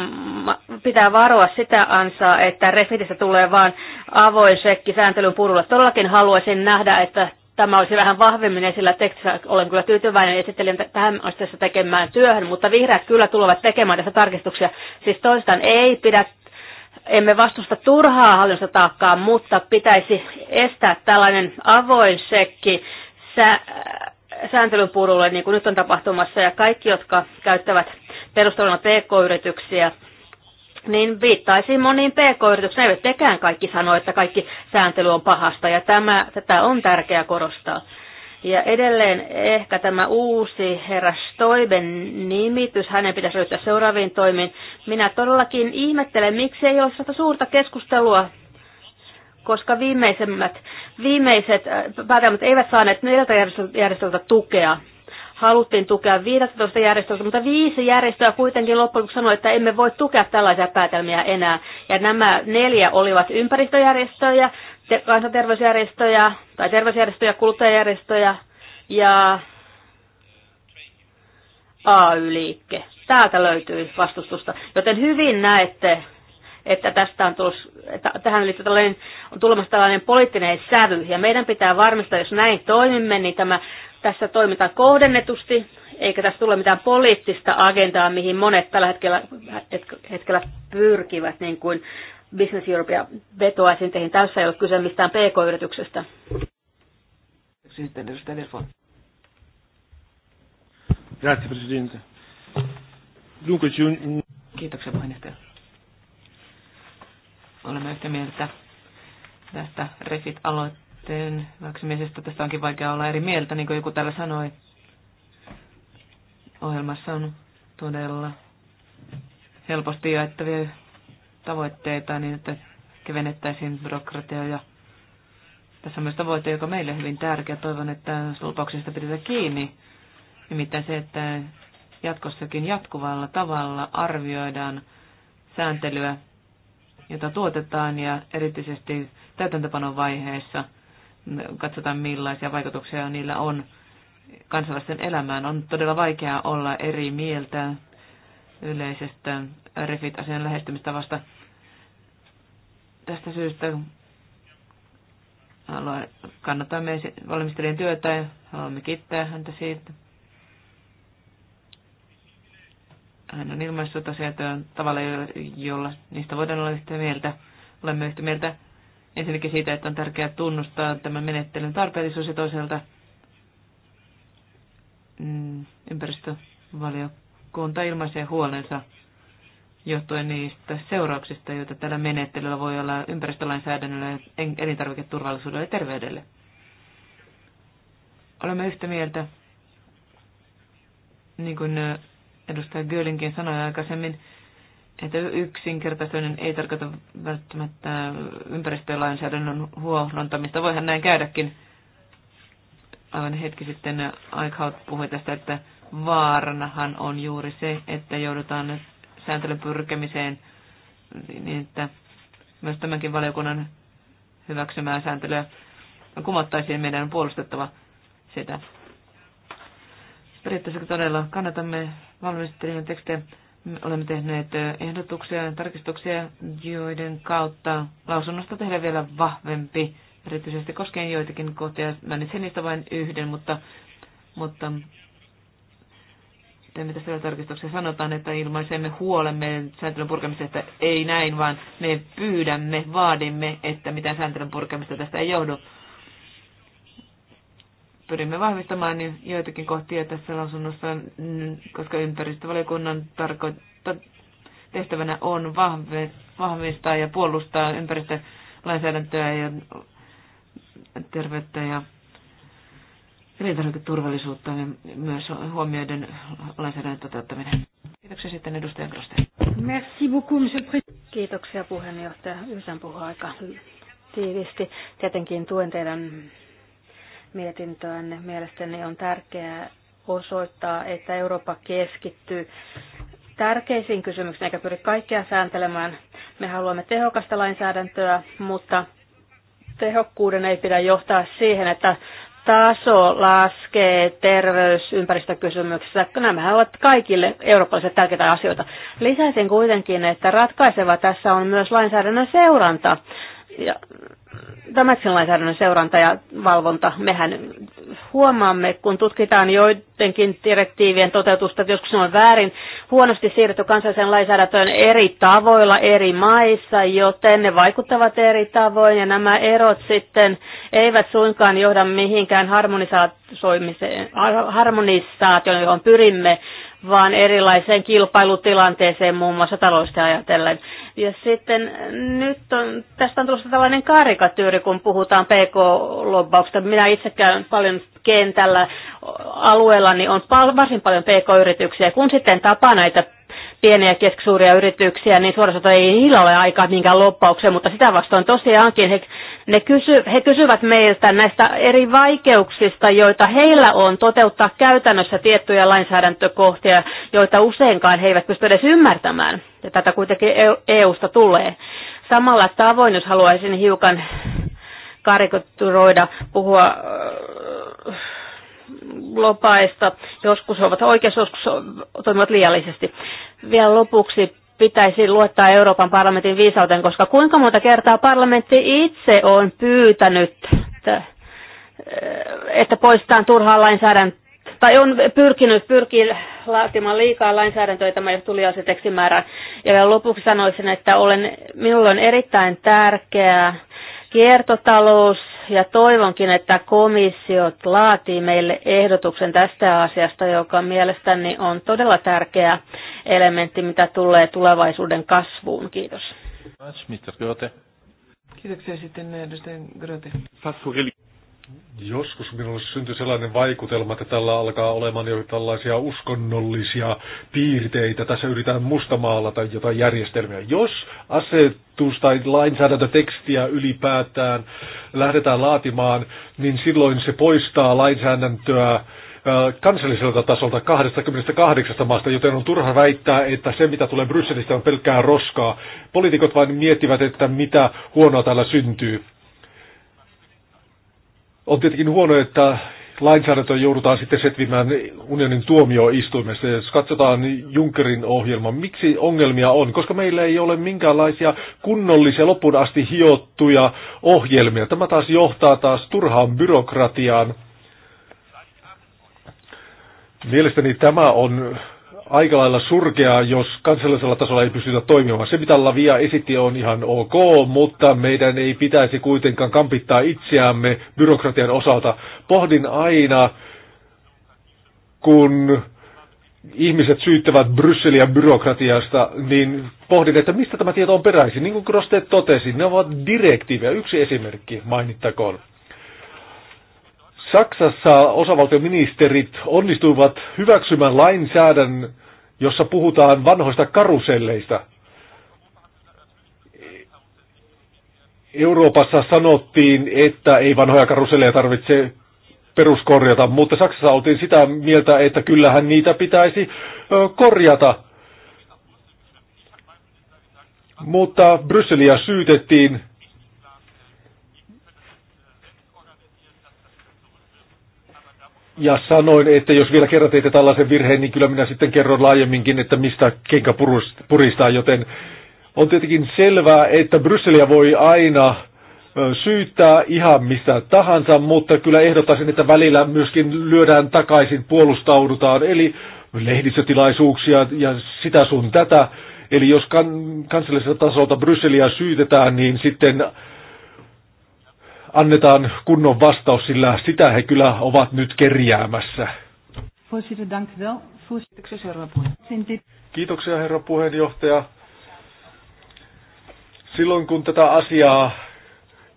pitää varoa sitä ansaa, että refitistä tulee vain avoin sekki sääntelyn purulla. Todellakin haluaisin nähdä, että tämä olisi vähän vahvemmin esillä tekstissä. Olen kyllä tyytyväinen esittelijän tähän asteessa tekemään työhön, mutta vihreät kyllä tulevat tekemään tässä tarkistuksia. Siis toistaan ei pidä, emme vastusta turhaa hallinnosta taakkaa, mutta pitäisi estää tällainen avoin sekki sä, sääntelyn purulle, niin kuin nyt on tapahtumassa, ja kaikki, jotka käyttävät perusteluna pk-yrityksiä, niin viittaisiin moniin pk-yrityksiin. Eivät tekään kaikki sano, että kaikki sääntely on pahasta ja tämä, tätä on tärkeää korostaa. Ja edelleen ehkä tämä uusi herra Stoiben nimitys, hänen pitäisi löytää seuraaviin toimiin. Minä todellakin ihmettelen, miksi ei ole sitä suurta keskustelua koska viimeisemmät, viimeiset äh, päätelmät eivät saaneet neljältä järjestöltä tukea haluttiin tukea 15 järjestöä, mutta viisi järjestöä kuitenkin loppujen sanoi, että emme voi tukea tällaisia päätelmiä enää. Ja nämä neljä olivat ympäristöjärjestöjä, kansanterveysjärjestöjä tai terveysjärjestöjä, kuluttajajärjestöjä ja AY-liikke. Täältä löytyy vastustusta. Joten hyvin näette, että tästä on tullut, että tähän tällainen, on tulemassa tällainen poliittinen sävy, ja meidän pitää varmistaa, jos näin toimimme, niin tämä tässä toimitaan kohdennetusti, eikä tässä tule mitään poliittista agendaa, mihin monet tällä hetkellä, hetkellä pyrkivät, niin kuin Business Europe ja vetoaisin teihin. Tässä ei ole kyse mistään PK-yrityksestä. Sitten edustaja Delfon. Grazie, Presidente. Dunque, Kiitoksia puheenjohtaja. Olemme yhtä mieltä tästä refit-aloitteesta sitten hyväksymisestä tästä onkin vaikea olla eri mieltä, niin kuin joku täällä sanoi. Ohjelmassa on todella helposti jaettavia tavoitteita niin, että kevennettäisiin byrokratiaa ja tässä on myös tavoite, joka meille on hyvin tärkeä. Toivon, että lupauksista pidetään kiinni. Nimittäin se, että jatkossakin jatkuvalla tavalla arvioidaan sääntelyä, jota tuotetaan ja erityisesti täytäntöpanon vaiheessa katsotaan millaisia vaikutuksia niillä on kansalaisten elämään. On todella vaikeaa olla eri mieltä yleisestä refit-asian lähestymistavasta. Tästä syystä haluan, meidän valmistelijan työtä ja haluamme kiittää häntä siitä. Hän on ilmaissut asiat tavalla, jolla niistä voidaan olla yhtä mieltä. Olemme yhtä mieltä Ensinnäkin siitä, että on tärkeää tunnustaa tämän menettelyn tarpeellisuus ja toisaalta mm, ympäristövaliokunta ilmaisee huolensa johtuen niistä seurauksista, joita tällä menettelyllä voi olla ympäristölainsäädännölle, elintarviketurvallisuudelle ja terveydelle. Olemme yhtä mieltä, niin kuin edustaja Gölinkin sanoi aikaisemmin, että yksinkertaisuuden ei tarkoita välttämättä ympäristölainsäädännön huolontamista. Voihan näin käydäkin. Aivan hetki sitten Eichhout puhui tästä, että vaaranahan on juuri se, että joudutaan sääntelyn pyrkemiseen niin, että myös tämänkin valiokunnan hyväksymää sääntelyä kumottaisiin meidän puolustettava sitä. Periaatteessa todella kannatamme valmistelijan tekstejä olemme tehneet ehdotuksia ja tarkistuksia, joiden kautta lausunnosta tehdään vielä vahvempi, erityisesti koskien joitakin kohtia. sen niistä vain yhden, mutta, mutta teemme mitä siellä tarkistuksessa Sanotaan, että ilmaisemme huolemme sääntelyn purkamisesta, ei näin, vaan me pyydämme, vaadimme, että mitä sääntelyn purkamista tästä ei joudu pyrimme vahvistamaan niin joitakin kohtia tässä lausunnossa, koska ympäristövaliokunnan tehtävänä on vahvistaa ja puolustaa ympäristölainsäädäntöä ja terveyttä ja elintarviketurvallisuutta myös huomioiden lainsäädännön toteuttaminen. Kiitoksia sitten edustajan Kroste. Merci beaucoup, monsieur Kiitoksia puheenjohtaja. Yritän puhua aika tiivisti. Tietenkin tuen teidän mietintöänne. Mielestäni on tärkeää osoittaa, että Eurooppa keskittyy tärkeisiin kysymyksiin eikä pyri kaikkea sääntelemään. Me haluamme tehokasta lainsäädäntöä, mutta tehokkuuden ei pidä johtaa siihen, että taso laskee terveys, Nämä ovat kaikille eurooppalaisille tärkeitä asioita. Lisäisin kuitenkin, että ratkaiseva tässä on myös lainsäädännön seuranta. Ja Damatsin lainsäädännön seuranta ja valvonta. Mehän huomaamme, kun tutkitaan joidenkin direktiivien toteutusta, että joskus on väärin huonosti siirretty kansalliseen lainsäädäntöön eri tavoilla eri maissa, joten ne vaikuttavat eri tavoin ja nämä erot sitten eivät suinkaan johda mihinkään harmonisaatioon, johon pyrimme, vaan erilaiseen kilpailutilanteeseen muun muassa taloudesta ajatellen. Ja sitten nyt on, tästä on tullut tällainen karikatyyri, kun puhutaan PK-lobbauksesta. Minä itse käyn paljon kentällä alueella, niin on pal- varsin paljon PK-yrityksiä. Kun sitten tapaa näitä pieniä ja keskisuuria yrityksiä, niin suorastaan ei niillä ole aikaa minkään loppaukseen, mutta sitä vastoin tosiaankin he ne kysy, he kysyvät meiltä näistä eri vaikeuksista, joita heillä on toteuttaa käytännössä tiettyjä lainsäädäntökohtia, joita useinkaan he eivät pysty edes ymmärtämään. Ja tätä kuitenkin EUsta e tulee. Samalla tavoin, jos haluaisin hiukan karikaturoida, puhua äh, lopaista, joskus ovat oikeus, joskus toimivat liiallisesti. Vielä lopuksi pitäisi luottaa Euroopan parlamentin viisauteen, koska kuinka monta kertaa parlamentti itse on pyytänyt, että äh, poistetaan turhaa lainsäädäntöä, tai on pyrkinyt pyrkii laatimaan liikaa lainsäädäntöä, tämä tuli liian tekstimäärään. Ja vielä lopuksi sanoisin, että olen, minulle on erittäin tärkeää kiertotalous, ja toivonkin, että komissiot laatii meille ehdotuksen tästä asiasta, joka mielestäni on todella tärkeää elementti, mitä tulee tulevaisuuden kasvuun. Kiitos. Kiitoksia sitten edustajan Grote. Joskus minulle syntyi sellainen vaikutelma, että tällä alkaa olemaan jo tällaisia uskonnollisia piirteitä. Tässä yritetään mustamaalata jotain järjestelmiä. Jos asetus- tai lainsäädäntötekstiä ylipäätään lähdetään laatimaan, niin silloin se poistaa lainsäädäntöä Äh, kansalliselta tasolta 28 maasta, joten on turha väittää, että se mitä tulee Brysselistä on pelkkää roskaa. Poliitikot vain miettivät, että mitä huonoa täällä syntyy. On tietenkin huono, että lainsäädäntöä joudutaan sitten setvimään unionin tuomioistuimessa. Jos katsotaan Junckerin ohjelma, miksi ongelmia on? Koska meillä ei ole minkäänlaisia kunnollisia loppuun asti hiottuja ohjelmia. Tämä taas johtaa taas turhaan byrokratiaan. Mielestäni tämä on aika lailla surkea, jos kansallisella tasolla ei pystytä toimimaan. Se, mitä Lavia esitti, on ihan ok, mutta meidän ei pitäisi kuitenkaan kampittaa itseämme byrokratian osalta. Pohdin aina, kun ihmiset syyttävät Brysseliä byrokratiasta, niin pohdin, että mistä tämä tieto on peräisin. Niin kuin Krosteet totesi, ne ovat direktiivejä. Yksi esimerkki mainittakoon. Saksassa osavaltioministerit onnistuivat hyväksymään lainsäädännön, jossa puhutaan vanhoista karuselleista. Euroopassa sanottiin, että ei vanhoja karuselleja tarvitse peruskorjata, mutta Saksassa oltiin sitä mieltä, että kyllähän niitä pitäisi korjata. Mutta Brysseliä syytettiin Ja sanoin, että jos vielä kerran teitte tällaisen virheen, niin kyllä minä sitten kerron laajemminkin, että mistä kenkä puristaa, joten on tietenkin selvää, että Brysseliä voi aina syyttää ihan mistä tahansa, mutta kyllä ehdottaisin, että välillä myöskin lyödään takaisin, puolustaudutaan, eli lehdistötilaisuuksia ja sitä sun tätä. Eli jos kan- kansallisella tasolta Brysseliä syytetään, niin sitten annetaan kunnon vastaus, sillä sitä he kyllä ovat nyt kerjäämässä. Kiitoksia herra puheenjohtaja. Silloin kun tätä asiaa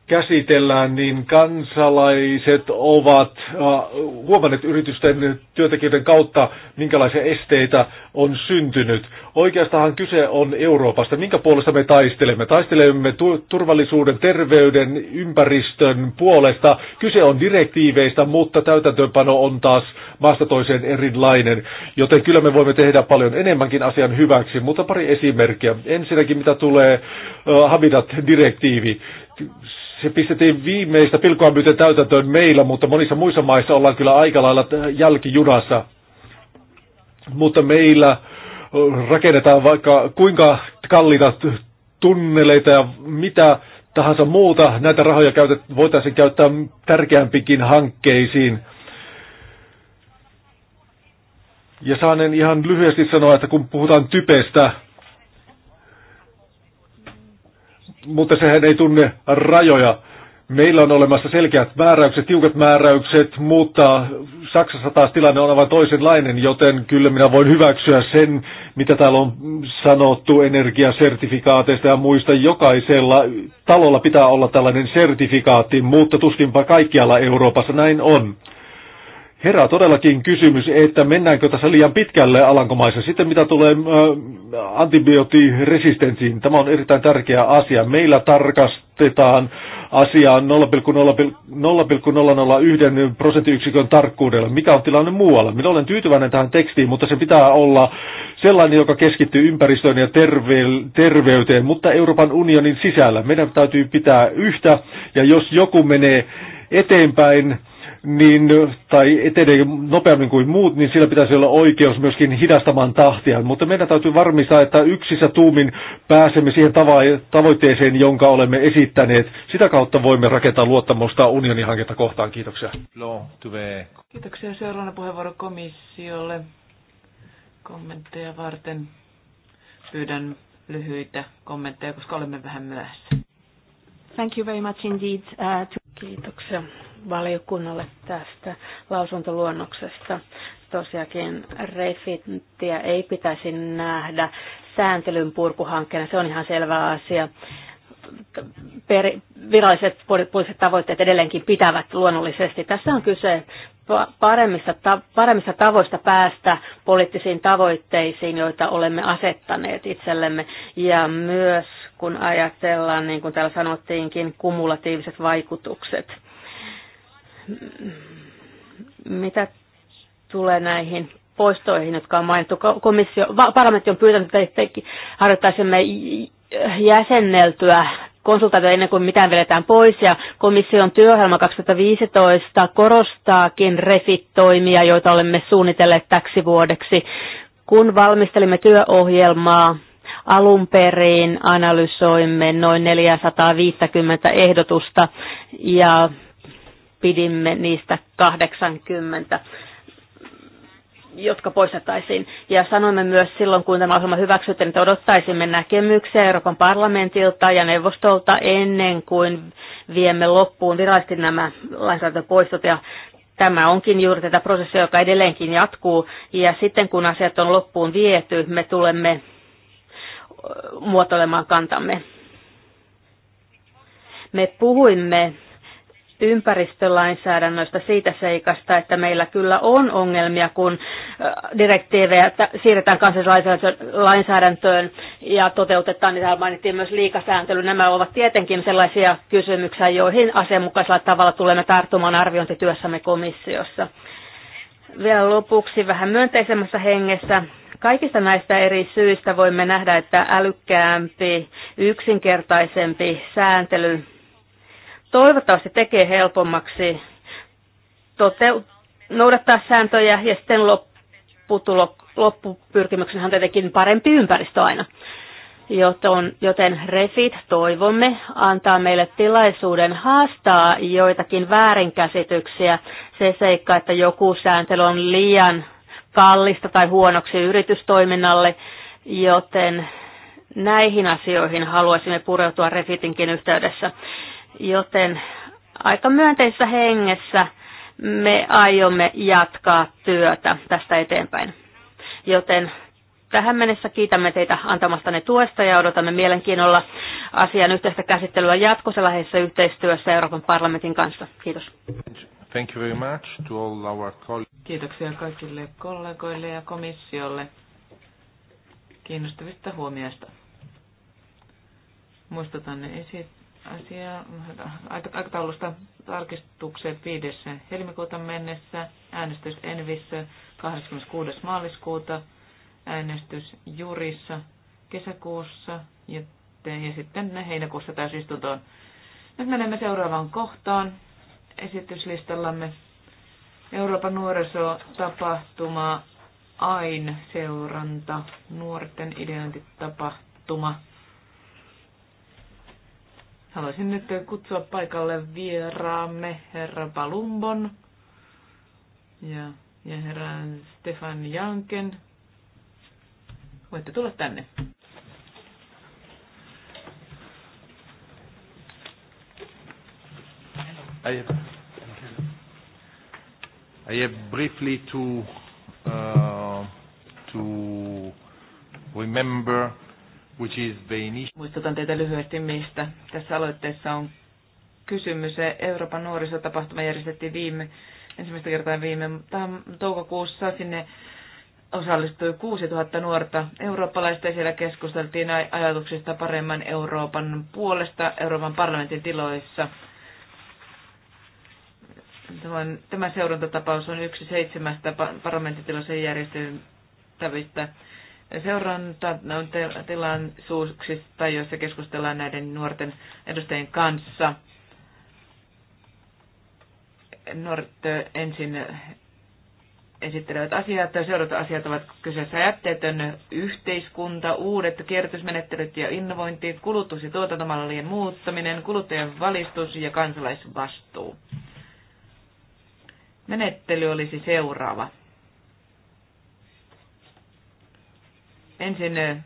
käsitellään, niin kansalaiset ovat äh, huomanneet yritysten työntekijöiden kautta, minkälaisia esteitä on syntynyt. Oikeastaan kyse on Euroopasta. Minkä puolesta me taistelemme? Taistelemme turvallisuuden, terveyden, ympäristön puolesta. Kyse on direktiiveistä, mutta täytäntöönpano on taas maasta toiseen erilainen. Joten kyllä me voimme tehdä paljon enemmänkin asian hyväksi, mutta pari esimerkkiä. Ensinnäkin mitä tulee äh, Habitat-direktiivi se pistettiin viimeistä pilkoa myöten täytäntöön meillä, mutta monissa muissa maissa ollaan kyllä aika lailla äh, jälkijunassa. Mutta meillä äh, rakennetaan vaikka kuinka kalliita tunneleita ja mitä tahansa muuta. Näitä rahoja käytet, voitaisiin käyttää tärkeämpikin hankkeisiin. Ja saanen ihan lyhyesti sanoa, että kun puhutaan typestä, mutta sehän ei tunne rajoja. Meillä on olemassa selkeät määräykset, tiukat määräykset, mutta Saksassa taas tilanne on aivan toisenlainen, joten kyllä minä voin hyväksyä sen, mitä täällä on sanottu energiasertifikaateista ja muista. Jokaisella talolla pitää olla tällainen sertifikaatti, mutta tuskinpa kaikkialla Euroopassa näin on herää todellakin kysymys, että mennäänkö tässä liian pitkälle alankomaissa. Sitten mitä tulee äh, antibioottiresistenssiin, tämä on erittäin tärkeä asia. Meillä tarkastetaan asiaa 0,001 prosenttiyksikön tarkkuudella. Mikä on tilanne muualla? Minä olen tyytyväinen tähän tekstiin, mutta se pitää olla sellainen, joka keskittyy ympäristöön ja terve- terveyteen, mutta Euroopan unionin sisällä. Meidän täytyy pitää yhtä, ja jos joku menee eteenpäin, niin, tai etenee nopeammin kuin muut, niin sillä pitäisi olla oikeus myöskin hidastamaan tahtia. Mutta meidän täytyy varmistaa, että yksissä tuumin pääsemme siihen tavoitteeseen, jonka olemme esittäneet. Sitä kautta voimme rakentaa luottamusta unionin hanketta kohtaan. Kiitoksia. Kiitoksia. Seuraavana puheenvuoro komissiolle kommentteja varten. Pyydän lyhyitä kommentteja, koska olemme vähän myöhässä. Thank you very much indeed. Uh, to... Kiitoksia valiokunnalle tästä lausuntoluonnoksesta. tosiaankin refittiä ei pitäisi nähdä sääntelyn purkuhankkeena, se on ihan selvä asia. Per, viralliset poliittiset tavoitteet edelleenkin pitävät luonnollisesti. Tässä on kyse paremmista, ta, paremmista tavoista päästä poliittisiin tavoitteisiin, joita olemme asettaneet itsellemme. Ja myös kun ajatellaan, niin kuin täällä sanottiinkin, kumulatiiviset vaikutukset. Mitä tulee näihin poistoihin, jotka on mainittu. Komissio, parlamentti on pyytänyt, että harjoittaisimme jäsenneltyä konsultaatio ennen kuin mitään vedetään pois, ja komission työohjelma 2015 korostaakin refit-toimia, joita olemme suunnitelleet täksi vuodeksi. Kun valmistelimme työohjelmaa, alun perin analysoimme noin 450 ehdotusta, ja pidimme niistä 80 jotka poistettaisiin. Ja sanoimme myös silloin, kun tämä ohjelma hyväksyttiin, että odottaisimme näkemyksiä Euroopan parlamentilta ja neuvostolta ennen kuin viemme loppuun virallisesti nämä lainsäädäntöpoistot. Ja tämä onkin juuri tätä prosessia, joka edelleenkin jatkuu. Ja sitten kun asiat on loppuun viety, me tulemme muotoilemaan kantamme. Me puhuimme ympäristölainsäädännöstä siitä seikasta, että meillä kyllä on ongelmia, kun direktiivejä siirretään lainsäädäntöön ja toteutetaan, niin täällä mainittiin myös liikasääntely. Nämä ovat tietenkin sellaisia kysymyksiä, joihin asianmukaisella tavalla tulemme tarttumaan arviointityössämme komissiossa. Vielä lopuksi vähän myönteisemmässä hengessä Kaikista näistä eri syistä voimme nähdä, että älykkäämpi, yksinkertaisempi sääntely toivottavasti tekee helpommaksi toteut- noudattaa sääntöjä ja sitten lopputulo- loppupyrkimyksenä on tietenkin parempi ympäristö aina. Joten, joten refit toivomme antaa meille tilaisuuden haastaa joitakin väärinkäsityksiä. Se seikka, että joku sääntely on liian kallista tai huonoksi yritystoiminnalle, joten näihin asioihin haluaisimme pureutua refitinkin yhteydessä. Joten aika myönteisessä hengessä me aiomme jatkaa työtä tästä eteenpäin. Joten tähän mennessä kiitämme teitä antamastanne tuesta ja odotamme mielenkiinnolla asian yhteistä käsittelyä jatkossa läheisessä yhteistyössä Euroopan parlamentin kanssa. Kiitos. Thank you very much to all our Kiitoksia kaikille kollegoille ja komissiolle kiinnostavista huomioista. Muistutan esittää asia aikataulusta tarkistukset 5. helmikuuta mennessä, äänestys Envissä 26. maaliskuuta, äänestys Jurissa kesäkuussa ja, ja sitten heinäkuussa täysistuntoon. Nyt menemme seuraavaan kohtaan esityslistallamme Euroopan nuorisotapahtuma AIN seuranta, nuorten ideointitapahtuma. Haluaisin nyt kutsua paikalle vieraamme herra Palumbon ja, ja herra Stefan Janken. Voitte tulla tänne. I have, I have briefly to uh, to remember which is the initial... Muistutan teitä lyhyesti, mistä tässä aloitteessa on kysymys. Euroopan nuorisotapahtuma järjestettiin viime, ensimmäistä kertaa viime toukokuussa. Sinne osallistui 6000 nuorta eurooppalaista ja siellä keskusteltiin ajatuksista paremman Euroopan puolesta Euroopan parlamentin tiloissa. Tämän, tämä seurantatapaus on yksi seitsemästä parlamenttitilassa järjestettävistä seurantatilaisuuksista, no, joissa keskustellaan näiden nuorten edustajien kanssa. Nuoret ensin esittelevät asiat ja seurata asiat ovat kyseessä jätteetön yhteiskunta, uudet kierrätysmenettelyt ja innovointi, kulutus- ja tuotantomallien muuttaminen, kuluttajan valistus ja kansalaisvastuu. Menettely olisi seuraava. Ensin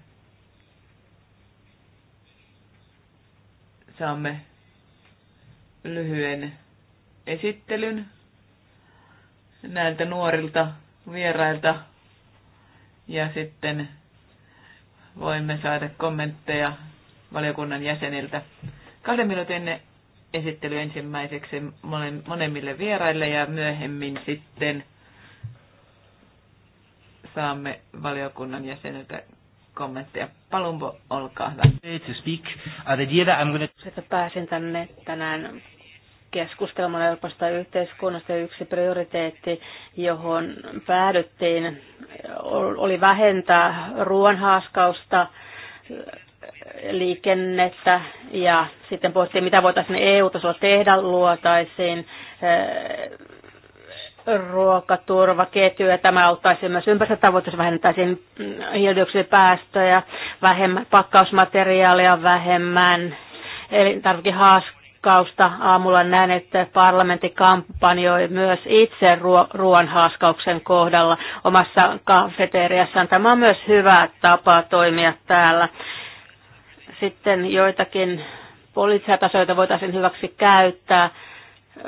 saamme lyhyen esittelyn näiltä nuorilta vierailta ja sitten voimme saada kommentteja valiokunnan jäseniltä. Kahden minuutin esittely ensimmäiseksi monemmille vieraille ja myöhemmin sitten saamme valiokunnan jäseniltä kommentteja. Palumbo, olkaa hyvä. To speak. Siis, että pääsin tänne tänään keskustelemaan Euroopasta yhteiskunnasta yksi prioriteetti, johon päädyttiin, oli vähentää ruoan haaskausta, liikennettä ja sitten pohtii, mitä voitaisiin EU-tasolla tehdä, luotaisiin eh, ruokaturvaketju ja tämä auttaisi myös ympäristötavoitteessa, vähennettäisiin hiilidioksidipäästöjä, vähemmän pakkausmateriaalia, vähemmän haaskausta, Aamulla näen, että parlamentti kampanjoi myös itse ruoan haaskauksen kohdalla omassa kafeteriassaan. Tämä on myös hyvä tapa toimia täällä. Sitten joitakin poliittisia tasoita voitaisiin hyväksi käyttää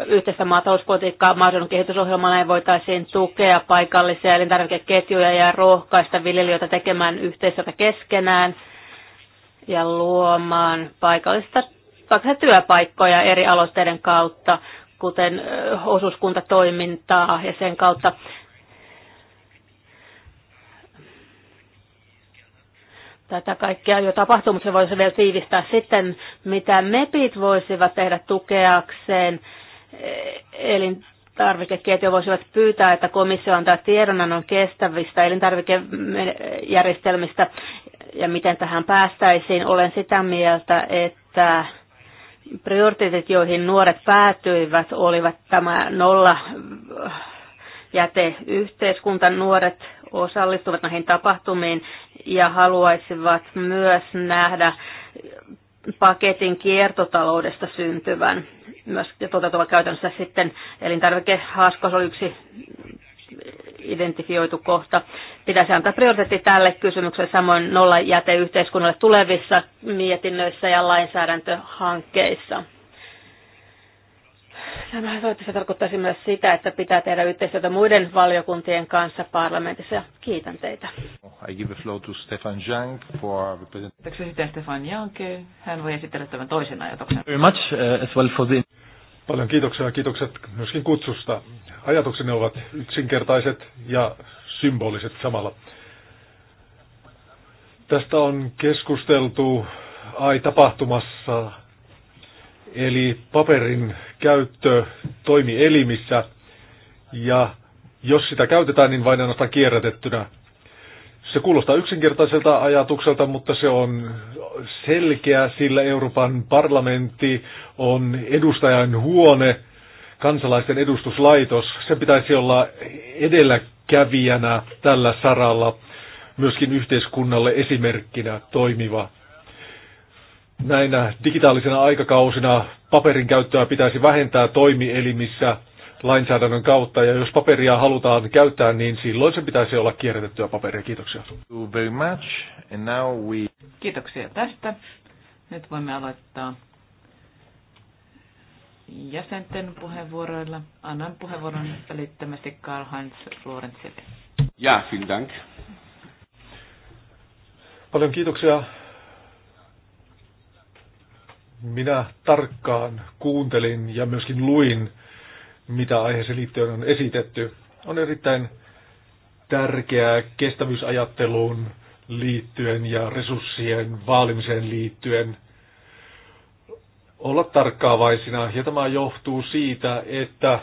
yhteistä maatalouspolitiikkaa maaseudun kehitysohjelmalla näin voitaisiin tukea paikallisia elintarvikeketjuja ja rohkaista viljelijöitä tekemään yhteistyötä keskenään ja luomaan paikallista, paikallisia työpaikkoja eri aloitteiden kautta, kuten osuuskuntatoimintaa ja sen kautta tätä kaikkea jo tapahtuu, mutta se voisi vielä tiivistää sitten, mitä MEPit voisivat tehdä tukeakseen elintarvikeketju voisivat pyytää, että komissio antaa tiedonannon kestävistä elintarvikejärjestelmistä ja miten tähän päästäisiin. Olen sitä mieltä, että prioriteetit, joihin nuoret päätyivät, olivat tämä nolla jäteyhteiskunta. Nuoret osallistuvat näihin tapahtumiin ja haluaisivat myös nähdä paketin kiertotaloudesta syntyvän myös ja toteutuva käytännössä sitten elintarvikehaaskaus oli yksi identifioitu kohta. Pitäisi antaa prioriteetti tälle kysymykselle, samoin nolla jäte yhteiskunnalle tulevissa mietinnöissä ja lainsäädäntöhankkeissa. Tämä toivottavasti tarkoittaisi myös sitä, että pitää tehdä yhteistyötä muiden valiokuntien kanssa parlamentissa. Kiitän teitä. I give the floor to Stefan Jank for Kiitoksia sitten Stefan Jank? Hän voi esitellä tämän toisen ajatuksen. Very much, uh, as well for the... Paljon kiitoksia ja kiitokset myöskin kutsusta. Ajatukseni ovat yksinkertaiset ja symboliset samalla. Tästä on keskusteltu AI-tapahtumassa eli paperin käyttö toimielimissä, ja jos sitä käytetään, niin vain ainoastaan kierrätettynä. Se kuulostaa yksinkertaiselta ajatukselta, mutta se on selkeä, sillä Euroopan parlamentti on edustajan huone, kansalaisten edustuslaitos. Sen pitäisi olla edelläkävijänä tällä saralla, myöskin yhteiskunnalle esimerkkinä toimiva Näinä digitaalisena aikakausina paperin käyttöä pitäisi vähentää toimielimissä lainsäädännön kautta, ja jos paperia halutaan käyttää, niin silloin se pitäisi olla kierrätettyä paperia. Kiitoksia. Very much. And now we... Kiitoksia tästä. Nyt voimme aloittaa jäsenten puheenvuoroilla. Annan puheenvuoron välittömästi Karl-Heinz Florentzille. Ja, vielen dank. Paljon kiitoksia minä tarkkaan kuuntelin ja myöskin luin, mitä aiheeseen liittyen on esitetty. On erittäin tärkeää kestävyysajatteluun liittyen ja resurssien vaalimiseen liittyen olla tarkkaavaisina. Ja tämä johtuu siitä, että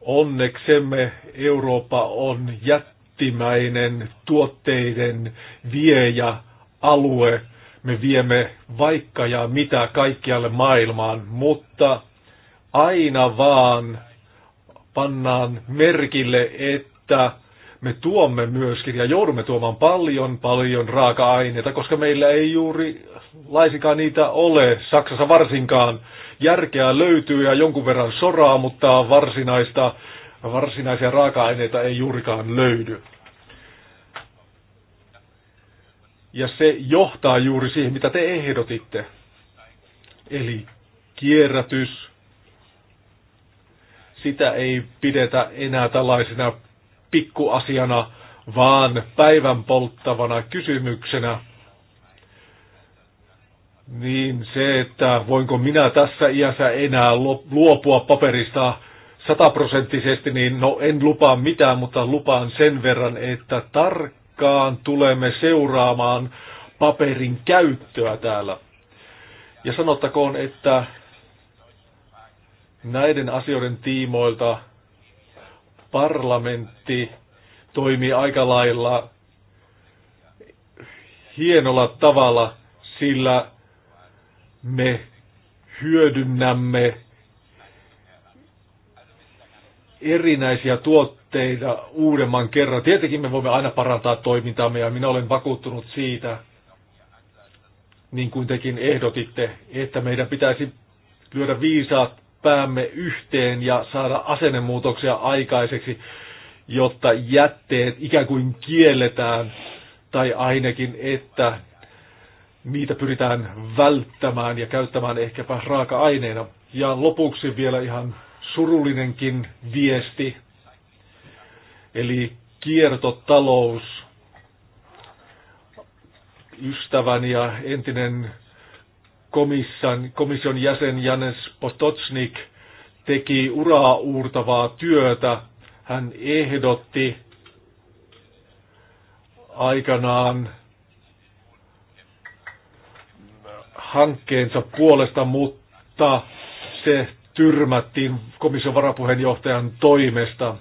onneksemme Eurooppa on jättimäinen tuotteiden viejä alue me viemme vaikka ja mitä kaikkialle maailmaan, mutta aina vaan pannaan merkille, että me tuomme myöskin ja joudumme tuomaan paljon, paljon raaka-aineita, koska meillä ei juuri laisikaan niitä ole, Saksassa varsinkaan. Järkeä löytyy ja jonkun verran soraa, mutta varsinaista, varsinaisia raaka-aineita ei juurikaan löydy. Ja se johtaa juuri siihen, mitä te ehdotitte. Eli kierrätys, sitä ei pidetä enää tällaisena pikkuasiana, vaan päivän polttavana kysymyksenä. Niin se, että voinko minä tässä iässä enää luopua paperista sataprosenttisesti, niin no en lupaa mitään, mutta lupaan sen verran, että tarkkaan tarkkaan tulemme seuraamaan paperin käyttöä täällä. Ja sanottakoon, että näiden asioiden tiimoilta parlamentti toimii aika lailla hienolla tavalla, sillä me hyödynnämme erinäisiä tuotteita, tehdä uudemman kerran. Tietenkin me voimme aina parantaa toimintaamme ja minä olen vakuuttunut siitä, niin kuin tekin ehdotitte, että meidän pitäisi lyödä viisaat päämme yhteen ja saada asennemuutoksia aikaiseksi, jotta jätteet ikään kuin kielletään tai ainakin, että niitä pyritään välttämään ja käyttämään ehkäpä raaka-aineena. Ja lopuksi vielä ihan surullinenkin viesti. Eli kiertotalous, Ystävän ja entinen komission, komission jäsen Janes Pototsnik teki uraa uurtavaa työtä. Hän ehdotti aikanaan hankkeensa puolesta, mutta se tyrmättiin komission varapuheenjohtajan toimesta.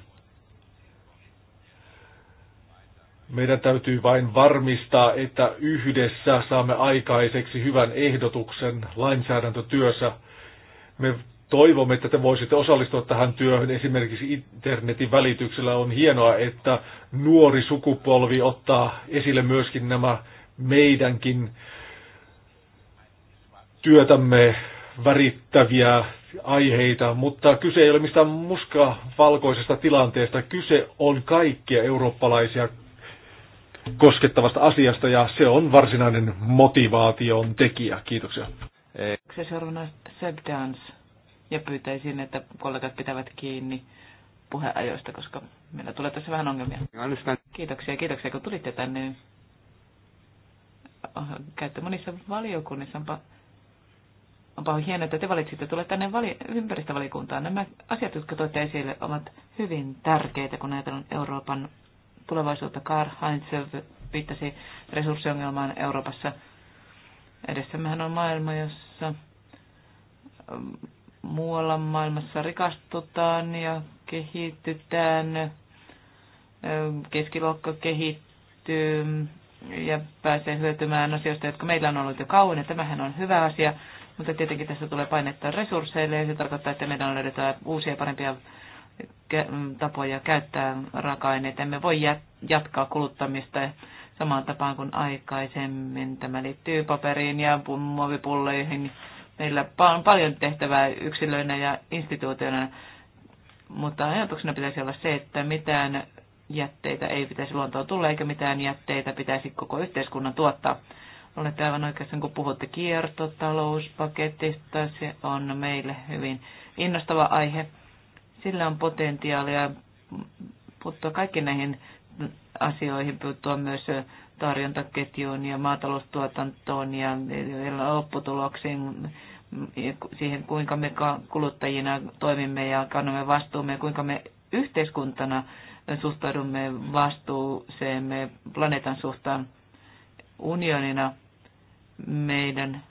Meidän täytyy vain varmistaa, että yhdessä saamme aikaiseksi hyvän ehdotuksen lainsäädäntötyössä. Me toivomme, että te voisitte osallistua tähän työhön esimerkiksi internetin välityksellä. On hienoa, että nuori sukupolvi ottaa esille myöskin nämä meidänkin työtämme värittäviä aiheita, mutta kyse ei ole mistään muska-valkoisesta tilanteesta. Kyse on kaikkia eurooppalaisia koskettavasta asiasta ja se on varsinainen motivaation tekijä. Kiitoksia. Se Seuraavana Sebdans ja pyytäisin, että kollegat pitävät kiinni puheajoista, koska meillä tulee tässä vähän ongelmia. Kiitoksia, kiitoksia kun tulitte tänne. Käytte monissa valiokunnissa. Onpa, onpa hienoa, että te valitsitte tulla tänne vali, ympäristövaliokuntaan. Nämä asiat, jotka toitte esille, ovat hyvin tärkeitä, kun ajatellaan Euroopan tulevaisuutta. Karl Heinz viittasi resurssiongelmaan Euroopassa. Edessämmehän on maailma, jossa ähm, muualla maailmassa rikastutaan ja kehitytään. Ähm, keskiluokka kehittyy ja pääsee hyötymään asioista, jotka meillä on ollut jo kauan, ja tämähän on hyvä asia, mutta tietenkin tässä tulee painetta resursseille, ja se tarkoittaa, että meidän on löydettävä uusia parempia tapoja käyttää raaka-aineita. Emme voi jatkaa kuluttamista samaan tapaan kuin aikaisemmin. Tämä liittyy paperiin ja muovipulleihin. Meillä on paljon tehtävää yksilöinä ja instituutioina, mutta ajatuksena pitäisi olla se, että mitään jätteitä ei pitäisi luontoon tulla, eikä mitään jätteitä pitäisi koko yhteiskunnan tuottaa. Olette aivan oikeassa, kun puhutte kiertotalouspaketista. Se on meille hyvin innostava aihe sillä on potentiaalia puuttua kaikki näihin asioihin, puuttua myös tarjontaketjuun ja maataloustuotantoon ja lopputuloksiin, siihen kuinka me kuluttajina toimimme ja kannamme vastuumme ja kuinka me yhteiskuntana suhtaudumme vastuuseemme planeetan suhtaan unionina meidän,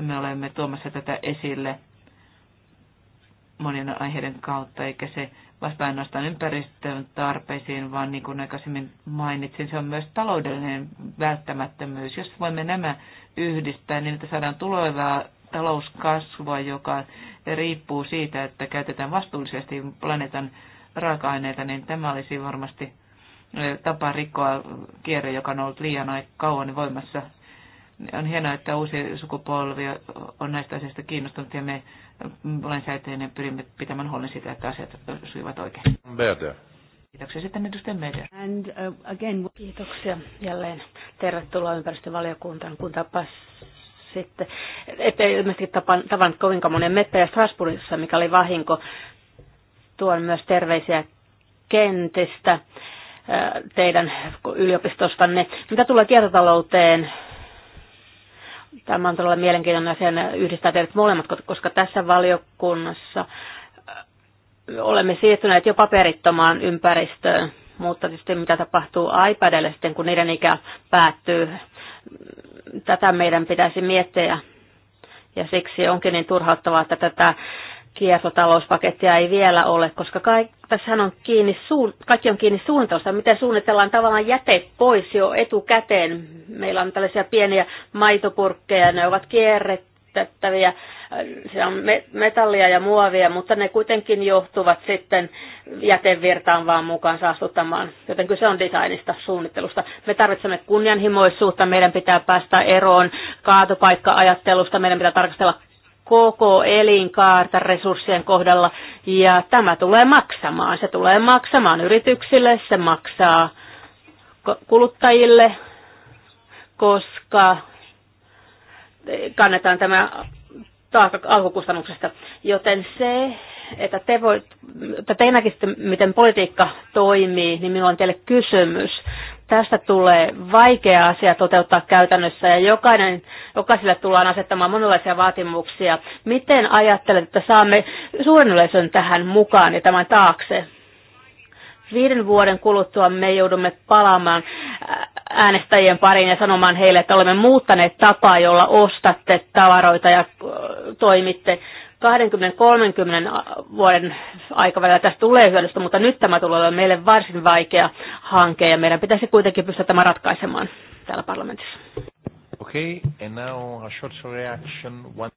me olemme tuomassa tätä esille monien aiheiden kautta, eikä se vasta ainoastaan ympäristön tarpeisiin, vaan niin kuin aikaisemmin mainitsin, se on myös taloudellinen välttämättömyys. Jos voimme nämä yhdistää, niin että saadaan tulevaa talouskasvua, joka riippuu siitä, että käytetään vastuullisesti planeetan raaka-aineita, niin tämä olisi varmasti tapa rikkoa kierre, joka on ollut liian kauan voimassa. On hienoa, että uusi sukupolvi on näistä asioista kiinnostunut ja me lainsäätäjänä pyrimme pitämään huolen siitä, että asiat sujuvat oikein. Berder. Kiitoksia sitten edustaja Media. And uh, again, kiitoksia jälleen. Tervetuloa ympäristövaliokuntaan, kun tapas sitten, ettei ilmeisesti tapan, tavannut kovinkaan monen mettäjä Strasbourgissa, mikä oli vahinko. Tuon myös terveisiä kentistä uh, teidän yliopistostanne. Mitä tulee kiertotalouteen, Tämä on todella mielenkiintoinen asia yhdistää teidät molemmat, koska tässä valiokunnassa olemme siirtyneet jo paperittomaan ympäristöön, mutta tietysti mitä tapahtuu iPadille sitten, kun niiden ikä päättyy, tätä meidän pitäisi miettiä. Ja siksi onkin niin turhauttavaa, että tätä kiertotalouspakettia ei vielä ole, koska tässä on kiinni, suun, kaikki on kiinni suunnitelmasta, miten suunnitellaan tavallaan jäte pois jo etukäteen. Meillä on tällaisia pieniä maitopurkkeja, ne ovat kierrettäviä, se on metallia ja muovia, mutta ne kuitenkin johtuvat sitten jätevirtaan vaan mukaan saastuttamaan. Joten kyse on designista, suunnittelusta. Me tarvitsemme kunnianhimoisuutta, meidän pitää päästä eroon kaatopaikka-ajattelusta, meidän pitää tarkastella koko elinkaarta resurssien kohdalla ja tämä tulee maksamaan. Se tulee maksamaan yrityksille, se maksaa kuluttajille, koska kannetaan tämä taakka alkukustannuksesta. Joten se, että te, voit, että te näkisitte, miten politiikka toimii, niin minulla on teille kysymys. Tästä tulee vaikea asia toteuttaa käytännössä ja jokainen, jokaiselle tullaan asettamaan monenlaisia vaatimuksia. Miten ajattelet, että saamme suuren yleisön tähän mukaan ja tämän taakse? viiden vuoden kuluttua me joudumme palaamaan äänestäjien pariin ja sanomaan heille, että olemme muuttaneet tapaa, jolla ostatte tavaroita ja toimitte. 20-30 vuoden aikavälillä tästä tulee hyödystä, mutta nyt tämä tulee olemaan meille varsin vaikea hanke ja meidän pitäisi kuitenkin pystyä tämä ratkaisemaan täällä parlamentissa. Okay, and now a short reaction. One...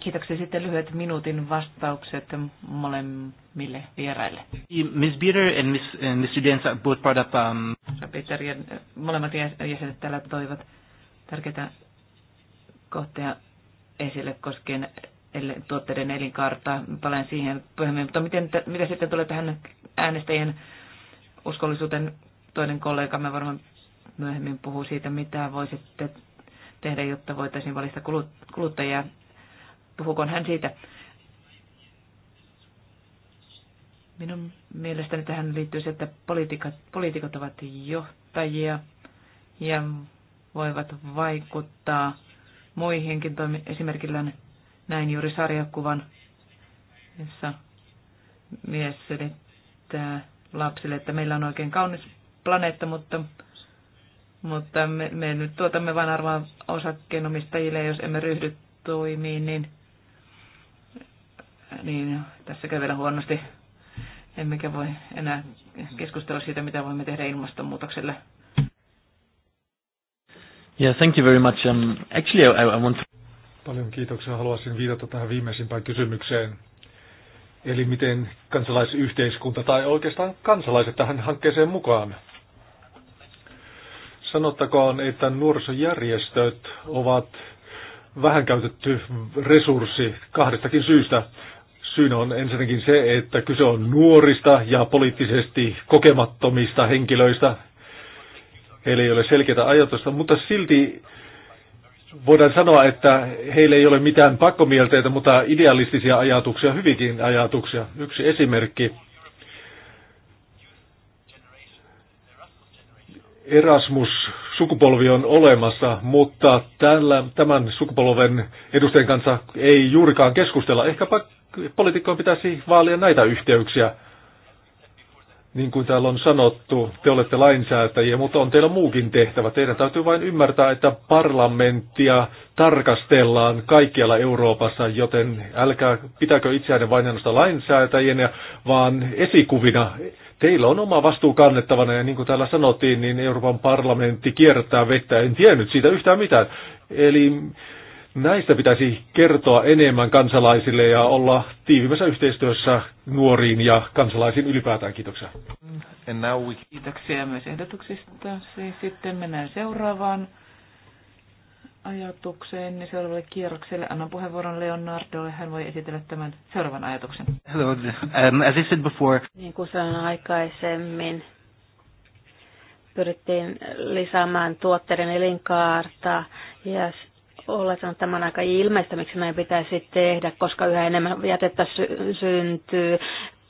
Kiitoksia. Sitten lyhyet minuutin vastaukset molemmille vieraille. Miss Bitter and Miss, and Mr. Dance both brought up... Um... Peter ja molemmat jäsenet täällä toivat tärkeitä kohtia esille koskien tuotteiden elinkaarta. Palaan siihen pöhemmin. mutta miten, mitä sitten tulee tähän äänestäjien uskollisuuteen? Toinen kollega me varmaan myöhemmin puhuu siitä, mitä voisitte tehdä, jotta voitaisiin valista kuluttajia. Puhukoon hän siitä? Minun mielestäni tähän liittyy se, että poliitikot, poliitikot ovat johtajia ja voivat vaikuttaa muihinkin toimi- esimerkillään näin juuri sarjakuvan, jossa mies selittää lapsille, että meillä on oikein kaunis planeetta, mutta, mutta me, me nyt tuotamme vain arvoa osakkeenomistajille, jos emme ryhdy toimiin, niin, niin tässä käy vielä huonosti. Emmekä voi enää keskustella siitä, mitä voimme tehdä ilmastonmuutokselle. Yeah, thank you very much. Um, actually, I, I want to... Paljon kiitoksia. Haluaisin viitata tähän viimeisimpään kysymykseen. Eli miten kansalaisyhteiskunta tai oikeastaan kansalaiset tähän hankkeeseen mukaan? Sanottakoon, että nuorisojärjestöt ovat vähän käytetty resurssi kahdestakin syystä. Syynä on ensinnäkin se, että kyse on nuorista ja poliittisesti kokemattomista henkilöistä. Heillä ei ole selkeää ajatusta, mutta silti voidaan sanoa, että heillä ei ole mitään pakkomielteitä, mutta idealistisia ajatuksia, hyvinkin ajatuksia. Yksi esimerkki. Erasmus-sukupolvi on olemassa, mutta tällä, tämän sukupolven edustajien kanssa ei juurikaan keskustella. Ehkä poliitikkojen pitäisi vaalia näitä yhteyksiä. Niin kuin täällä on sanottu, te olette lainsäätäjiä, mutta on teillä muukin tehtävä. Teidän täytyy vain ymmärtää, että parlamenttia tarkastellaan kaikkialla Euroopassa, joten älkää pitäkö itseänne vain ainoastaan lainsäätäjien, vaan esikuvina teillä on oma vastuu kannettavana ja niin kuin täällä sanottiin, niin Euroopan parlamentti kiertää vettä. En tiennyt siitä yhtään mitään. Eli Näistä pitäisi kertoa enemmän kansalaisille ja olla tiivimmässä yhteistyössä nuoriin ja kansalaisiin ylipäätään. Kiitoksia. And now we... Kiitoksia myös ehdotuksista. Sitten mennään seuraavaan ajatukseen. Niin seuraavalle kierrokselle annan puheenvuoron ja Hän voi esitellä tämän seuraavan ajatuksen. Hello. Um, as I said before... Niin kuin sanoin aikaisemmin, pyrittiin lisäämään tuotteiden elinkaarta ja olla, että tämä on aika ilmeistä, miksi näin pitäisi tehdä, koska yhä enemmän jätettä sy- syntyy,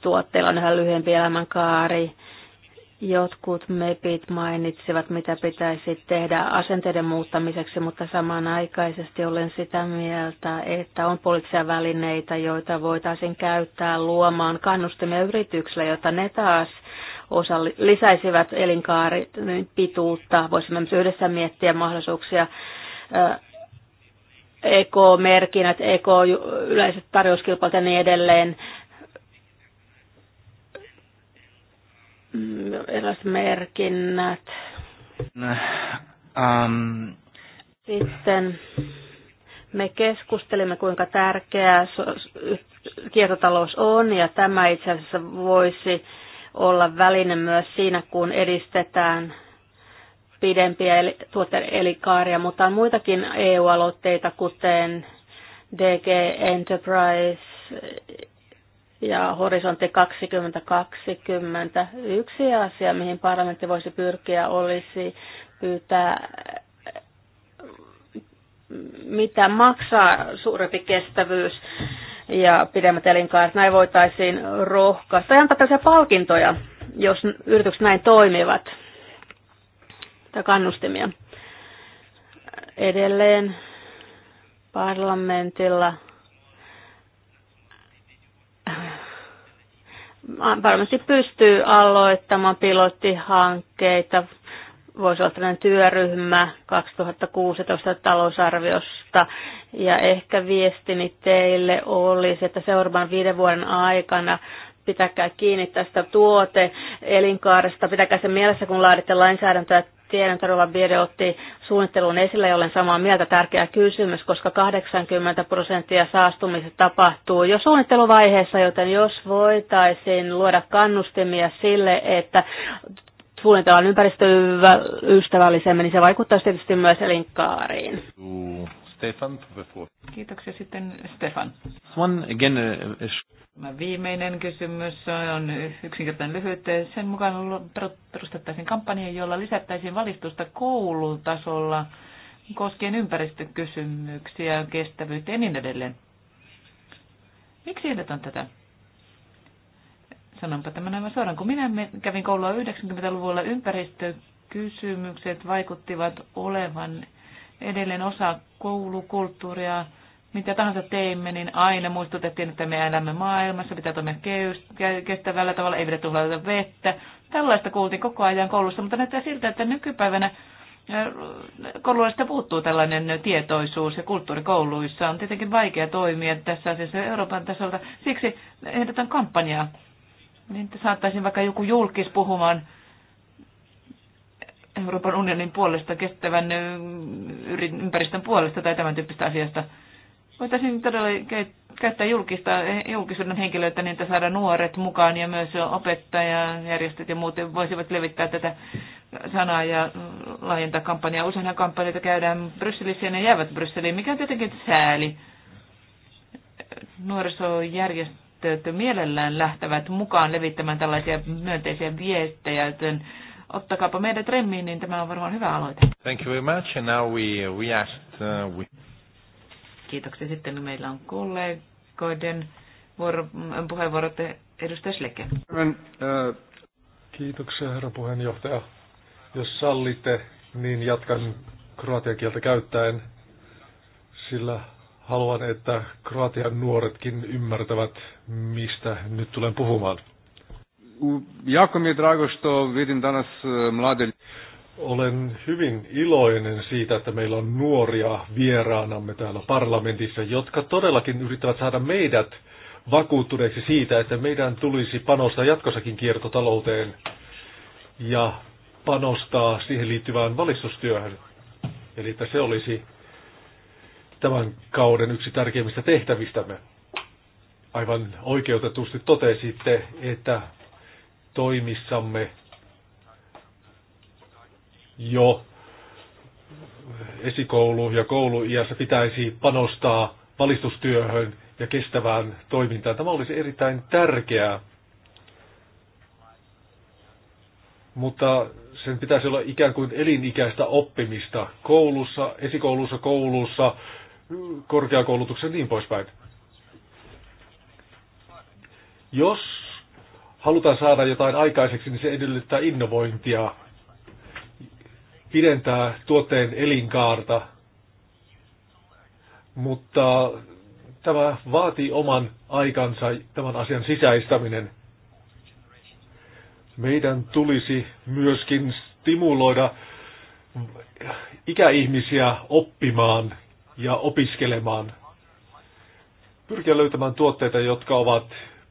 tuotteilla on yhä lyhyempi elämänkaari. Jotkut MEPit mainitsivat, mitä pitäisi tehdä asenteiden muuttamiseksi, mutta samanaikaisesti olen sitä mieltä, että on poliittisia välineitä, joita voitaisiin käyttää luomaan kannustimia yrityksille, jotta ne taas osa lisäisivät elinkaarin pituutta. Voisimme myös yhdessä miettiä mahdollisuuksia EK-merkinnät, EK-yleiset tarjouskilpailut ja niin edelleen. Mm, erilaiset merkinnät. Um. Sitten me keskustelimme, kuinka tärkeää kiertotalous on, ja tämä itse asiassa voisi olla väline myös siinä, kun edistetään pidempiä eli, mutta on muitakin EU-aloitteita, kuten DG Enterprise ja Horisontti 2020. Yksi asia, mihin parlamentti voisi pyrkiä, olisi pyytää mitä maksaa suurempi kestävyys ja pidemmät elinkaaret. Näin voitaisiin rohkaista ja antaa tällaisia palkintoja, jos yritykset näin toimivat tai kannustimia. Edelleen parlamentilla varmasti pystyy aloittamaan pilottihankkeita. Voisi olla tällainen työryhmä 2016 talousarviosta. Ja ehkä viestini teille olisi, että seuraavan viiden vuoden aikana pitäkää kiinni tästä tuote elinkaaresta, pitäkää se mielessä, kun laaditte lainsäädäntöä Tiedän, että Rova Biede otti suunnittelun esille ja olen samaa mieltä tärkeä kysymys, koska 80 prosenttia saastumista tapahtuu jo suunnitteluvaiheessa, joten jos voitaisiin luoda kannustimia sille, että suunnitellaan ympäristöystävällisemmin, niin se vaikuttaisi tietysti myös elinkaariin. Mm. Stefan for the fourth. Kiitoksia sitten Stefan. One again, uh, Tämä viimeinen kysymys on yksinkertainen lyhyt. Sen mukaan perustettaisiin kampanja, jolla lisättäisiin valistusta koulutasolla koskien ympäristökysymyksiä, kestävyyttä ja niin edelleen. Miksi ehdotan tätä? Sanonpa tämän aivan suoraan. Kun minä kävin koulua 90-luvulla, ympäristökysymykset vaikuttivat olevan edelleen osa koulukulttuuria. Mitä tahansa teimme, niin aina muistutettiin, että me elämme maailmassa, pitää toimia kestävällä tavalla, ei pidä tuhlata vettä. Tällaista kuultiin koko ajan koulussa, mutta näyttää siltä, että nykypäivänä äh, kouluista puuttuu tällainen tietoisuus ja kulttuurikouluissa on tietenkin vaikea toimia tässä asiassa Euroopan tasolta. Siksi ehdotan kampanjaa, niin että vaikka joku julkis puhumaan Euroopan unionin puolesta, kestävän ympäristön puolesta tai tämän tyyppistä asiasta. Voitaisiin todella käyttää julkista, julkisuuden henkilöitä niin, että saada nuoret mukaan ja myös opettajajärjestöt ja muut voisivat levittää tätä sanaa ja laajentaa kampanjaa. Useinhan kampanjoita käydään Brysselissä ja ne jäävät Brysseliin, mikä on tietenkin sääli. Nuorisojärjestöt mielellään lähtevät mukaan levittämään tällaisia myönteisiä viestejä, joten ottakaapa meidät remmiin, niin tämä on varmaan hyvä aloite. Thank you very much. And now we, we asked, uh, we... Kiitoksia. Sitten meillä on kollegoiden vuoro, mm, puheenvuorot. Edustaja Schlecke. Uh, kiitoksia, herra puheenjohtaja. Jos sallitte, niin jatkan kroatian kieltä käyttäen, sillä haluan, että kroatian nuoretkin ymmärtävät, mistä nyt tulen puhumaan. Jako mi je drago što vidim danas e, mlade. Olen hyvin iloinen siitä, että meillä on nuoria vieraanamme täällä parlamentissa, jotka todellakin yrittävät saada meidät vakuuttuneeksi siitä, että meidän tulisi panostaa jatkossakin kiertotalouteen ja panostaa siihen liittyvään valistustyöhön. Eli että se olisi tämän kauden yksi tärkeimmistä tehtävistämme. Aivan oikeutetusti totesitte, että toimissamme jo esikoulu- ja kouluiässä pitäisi panostaa valistustyöhön ja kestävään toimintaan. Tämä olisi erittäin tärkeää, mutta sen pitäisi olla ikään kuin elinikäistä oppimista koulussa, esikoulussa, koulussa, korkeakoulutuksessa ja niin poispäin. Jos halutaan saada jotain aikaiseksi, niin se edellyttää innovointia, pidentää tuotteen elinkaarta, mutta tämä vaatii oman aikansa, tämän asian sisäistäminen. Meidän tulisi myöskin stimuloida ikäihmisiä oppimaan ja opiskelemaan. Pyrkiä löytämään tuotteita, jotka ovat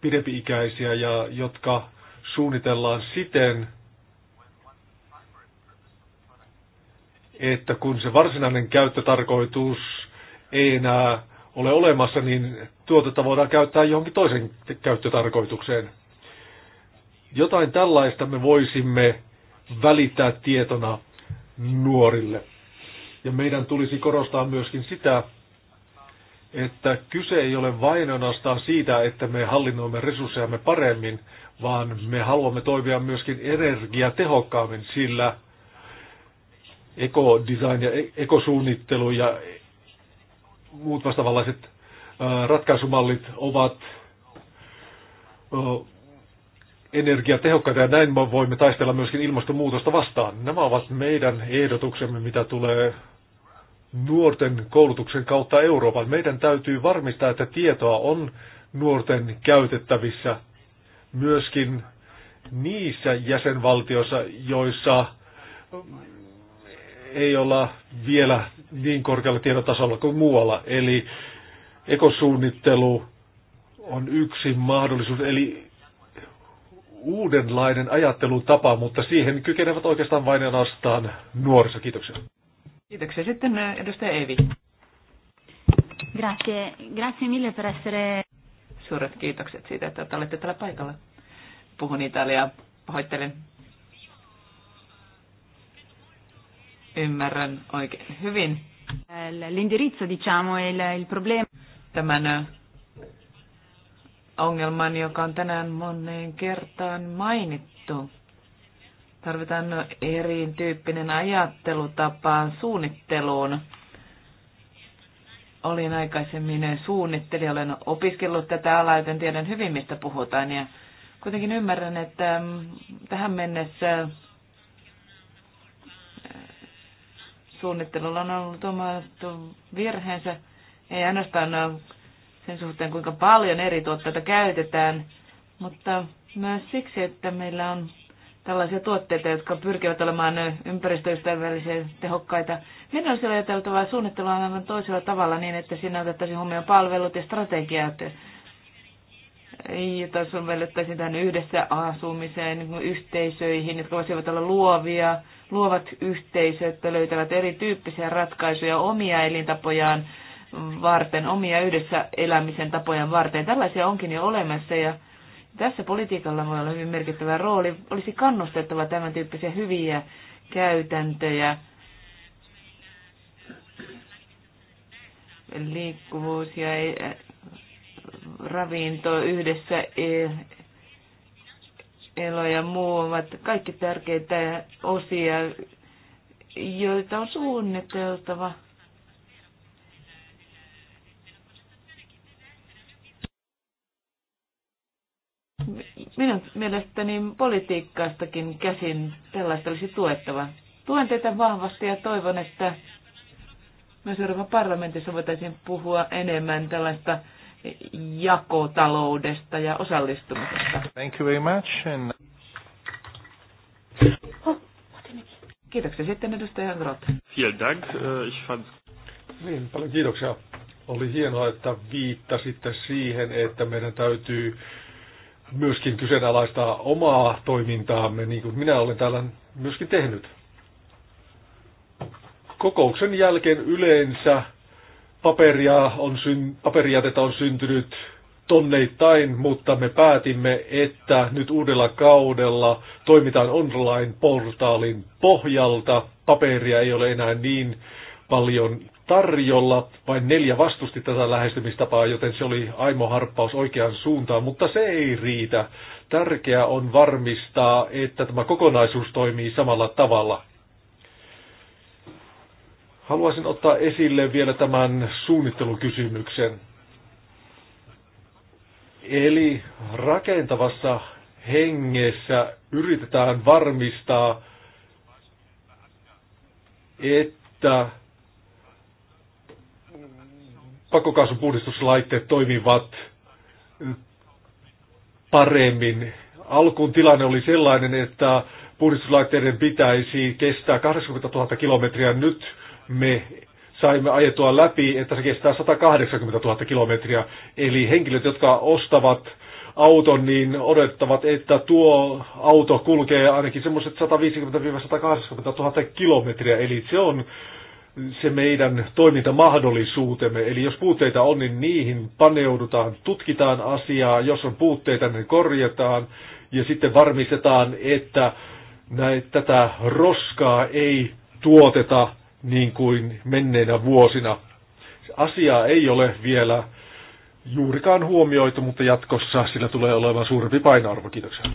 pidempiikäisiä ja jotka suunnitellaan siten, että kun se varsinainen käyttötarkoitus ei enää ole olemassa, niin tuotetta voidaan käyttää johonkin toisen käyttötarkoitukseen. Jotain tällaista me voisimme välittää tietona nuorille. Ja meidän tulisi korostaa myöskin sitä, että kyse ei ole vain ainoastaan siitä, että me hallinnoimme resurssejamme paremmin, vaan me haluamme toimia myöskin energiatehokkaammin, sillä ekodesign ja e- ekosuunnittelu ja muut vastaavanlaiset ratkaisumallit ovat energiatehokkaita ja näin me voimme taistella myöskin ilmastonmuutosta vastaan. Nämä ovat meidän ehdotuksemme, mitä tulee nuorten koulutuksen kautta Euroopan. Meidän täytyy varmistaa, että tietoa on nuorten käytettävissä myöskin niissä jäsenvaltioissa, joissa ei olla vielä niin korkealla tiedotasolla kuin muualla. Eli ekosuunnittelu on yksi mahdollisuus, eli uudenlainen ajattelutapa, mutta siihen kykenevät oikeastaan vain ja nuorissa. Kiitoksia. Kiitoksia. Sitten edustaja Evi. Grazie, grazie mille per essere... Suuret kiitokset siitä, että olette täällä paikalla. Puhun italiaa, pahoittelen. Ymmärrän oikein hyvin. L'indirizzo, diciamo, è il, il problema. Tämän ongelman, joka on tänään moneen kertaan mainittu. Tarvitaan erityyppinen ajattelutapa suunnitteluun. Olin aikaisemmin suunnittelija, olen opiskellut tätä alaa, joten tiedän hyvin, mistä puhutaan. Ja kuitenkin ymmärrän, että mm, tähän mennessä äh, suunnittelulla on ollut omat virheensä. Ei ainoastaan äh, sen suhteen, kuinka paljon eri tuotteita käytetään, mutta myös siksi, että meillä on tällaisia tuotteita, jotka pyrkivät olemaan ympäristöystävällisiä tehokkaita. Meidän on ajateltava suunnittelua aivan toisella tavalla niin, että siinä otettaisiin huomioon palvelut ja strategiat, jota sovellettaisiin tähän yhdessä asumiseen, niin yhteisöihin, jotka voisivat olla luovia, luovat yhteisöt, jotka löytävät erityyppisiä ratkaisuja omia elintapojaan varten, omia yhdessä elämisen tapojen varten. Tällaisia onkin jo olemassa ja tässä politiikalla voi olla hyvin merkittävä rooli. Olisi kannustettava tämän tyyppisiä hyviä käytäntöjä. Liikkuvuus ja eh, ravinto yhdessä eh, elo ja muu ovat kaikki tärkeitä osia, joita on suunniteltava Minun mielestäni politiikkaastakin käsin tällaista olisi tuettava. Tuen teitä vahvasti ja toivon, että myös Euroopan parlamentissa voitaisiin puhua enemmän tällaista jakotaloudesta ja osallistumisesta. Thank you very much. And... Oh, kiitoksia. Sitten edustaja Groth. Vielen Dank. Äh, ich fand... Niin, paljon kiitoksia. Oli hienoa, että viittasitte siihen, että meidän täytyy myöskin kyseenalaistaa omaa toimintaamme, niin kuin minä olen täällä myöskin tehnyt. Kokouksen jälkeen yleensä paperia on syn, paperijätettä on syntynyt tonneittain, mutta me päätimme, että nyt uudella kaudella toimitaan online-portaalin pohjalta. Paperia ei ole enää niin paljon tarjolla. Vain neljä vastusti tätä lähestymistapaa, joten se oli aimo harppaus oikeaan suuntaan, mutta se ei riitä. Tärkeää on varmistaa, että tämä kokonaisuus toimii samalla tavalla. Haluaisin ottaa esille vielä tämän suunnittelukysymyksen. Eli rakentavassa hengessä yritetään varmistaa, että pakokaasupuhdistuslaitteet toimivat paremmin. Alkuun tilanne oli sellainen, että puhdistuslaitteiden pitäisi kestää 80 000 kilometriä. Nyt me saimme ajetua läpi, että se kestää 180 000 kilometriä. Eli henkilöt, jotka ostavat auton, niin odottavat, että tuo auto kulkee ainakin semmoiset 150-180 000 kilometriä. Eli se on se meidän toimintamahdollisuutemme. Eli jos puutteita on, niin niihin paneudutaan, tutkitaan asiaa, jos on puutteita, niin korjataan ja sitten varmistetaan, että näitä, tätä roskaa ei tuoteta niin kuin menneinä vuosina. Asiaa ei ole vielä juurikaan huomioitu, mutta jatkossa sillä tulee olemaan suurempi painoarvo. Kiitoksia.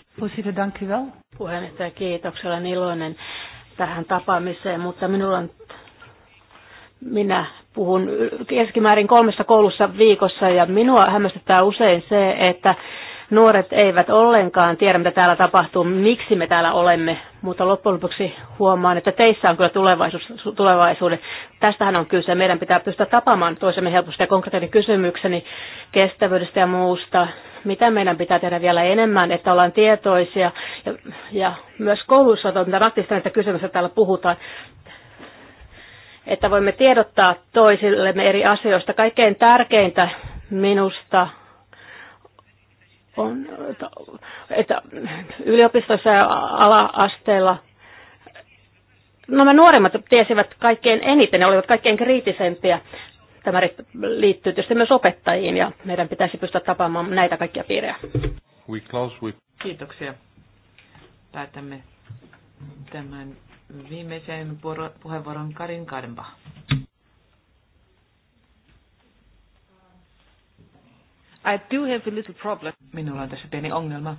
Puheenjohtaja, kiitoksella iloinen tähän tapaamiseen, mutta minulla on minä puhun keskimäärin kolmessa koulussa viikossa ja minua hämmästyttää usein se, että nuoret eivät ollenkaan tiedä, mitä täällä tapahtuu, miksi me täällä olemme, mutta loppujen lopuksi huomaan, että teissä on kyllä tulevaisuus, tulevaisuuden. Tästähän on kyse. Meidän pitää pystyä tapaamaan toisemme helposti ja konkreettinen kysymykseni kestävyydestä ja muusta. Mitä meidän pitää tehdä vielä enemmän, että ollaan tietoisia ja, ja myös kouluissa on että näistä kysymyksistä täällä puhutaan että voimme tiedottaa toisillemme eri asioista. Kaikkein tärkeintä minusta on, että yliopistossa ja ala-asteella nämä no nuoremmat tiesivät kaikkein eniten ja olivat kaikkein kriittisempiä. Tämä liittyy tietysti myös opettajiin ja meidän pitäisi pystyä tapaamaan näitä kaikkia piirejä. We close with... Kiitoksia. Päätämme tämän Viimeisen puheenvuoron Karin Kadenbach. I do have a little problem. Minulla on tässä pieni ongelma.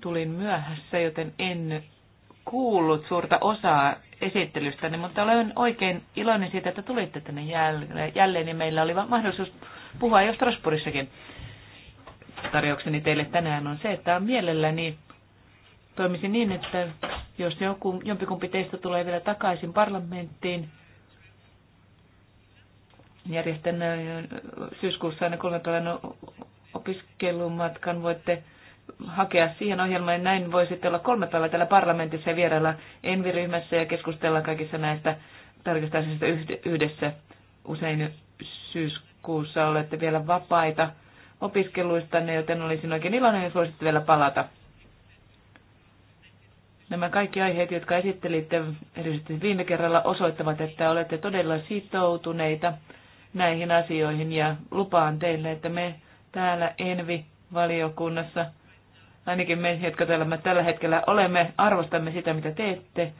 Tulin myöhässä, joten en kuullut suurta osaa esittelystäni, mutta olen oikein iloinen siitä, että tulitte tänne jälleen, niin meillä oli mahdollisuus puhua jo Strasbourgissakin. Tarjoukseni teille tänään on se, että mielelläni toimisi niin, että jos joku, jompikumpi teistä tulee vielä takaisin parlamenttiin, järjestän syyskuussa aina kolmen päivän opiskelumatkan, voitte hakea siihen ohjelmaan. Näin voisitte olla kolme päivää täällä parlamentissa ja vierailla enviryhmässä ja keskustella kaikissa näistä tärkeistä asioista yhdessä. Usein syyskuussa olette vielä vapaita opiskeluista, joten olisin oikein iloinen, jos voisitte vielä palata. Nämä kaikki aiheet, jotka esittelitte erityisesti viime kerralla, osoittavat, että olette todella sitoutuneita näihin asioihin ja lupaan teille, että me täällä Envi-valiokunnassa, ainakin me, jotka täällä me tällä hetkellä olemme, arvostamme sitä, mitä teette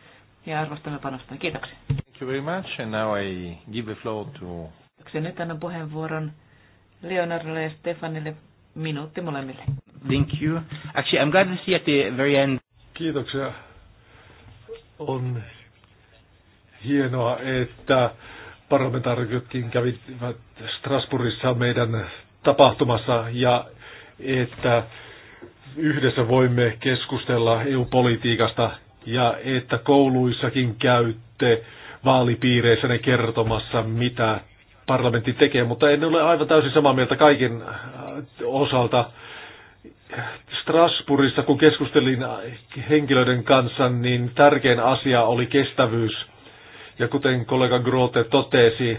ja arvostamme panosta. Kiitoksia. Thank you very much and now I give the floor to... Kiitoksia. Nyt annan puheenvuoron Leonardolle ja Stefanille minuutti molemmille. Thank you. Actually, I'm glad to see at the very end Kiitoksia. On hienoa, että parlamentaarikotkin kävivät Strasbourgissa meidän tapahtumassa ja että yhdessä voimme keskustella EU-politiikasta ja että kouluissakin käytte vaalipiireissä ne kertomassa, mitä parlamentti tekee, mutta en ole aivan täysin samaa mieltä kaiken osalta. Strasbourgissa, kun keskustelin henkilöiden kanssa, niin tärkein asia oli kestävyys. Ja kuten kollega Grote totesi,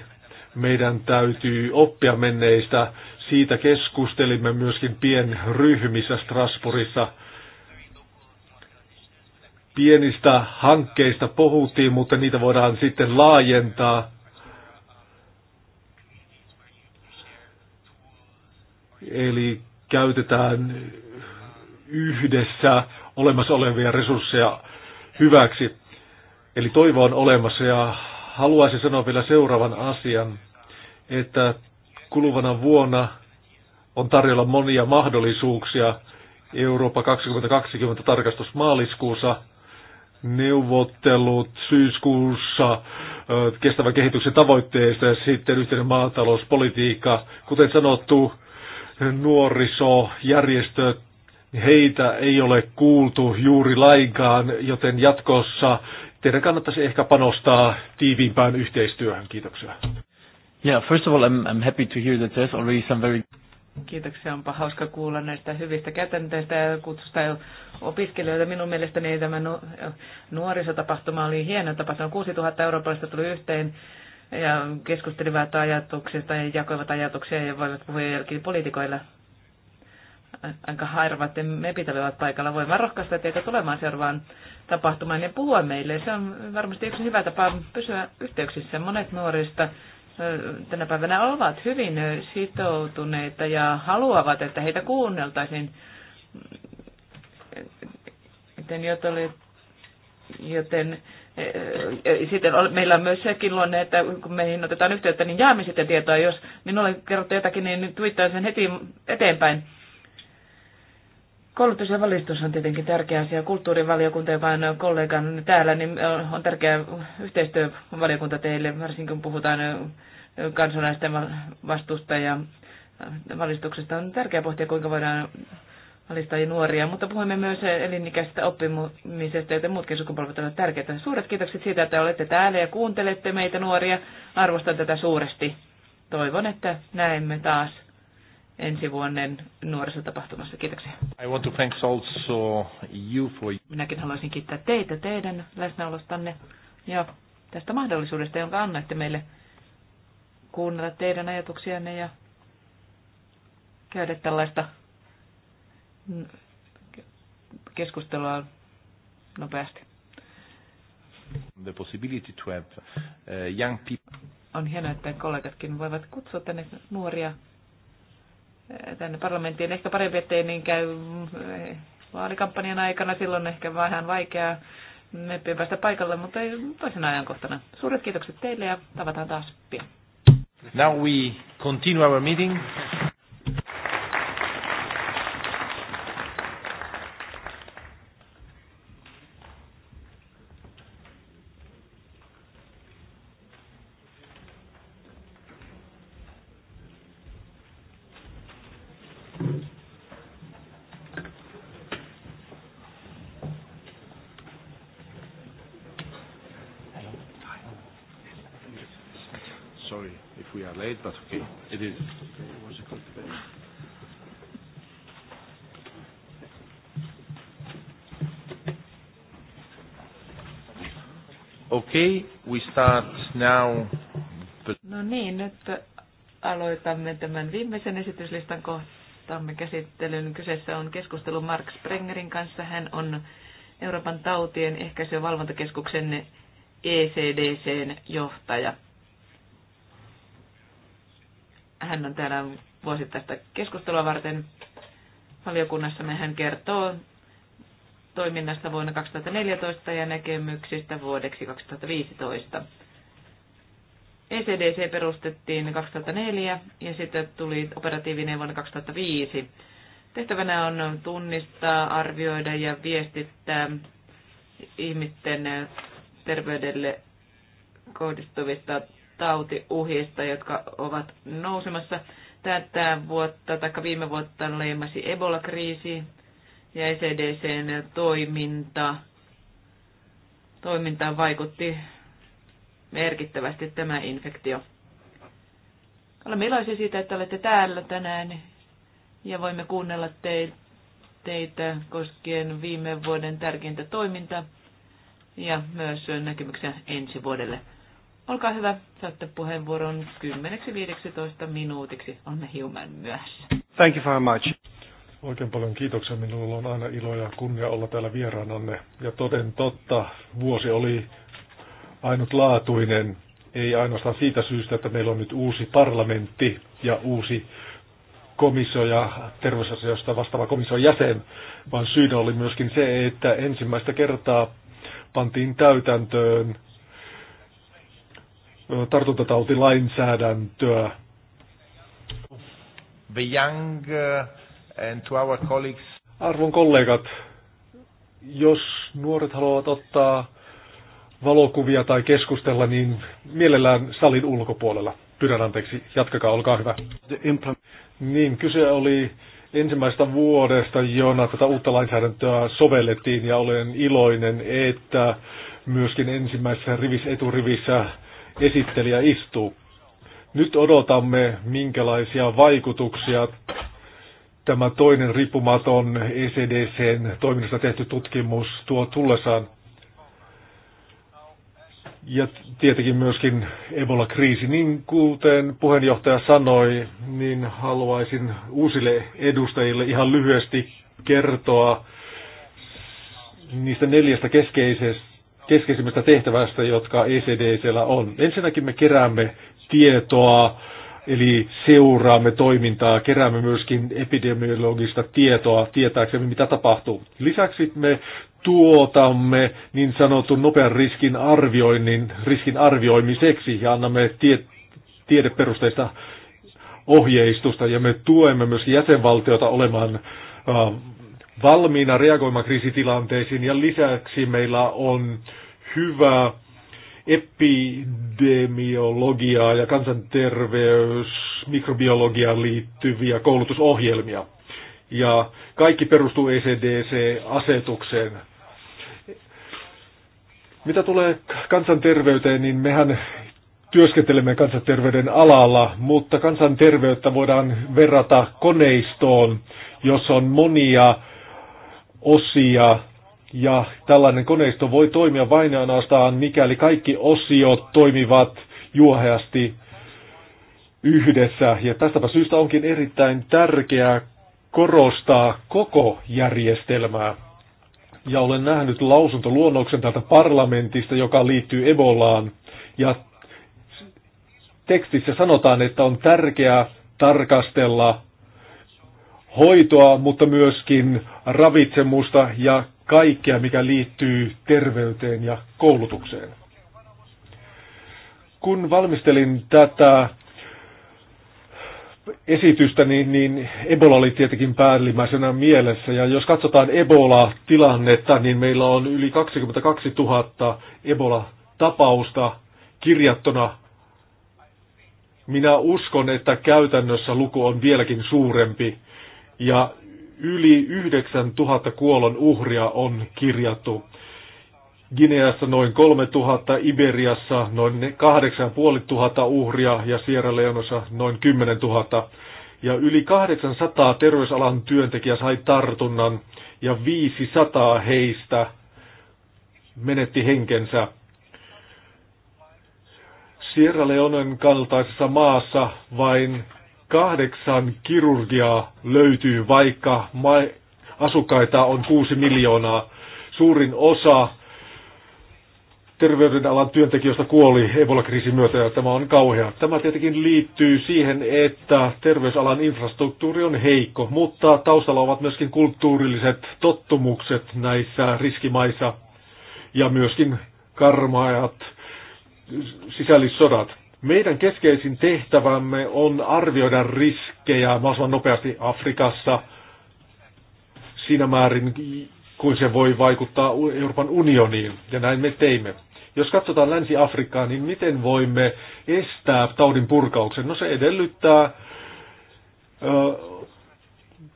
meidän täytyy oppia menneistä. Siitä keskustelimme myöskin pienryhmissä Strasbourgissa. Pienistä hankkeista puhuttiin, mutta niitä voidaan sitten laajentaa. Eli käytetään yhdessä olemassa olevia resursseja hyväksi. Eli toivo on olemassa ja haluaisin sanoa vielä seuraavan asian, että kuluvana vuonna on tarjolla monia mahdollisuuksia. Eurooppa 2020 tarkastus maaliskuussa, neuvottelut syyskuussa kestävän kehityksen tavoitteista ja sitten yhteinen maatalouspolitiikka. Kuten sanottu, nuorisojärjestöt Heitä ei ole kuultu juuri lainkaan, joten jatkossa teidän kannattaisi ehkä panostaa tiiviimpään yhteistyöhön. Kiitoksia. Yeah, first of all, I'm, I'm happy to hear that there's already some very... Kiitoksia, onpa hauska kuulla näistä hyvistä käytänteistä ja kutsusta opiskelijoita. Minun mielestäni tämä nuorisotapahtuma oli hieno tapahtuma. 6000 eurooppalaista tuli yhteen ja keskustelivat ajatuksista ja jakoivat ajatuksia ja voivat puhua jälkeen poliitikoille aika harvat ja me pitävät paikalla. voimme rohkaista teitä tulemaan seuraavaan tapahtumaan ja puhua meille. Se on varmasti yksi hyvä tapa pysyä yhteyksissä. Monet nuorista tänä päivänä ovat hyvin sitoutuneita ja haluavat, että heitä kuunneltaisiin. Joten, joten sitten meillä on myös sekin luonne, että kun meihin otetaan yhteyttä, niin jaamme sitten tietoa. Jos minulle kerrotte jotakin, niin twiittaan sen heti eteenpäin Koulutus ja valistus on tietenkin tärkeä asia. Kulttuurivaliokunta, joka on kollegan täällä, niin on tärkeä yhteistyövaliokunta teille, varsinkin kun puhutaan kansalaisten vastuusta ja valistuksesta. On tärkeää pohtia, kuinka voidaan valistaa nuoria, mutta puhumme myös elinikäisestä oppimisesta, joten muutkin sukupolvet ovat tärkeitä. Suuret kiitokset siitä, että olette täällä ja kuuntelette meitä nuoria. Arvostan tätä suuresti. Toivon, että näemme taas ensi vuoden nuorisotapahtumassa. Kiitoksia. I want to thanks also you for... Minäkin haluaisin kiittää teitä teidän läsnäolostanne ja tästä mahdollisuudesta, jonka annoitte meille kuunnella teidän ajatuksianne ja käydä tällaista keskustelua nopeasti. The possibility to have uh, young people. On hienoa, että kollegatkin voivat kutsua tänne nuoria Eh, tänne parlamenttiin. Ehkä parempi, ettei niin käy eh, vaalikampanjan aikana. Silloin ehkä vähän vaikeaa meppien päästä paikalle, mutta toisena ajankohtana. Suuret kiitokset teille ja tavataan taas pian. Now we continue our meeting. start now. No niin, nyt aloitamme tämän viimeisen esityslistan kohtamme käsittelyn. Kyseessä on keskustelu Mark Sprengerin kanssa. Hän on Euroopan tautien ehkäisy- ja valvontakeskuksen ECDCn johtaja. Hän on täällä vuosittaista keskustelua varten valiokunnassa. Hän kertoo toiminnasta vuonna 2014 ja näkemyksistä vuodeksi 2015. ECDC perustettiin 2004 ja sitten tuli operatiivinen vuonna 2005. Tehtävänä on tunnistaa, arvioida ja viestittää ihmisten terveydelle kohdistuvista tautiuhista, jotka ovat nousemassa. Tätä vuotta tai viime vuotta leimasi Ebola-kriisi, ja ECDCn toiminta, toimintaan vaikutti merkittävästi tämä infektio. Olemme iloisia siitä, että olette täällä tänään ja voimme kuunnella teitä koskien viime vuoden tärkeintä toimintaa ja myös näkemyksiä ensi vuodelle. Olkaa hyvä, saatte puheenvuoron 10-15 minuutiksi. Olemme hiukan myöhässä. Thank you very much. Oikein paljon kiitoksia. Minulla on aina ilo ja kunnia olla täällä vieraananne. Ja toden totta, vuosi oli ainutlaatuinen. Ei ainoastaan siitä syystä, että meillä on nyt uusi parlamentti ja uusi komissio ja terveysasioista vastaava komission jäsen, vaan syynä oli myöskin se, että ensimmäistä kertaa pantiin täytäntöön tartuntatautilainsäädäntöä. The young uh And to our colleagues. Arvon kollegat, jos nuoret haluavat ottaa valokuvia tai keskustella, niin mielellään salin ulkopuolella. Pyydän anteeksi, jatkakaa, olkaa hyvä. Niin, kyse oli ensimmäistä vuodesta, jona tätä uutta lainsäädäntöä sovellettiin ja olen iloinen, että myöskin ensimmäisessä rivissä, eturivissä esittelijä istuu. Nyt odotamme, minkälaisia vaikutuksia tämä toinen riippumaton ECDCn toiminnasta tehty tutkimus tuo tullessaan ja tietenkin myöskin Ebola-kriisi. Niin kuten puheenjohtaja sanoi, niin haluaisin uusille edustajille ihan lyhyesti kertoa niistä neljästä keskeisestä, keskeisimmästä tehtävästä, jotka ECDCllä on. Ensinnäkin me keräämme tietoa Eli seuraamme toimintaa, keräämme myöskin epidemiologista tietoa, tietääksemme mitä tapahtuu. Lisäksi me tuotamme niin sanotun nopean riskin arvioinnin, riskin arvioimiseksi ja annamme tie, tiedeperusteista ohjeistusta ja me tuemme myös jäsenvaltiota olemaan ä, valmiina reagoimaan kriisitilanteisiin ja lisäksi meillä on hyvä epidemiologiaa ja kansanterveys, mikrobiologiaan liittyviä koulutusohjelmia. Ja kaikki perustuu ECDC-asetukseen. Mitä tulee kansanterveyteen, niin mehän työskentelemme kansanterveyden alalla, mutta kansanterveyttä voidaan verrata koneistoon, jossa on monia osia, ja tällainen koneisto voi toimia vain ainoastaan, mikäli kaikki osiot toimivat juoheasti yhdessä. Ja tästäpä syystä onkin erittäin tärkeää korostaa koko järjestelmää. Ja olen nähnyt lausuntoluonnoksen täältä parlamentista, joka liittyy Ebolaan. Ja tekstissä sanotaan, että on tärkeää tarkastella hoitoa, mutta myöskin ravitsemusta ja kaikkea, mikä liittyy terveyteen ja koulutukseen. Kun valmistelin tätä esitystä, niin, niin Ebola oli tietenkin päällimmäisenä mielessä. Ja jos katsotaan Ebola-tilannetta, niin meillä on yli 22 000 Ebola-tapausta kirjattuna. Minä uskon, että käytännössä luku on vieläkin suurempi. Ja Yli 9000 kuolon uhria on kirjattu. Gineassa noin 3000, Iberiassa noin 8500 uhria ja Sierra Leonossa noin 10 000. Ja yli 800 terveysalan työntekijä sai tartunnan ja 500 heistä menetti henkensä. Sierra Leonen kaltaisessa maassa vain kahdeksan kirurgiaa löytyy, vaikka asukkaita on kuusi miljoonaa. Suurin osa terveydenalan työntekijöistä kuoli Ebola-kriisin myötä ja tämä on kauhea. Tämä tietenkin liittyy siihen, että terveysalan infrastruktuuri on heikko, mutta taustalla ovat myöskin kulttuurilliset tottumukset näissä riskimaissa ja myöskin karmaajat sisällissodat. Meidän keskeisin tehtävämme on arvioida riskejä mahdollisimman nopeasti Afrikassa siinä määrin, kuin se voi vaikuttaa Euroopan unioniin. Ja näin me teimme. Jos katsotaan Länsi-Afrikkaa, niin miten voimme estää taudin purkauksen? No se edellyttää ö,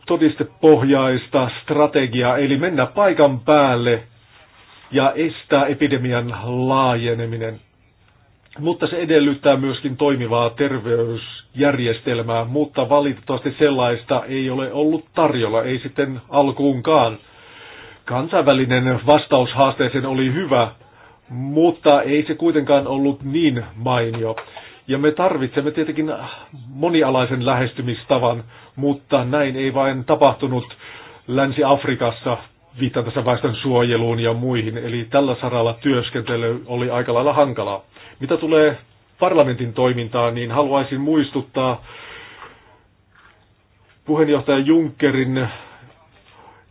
todistepohjaista strategiaa, eli mennä paikan päälle ja estää epidemian laajeneminen mutta se edellyttää myöskin toimivaa terveysjärjestelmää, mutta valitettavasti sellaista ei ole ollut tarjolla, ei sitten alkuunkaan. Kansainvälinen vastaus haasteeseen oli hyvä, mutta ei se kuitenkaan ollut niin mainio. Ja me tarvitsemme tietenkin monialaisen lähestymistavan, mutta näin ei vain tapahtunut Länsi-Afrikassa, viittaan tässä väestön suojeluun ja muihin. Eli tällä saralla työskentely oli aika lailla hankalaa. Mitä tulee parlamentin toimintaan, niin haluaisin muistuttaa puheenjohtaja Junckerin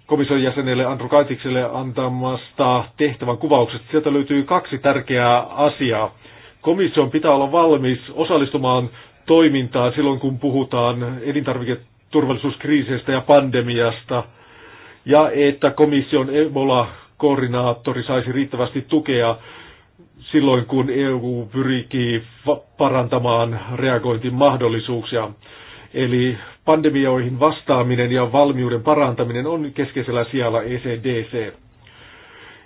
komission jäsenelle Andrew Kaitikselle antamasta tehtävän kuvauksesta. Sieltä löytyy kaksi tärkeää asiaa. Komission pitää olla valmis osallistumaan toimintaan silloin, kun puhutaan elintarviketurvallisuuskriiseistä ja pandemiasta, ja että komission Ebola-koordinaattori saisi riittävästi tukea silloin, kun EU pyrkii parantamaan reagointimahdollisuuksia. Eli pandemioihin vastaaminen ja valmiuden parantaminen on keskeisellä sijalla ECDC.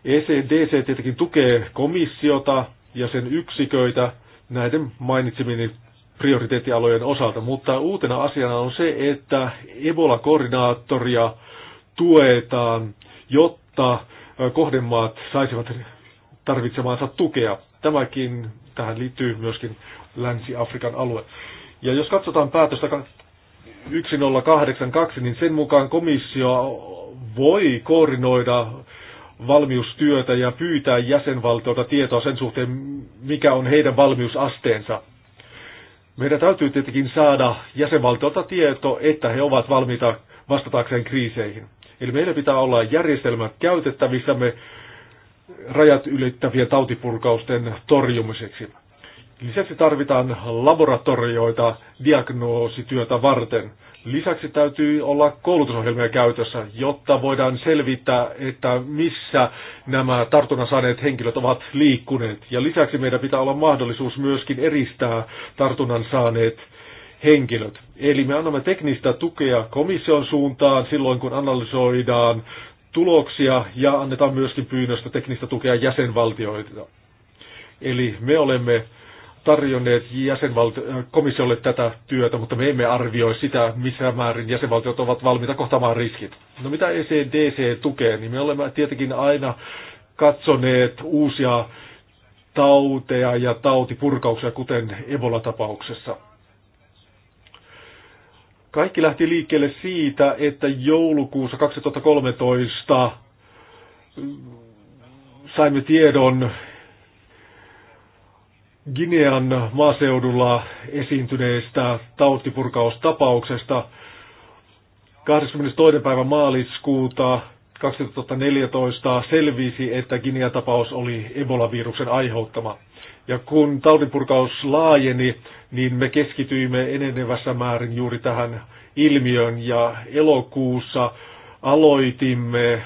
ECDC tietenkin tukee komissiota ja sen yksiköitä näiden mainitsemini prioriteettialojen osalta, mutta uutena asiana on se, että Ebola-koordinaattoria tuetaan, jotta kohdemaat saisivat tarvitsemaansa tukea. Tämäkin tähän liittyy myöskin Länsi-Afrikan alue. Ja jos katsotaan päätöstä 1082, niin sen mukaan komissio voi koordinoida valmiustyötä ja pyytää jäsenvaltiota tietoa sen suhteen, mikä on heidän valmiusasteensa. Meidän täytyy tietenkin saada jäsenvaltiolta tieto, että he ovat valmiita vastatakseen kriiseihin. Eli meillä pitää olla järjestelmät käytettävissämme, rajat ylittävien tautipurkausten torjumiseksi. Lisäksi tarvitaan laboratorioita diagnoosityötä varten. Lisäksi täytyy olla koulutusohjelmia käytössä, jotta voidaan selvittää, että missä nämä tartunnan saaneet henkilöt ovat liikkuneet. Ja lisäksi meidän pitää olla mahdollisuus myöskin eristää tartunnan saaneet henkilöt. Eli me annamme teknistä tukea komission suuntaan silloin, kun analysoidaan tuloksia ja annetaan myöskin pyynnöstä teknistä tukea jäsenvaltioita. Eli me olemme tarjonneet jäsenvaltio- äh, komissiolle tätä työtä, mutta me emme arvioi sitä, missä määrin jäsenvaltiot ovat valmiita kohtaamaan riskit. No mitä ECDC tukee, niin me olemme tietenkin aina katsoneet uusia tauteja ja tautipurkauksia, kuten Ebola-tapauksessa. Kaikki lähti liikkeelle siitä, että joulukuussa 2013 saimme tiedon Ginean maaseudulla esiintyneestä tautipurkaustapauksesta. 22. päivä maaliskuuta 2014 selvisi, että Ginia-tapaus oli Ebola-viruksen aiheuttama. Ja kun taudinpurkaus laajeni, niin me keskityimme enenevässä määrin juuri tähän ilmiön ja elokuussa aloitimme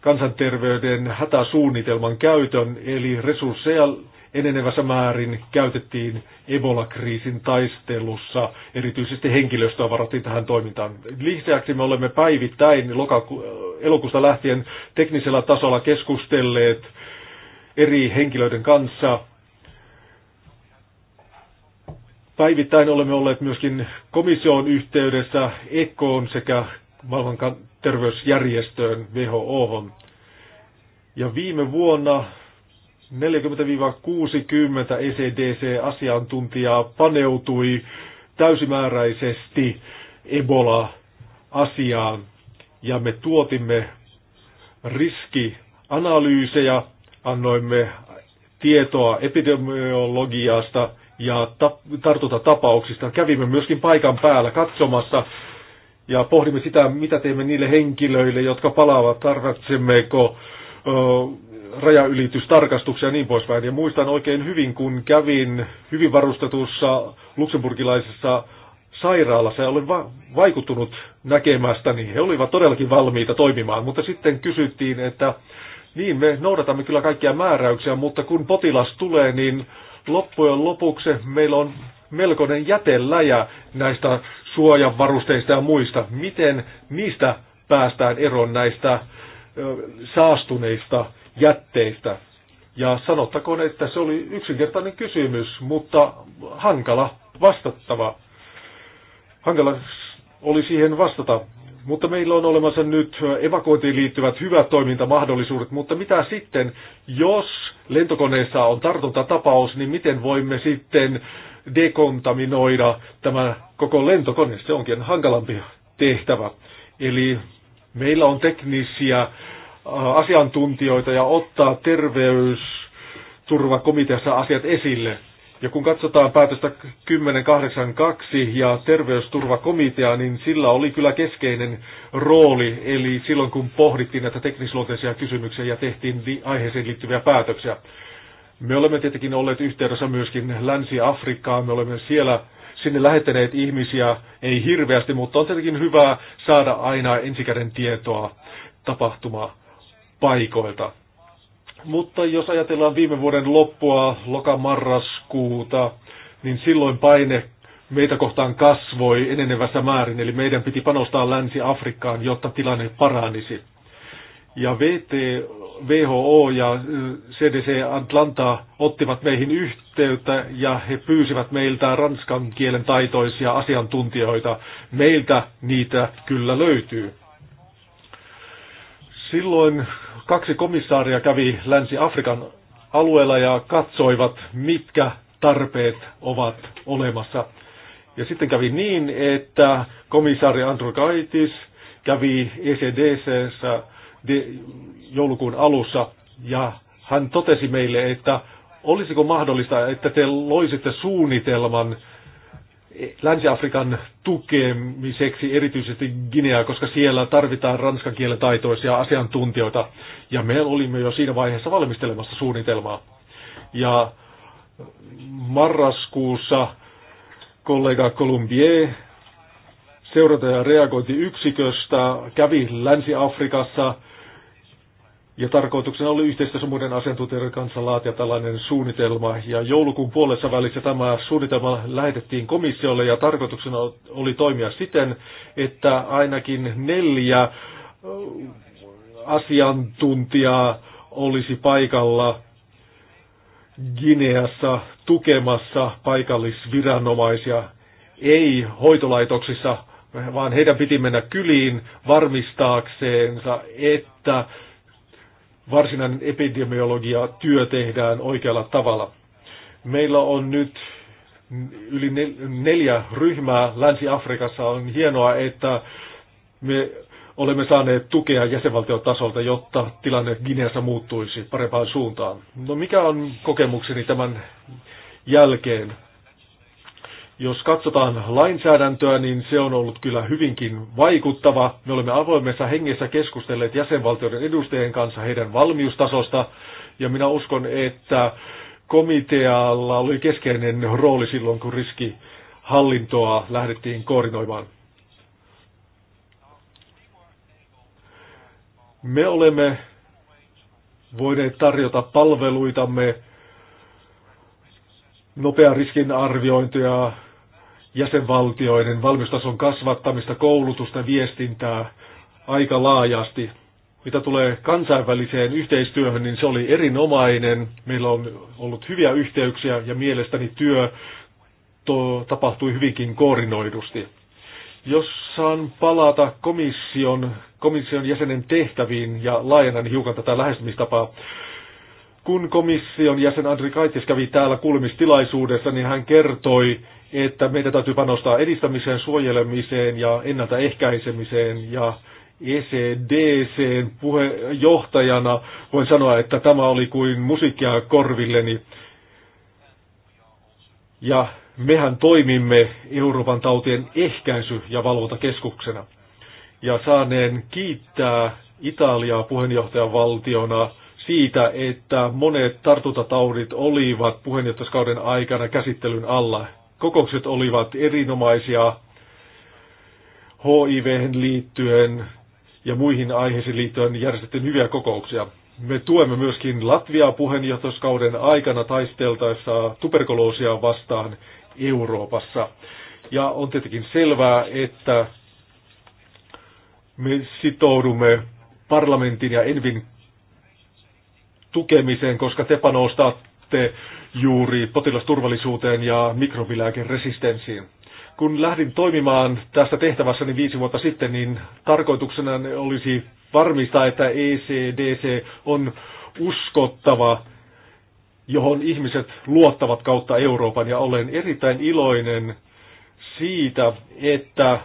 kansanterveyden hätäsuunnitelman käytön, eli resursseja enenevässä määrin käytettiin Ebola-kriisin taistelussa. Erityisesti henkilöstöä varattiin tähän toimintaan. Lisäksi me olemme päivittäin lokaku- elokuusta lähtien teknisellä tasolla keskustelleet eri henkilöiden kanssa. Päivittäin olemme olleet myöskin komission yhteydessä, EKOon sekä maailman terveysjärjestöön, WHO. Ja viime vuonna 40-60 ECDC-asiantuntijaa paneutui täysimääräisesti Ebola-asiaan ja me tuotimme riskianalyysejä, annoimme tietoa epidemiologiasta ja tartuntatapauksista. Kävimme myöskin paikan päällä katsomassa ja pohdimme sitä, mitä teemme niille henkilöille, jotka palaavat, tarvitsemmeko rajaylitystarkastuksia ja niin poispäin. Ja muistan oikein hyvin, kun kävin hyvin varustetussa luksemburgilaisessa sairaalassa ja olin va- vaikuttunut näkemästäni. He olivat todellakin valmiita toimimaan, mutta sitten kysyttiin, että niin me noudatamme kyllä kaikkia määräyksiä, mutta kun potilas tulee, niin loppujen lopuksi meillä on melkoinen jäteläjä näistä suojavarusteista ja muista. Miten niistä päästään eroon näistä saastuneista jätteistä. Ja sanottakoon, että se oli yksinkertainen kysymys, mutta hankala vastattava. Hankala oli siihen vastata. Mutta meillä on olemassa nyt evakuointiin liittyvät hyvät toimintamahdollisuudet, mutta mitä sitten, jos lentokoneessa on tartuntatapaus, niin miten voimme sitten dekontaminoida tämä koko lentokone? Se onkin hankalampi tehtävä. Eli meillä on teknisiä asiantuntijoita ja ottaa terveysturvakomiteassa asiat esille. Ja kun katsotaan päätöstä 1082 ja terveysturvakomitea, niin sillä oli kyllä keskeinen rooli, eli silloin kun pohdittiin näitä teknisluonteisia kysymyksiä ja tehtiin aiheeseen liittyviä päätöksiä. Me olemme tietenkin olleet yhteydessä myöskin Länsi-Afrikkaan, me olemme siellä sinne lähettäneet ihmisiä, ei hirveästi, mutta on tietenkin hyvä saada aina ensikäden tietoa tapahtumaa paikoilta. Mutta jos ajatellaan viime vuoden loppua, lokamarraskuuta, niin silloin paine meitä kohtaan kasvoi enenevässä määrin, eli meidän piti panostaa Länsi-Afrikkaan, jotta tilanne paranisi. Ja VT, WHO ja CDC äh, Atlanta ottivat meihin yhteyttä ja he pyysivät meiltä ranskan kielen taitoisia asiantuntijoita. Meiltä niitä kyllä löytyy. Silloin Kaksi komissaaria kävi Länsi-Afrikan alueella ja katsoivat, mitkä tarpeet ovat olemassa. Ja sitten kävi niin, että komissaari Gaitis kävi ECDC joulukuun alussa ja hän totesi meille, että olisiko mahdollista, että te loisitte suunnitelman Länsi-Afrikan tukemiseksi erityisesti Gineaa, koska siellä tarvitaan ranskan kielen taitoisia asiantuntijoita. Ja me olimme jo siinä vaiheessa valmistelemassa suunnitelmaa. Ja marraskuussa kollega Columbier seuranta- ja reagointiyksiköstä kävi Länsi-Afrikassa – ja tarkoituksena oli yhteistä muiden asiantuntijoiden kanssa laatia tällainen suunnitelma. Ja joulukuun puolessa välissä tämä suunnitelma lähetettiin komissiolle ja tarkoituksena oli toimia siten, että ainakin neljä asiantuntijaa olisi paikalla Gineassa tukemassa paikallisviranomaisia, ei hoitolaitoksissa, vaan heidän piti mennä kyliin varmistaakseensa, että varsinainen epidemiologia-työ tehdään oikealla tavalla. Meillä on nyt yli neljä ryhmää Länsi-Afrikassa. On hienoa, että me olemme saaneet tukea jäsenvaltiotasolta, jotta tilanne Gineassa muuttuisi parempaan suuntaan. No mikä on kokemukseni tämän jälkeen? Jos katsotaan lainsäädäntöä, niin se on ollut kyllä hyvinkin vaikuttava. Me olemme avoimessa hengessä keskustelleet jäsenvaltioiden edustajien kanssa heidän valmiustasosta, ja minä uskon, että komitealla oli keskeinen rooli silloin, kun riskihallintoa lähdettiin koordinoimaan. Me olemme voineet tarjota palveluitamme, nopean riskin arviointia, jäsenvaltioiden valmistason kasvattamista, koulutusta, viestintää aika laajasti. Mitä tulee kansainväliseen yhteistyöhön, niin se oli erinomainen. Meillä on ollut hyviä yhteyksiä ja mielestäni työ to, tapahtui hyvinkin koordinoidusti. Jos saan palata komission, komission jäsenen tehtäviin ja laajennan hiukan tätä lähestymistapaa. Kun komission jäsen Andri Kaitis kävi täällä kuulemistilaisuudessa, niin hän kertoi, että meidän täytyy panostaa edistämiseen, suojelemiseen ja ennaltaehkäisemiseen ja ECDCn puheenjohtajana voin sanoa, että tämä oli kuin musiikkia korvilleni. Ja mehän toimimme Euroopan tautien ehkäisy- ja valvontakeskuksena. Ja saaneen kiittää Italiaa puheenjohtajavaltiona siitä, että monet tartuntataudit olivat puheenjohtajuuskauden aikana käsittelyn alla. Kokoukset olivat erinomaisia hiv liittyen ja muihin aiheisiin liittyen järjestettiin hyviä kokouksia. Me tuemme myöskin Latviaa puheenjohtoskauden aikana taisteltaessa tuberkuloosia vastaan Euroopassa. Ja on tietenkin selvää, että me sitoudumme parlamentin ja Envin tukemiseen, koska te panostatte juuri potilasturvallisuuteen ja mikrobilääkeresistenssiin. Kun lähdin toimimaan tästä tehtävässäni viisi vuotta sitten, niin tarkoituksena olisi varmistaa, että ECDC on uskottava, johon ihmiset luottavat kautta Euroopan. Ja olen erittäin iloinen siitä, että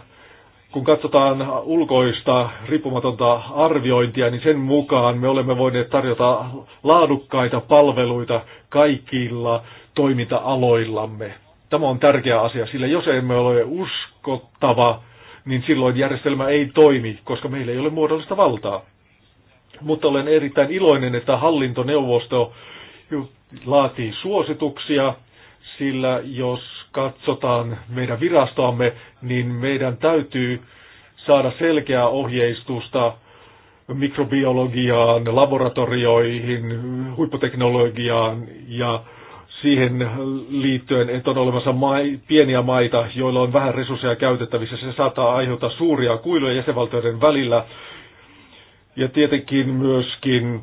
kun katsotaan ulkoista riippumatonta arviointia, niin sen mukaan me olemme voineet tarjota laadukkaita palveluita kaikilla toiminta-aloillamme. Tämä on tärkeä asia, sillä jos emme ole uskottava, niin silloin järjestelmä ei toimi, koska meillä ei ole muodollista valtaa. Mutta olen erittäin iloinen, että hallintoneuvosto laatii suosituksia, sillä jos katsotaan meidän virastoamme, niin meidän täytyy saada selkeää ohjeistusta mikrobiologiaan, laboratorioihin, huipputeknologiaan ja siihen liittyen, että on olemassa mai, pieniä maita, joilla on vähän resursseja käytettävissä. Se saattaa aiheuttaa suuria kuiluja jäsenvaltioiden välillä. Ja tietenkin myöskin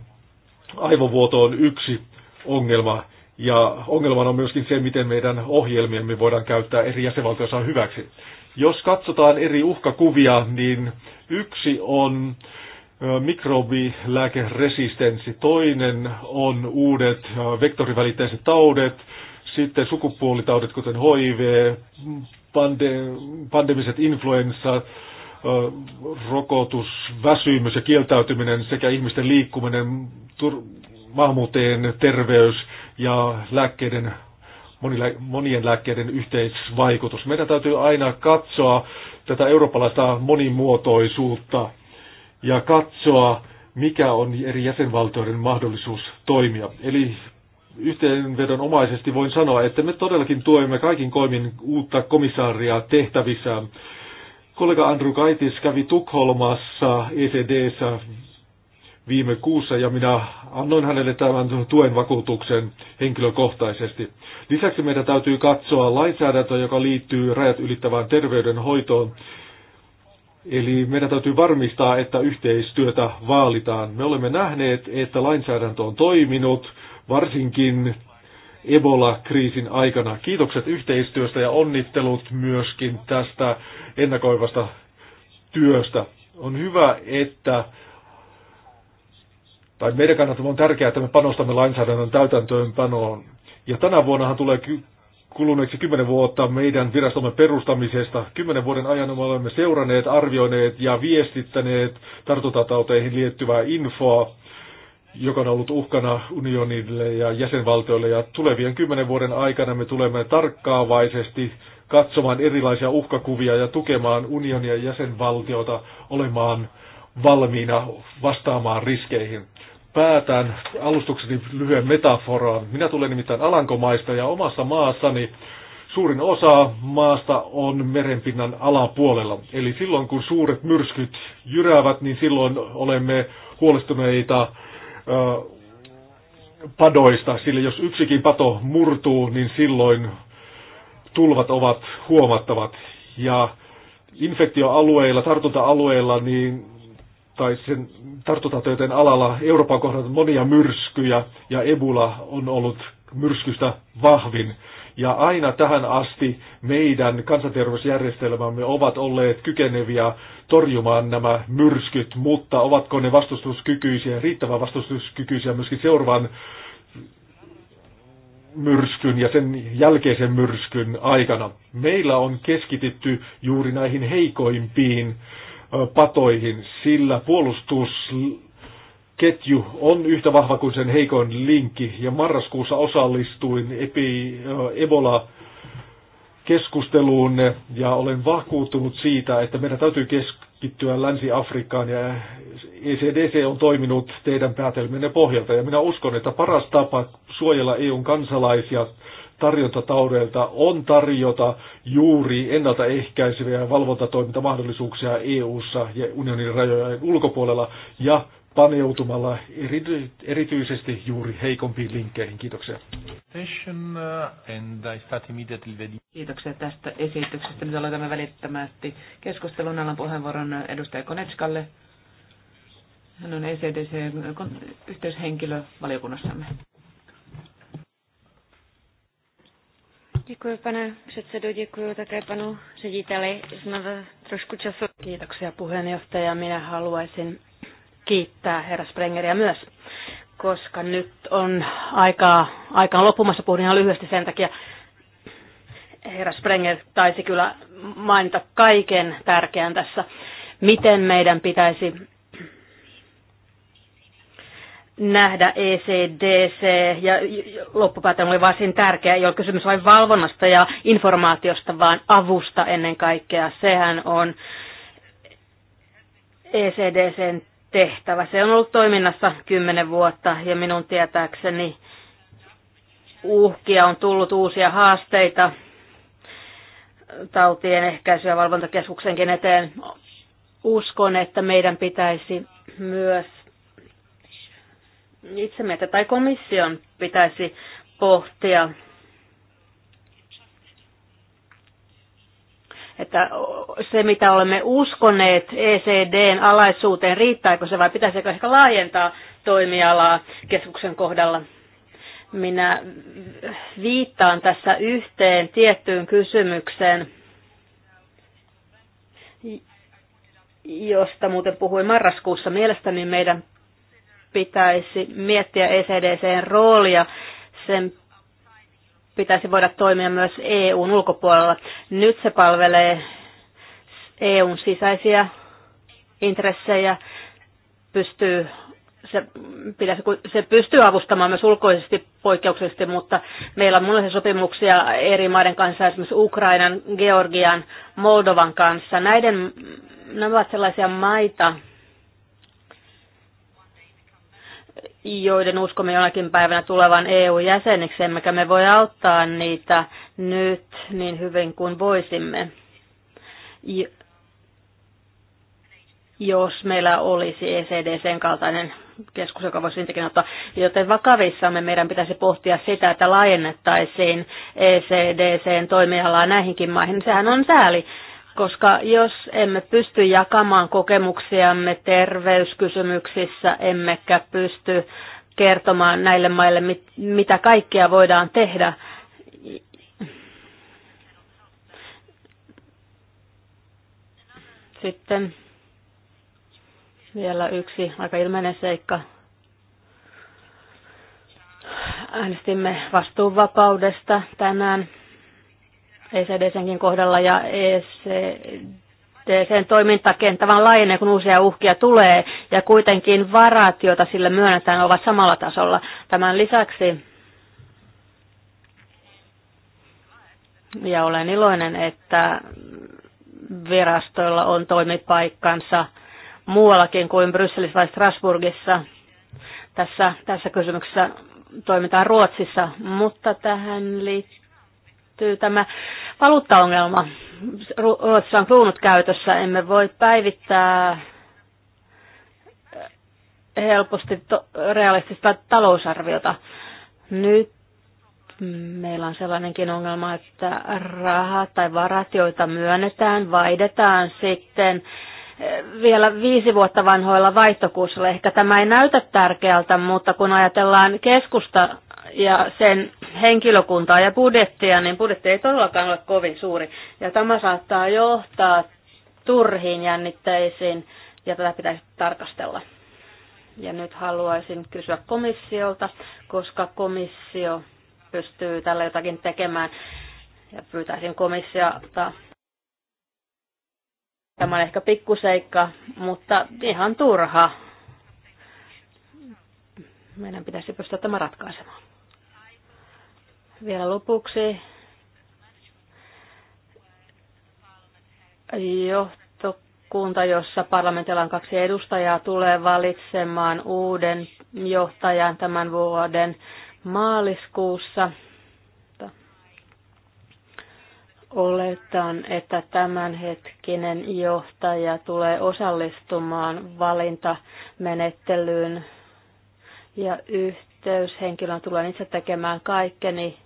aivovuoto on yksi ongelma. Ja ongelmana on myöskin se, miten meidän ohjelmiamme voidaan käyttää eri jäsenvaltioissa hyväksi. Jos katsotaan eri uhkakuvia, niin yksi on mikrobilääkeresistenssi, toinen on uudet vektorivälitteiset taudet, sitten sukupuolitaudit, kuten HIV, pande- pandemiset influenssa, rokotus, väsymys ja kieltäytyminen sekä ihmisten liikkuminen, tur- maahanmuuttajien terveys ja lääkkeiden, monien lääkkeiden yhteisvaikutus. Meidän täytyy aina katsoa tätä eurooppalaista monimuotoisuutta ja katsoa, mikä on eri jäsenvaltioiden mahdollisuus toimia. Eli yhteenvedonomaisesti voin sanoa, että me todellakin tuemme kaikin koimin uutta komissaaria tehtävissä. Kollega Andrew Kaitis kävi Tukholmassa ECDssä viime kuussa ja minä annoin hänelle tämän tuen vakuutuksen henkilökohtaisesti. Lisäksi meidän täytyy katsoa lainsäädäntöä, joka liittyy rajat ylittävään terveydenhoitoon. Eli meidän täytyy varmistaa, että yhteistyötä vaalitaan. Me olemme nähneet, että lainsäädäntö on toiminut, varsinkin Ebola-kriisin aikana. Kiitokset yhteistyöstä ja onnittelut myöskin tästä ennakoivasta työstä. On hyvä, että tai meidän kannalta on tärkeää, että me panostamme lainsäädännön täytäntöönpanoon. Ja tänä vuonnahan tulee kuluneeksi kymmenen vuotta meidän virastomme perustamisesta. Kymmenen vuoden ajan me olemme seuranneet, arvioineet ja viestittäneet tartuntatauteihin liittyvää infoa, joka on ollut uhkana unionille ja jäsenvaltioille. Ja tulevien kymmenen vuoden aikana me tulemme tarkkaavaisesti katsomaan erilaisia uhkakuvia ja tukemaan unionia ja jäsenvaltiota olemaan valmiina vastaamaan riskeihin päätän alustukseni lyhyen metaforaan. Minä tulen nimittäin Alankomaista ja omassa maassani suurin osa maasta on merenpinnan alapuolella. Eli silloin kun suuret myrskyt jyräävät, niin silloin olemme huolestuneita ö, padoista, sillä jos yksikin pato murtuu, niin silloin tulvat ovat huomattavat. Ja infektioalueilla, tartunta-alueilla, niin tai sen tartuntatöiden alalla Euroopan kohdalla monia myrskyjä ja Ebola on ollut myrskystä vahvin. Ja aina tähän asti meidän kansanterveysjärjestelmämme ovat olleet kykeneviä torjumaan nämä myrskyt, mutta ovatko ne vastustuskykyisiä, riittävän vastustuskykyisiä myöskin seuraavan myrskyn ja sen jälkeisen myrskyn aikana. Meillä on keskitytty juuri näihin heikoimpiin patoihin, sillä puolustusketju on yhtä vahva kuin sen heikoin linkki. Ja marraskuussa osallistuin epi, Ebola keskusteluun ja olen vakuuttunut siitä, että meidän täytyy keskittyä Länsi-Afrikkaan ja ECDC on toiminut teidän päätelmienne pohjalta ja minä uskon, että paras tapa suojella EUn kansalaisia tarjontataudeilta on tarjota juuri ennaltaehkäiseviä valvontatoimintamahdollisuuksia EU-ssa ja unionin rajojen ulkopuolella ja paneutumalla eri, erityisesti juuri heikompiin linkkeihin. Kiitoksia. Uh, Kiitoksia tästä esityksestä. Nyt aloitamme välittömästi keskustelun alan puheenvuoron edustaja Konetskalle. Hän on ECDC-yhteyshenkilö valiokunnassamme. Děkuji, pane předsedo, děkuji také panu řediteli. Znovu trošku času. Kiitoksia puheenjohtaja. Minä haluaisin kiittää herra Sprengeriä myös, koska nyt on aika, aika on loppumassa. Puhun ihan lyhyesti sen takia. Herra Sprenger taisi kyllä mainita kaiken tärkeän tässä, miten meidän pitäisi nähdä ECDC ja loppupäätään oli varsin tärkeä. Ei ole kysymys vain valvonnasta ja informaatiosta, vaan avusta ennen kaikkea. Sehän on ECDCn tehtävä. Se on ollut toiminnassa kymmenen vuotta ja minun tietääkseni uhkia on tullut uusia haasteita tautien ehkäisy- ja valvontakeskuksenkin eteen. Uskon, että meidän pitäisi myös itse meitä tai komission pitäisi pohtia, että se mitä olemme uskoneet ECDn alaisuuteen, riittääkö se vai pitäisikö ehkä laajentaa toimialaa keskuksen kohdalla? Minä viittaan tässä yhteen tiettyyn kysymykseen, josta muuten puhuin marraskuussa. Mielestäni meidän pitäisi miettiä ECDCn roolia. Sen pitäisi voida toimia myös EUn ulkopuolella. Nyt se palvelee EUn sisäisiä intressejä, pystyy, se, pitäisi, se pystyy avustamaan myös ulkoisesti poikkeuksellisesti, mutta meillä on monenlaisia sopimuksia eri maiden kanssa, esimerkiksi Ukrainan, Georgian, Moldovan kanssa. Näiden, nämä ovat sellaisia maita, joiden uskomme jonakin päivänä tulevan EU-jäseniksi, emmekä me voi auttaa niitä nyt niin hyvin kuin voisimme, jos meillä olisi ECDCn kaltainen keskus, joka voisi niitäkin ottaa. Joten vakavissamme meidän pitäisi pohtia sitä, että laajennettaisiin ECDCn toimialaa näihinkin maihin. Sehän on sääli, koska jos emme pysty jakamaan kokemuksiamme terveyskysymyksissä, emmekä pysty kertomaan näille maille, mit, mitä kaikkea voidaan tehdä, sitten vielä yksi aika ilmeinen seikka. Äänestimme vastuunvapaudesta tänään ECDCnkin kohdalla ja ECDCn toimintakenttä vaan laajenee, kun uusia uhkia tulee ja kuitenkin varat, joita sille myönnetään, ovat samalla tasolla. Tämän lisäksi ja olen iloinen, että virastoilla on toimipaikkansa muuallakin kuin Brysselissä vai Strasburgissa. Tässä, tässä kysymyksessä toimitaan Ruotsissa, mutta tähän liittyy liittyy tämä valuuttaongelma. Ruotsissa on kruunut käytössä, emme voi päivittää eh, helposti to- realistista talousarviota. Nyt meillä on sellainenkin ongelma, että rahat tai varat, joita myönnetään, vaihdetaan sitten eh, vielä viisi vuotta vanhoilla vaihtokursseilla. Ehkä tämä ei näytä tärkeältä, mutta kun ajatellaan keskusta ja sen henkilökuntaa ja budjettia, niin budjetti ei todellakaan ole kovin suuri. Ja tämä saattaa johtaa turhiin jännitteisiin ja tätä pitäisi tarkastella. Ja nyt haluaisin kysyä komissiolta, koska komissio pystyy tällä jotakin tekemään ja pyytäisin komissiota. Tämä on ehkä pikkuseikka, mutta ihan turha. Meidän pitäisi pystyä tämä ratkaisemaan. Vielä lopuksi johtokunta, jossa parlamentilla on kaksi edustajaa, tulee valitsemaan uuden johtajan tämän vuoden maaliskuussa. Oletan, että tämänhetkinen johtaja tulee osallistumaan valintamenettelyyn ja yhteyshenkilön tulee itse tekemään kaikkeni,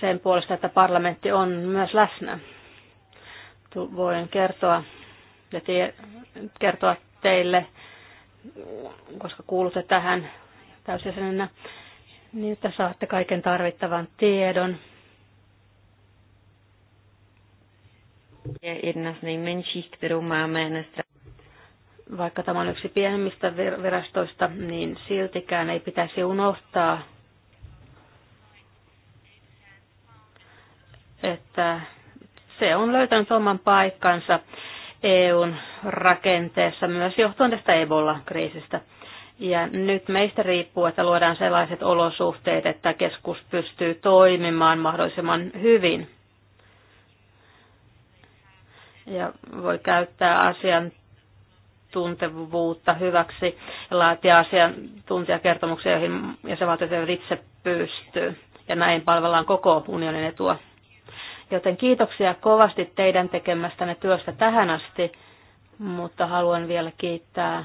sen puolesta, että parlamentti on myös läsnä. Voin kertoa ja tie, kertoa teille, koska kuulutte tähän täysjäsenenä, niin että saatte kaiken tarvittavan tiedon. Vaikka tämä on yksi pienemmistä virastoista, niin siltikään ei pitäisi unohtaa että se on löytänyt oman paikkansa EUn rakenteessa myös johtuen tästä Ebola-kriisistä. Ja nyt meistä riippuu, että luodaan sellaiset olosuhteet, että keskus pystyy toimimaan mahdollisimman hyvin. Ja voi käyttää asiantuntevuutta hyväksi ja laatia asiantuntijakertomuksia, joihin jäsenvaltiot itse pystyy. Ja näin palvellaan koko unionin etua. Joten kiitoksia kovasti teidän tekemästänne työstä tähän asti, mutta haluan vielä kiittää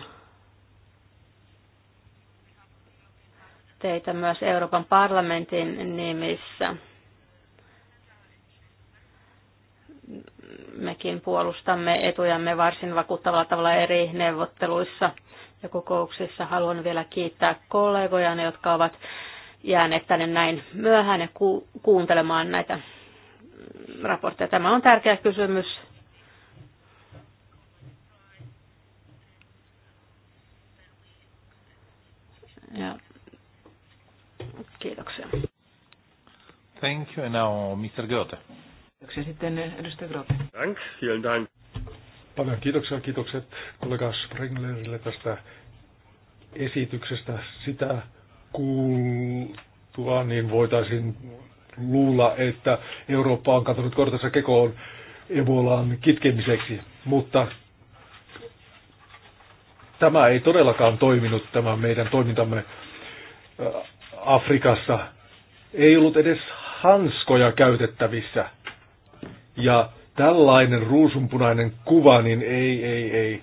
teitä myös Euroopan parlamentin nimissä. Mekin puolustamme etujamme varsin vakuuttavalla tavalla eri neuvotteluissa ja kokouksissa. Haluan vielä kiittää kollegoja, jotka ovat jääneet tänne näin myöhään ja ku- kuuntelemaan näitä raportteja. Tämä on tärkeä kysymys. Ja. Kiitoksia. Thank you. And now Mr. Grote. Kiitoksia sitten eh, edustaja Grote. Thank, vielen dank. Paljon kiitoksia. Kiitokset kollega Springlerille tästä esityksestä. Sitä kuultua, niin voitaisiin luulla, että Eurooppa on katsonut kortensa kekoon Ebolaan kitkemiseksi, mutta tämä ei todellakaan toiminut, tämä meidän toimintamme äh, Afrikassa. Ei ollut edes hanskoja käytettävissä. Ja tällainen ruusunpunainen kuva, niin ei, ei, ei,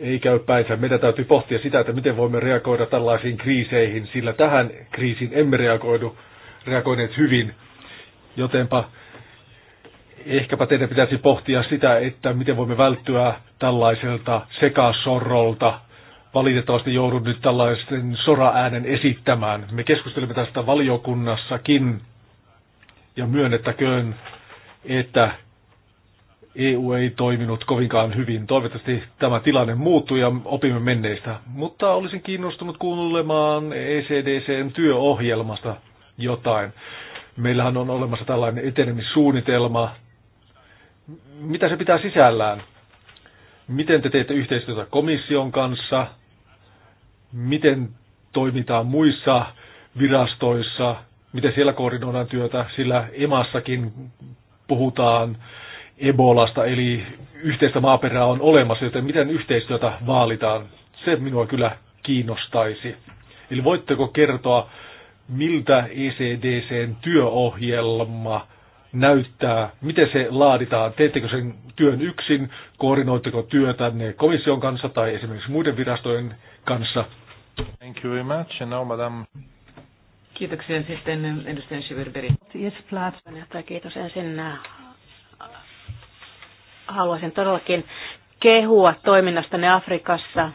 ei käy päinsä. Meidän täytyy pohtia sitä, että miten voimme reagoida tällaisiin kriiseihin, sillä tähän kriisiin emme reagoidu reagoineet hyvin, jotenpa ehkäpä teidän pitäisi pohtia sitä, että miten voimme välttyä tällaiselta sekasorrolta. Valitettavasti joudun nyt tällaisen soraäänen esittämään. Me keskustelimme tästä valiokunnassakin ja myönnettäköön, että EU ei toiminut kovinkaan hyvin. Toivottavasti tämä tilanne muuttuu ja opimme menneistä. Mutta olisin kiinnostunut kuulemaan ECDCn työohjelmasta jotain. Meillähän on olemassa tällainen etenemissuunnitelma. Mitä se pitää sisällään? Miten te teette yhteistyötä komission kanssa? Miten toimitaan muissa virastoissa? Miten siellä koordinoidaan työtä? Sillä emassakin puhutaan Ebolasta, eli yhteistä maaperää on olemassa, joten miten yhteistyötä vaalitaan? Se minua kyllä kiinnostaisi. Eli voitteko kertoa miltä ECDCn työohjelma näyttää, miten se laaditaan, teettekö sen työn yksin, koordinoitteko ne komission kanssa tai esimerkiksi muiden virastojen kanssa. Thank you very much. And now, madam. Kiitoksia sitten edustaja Schiverberi. Yes, Kiitos ensin äh, haluaisin todellakin kehua toiminnastanne Afrikassa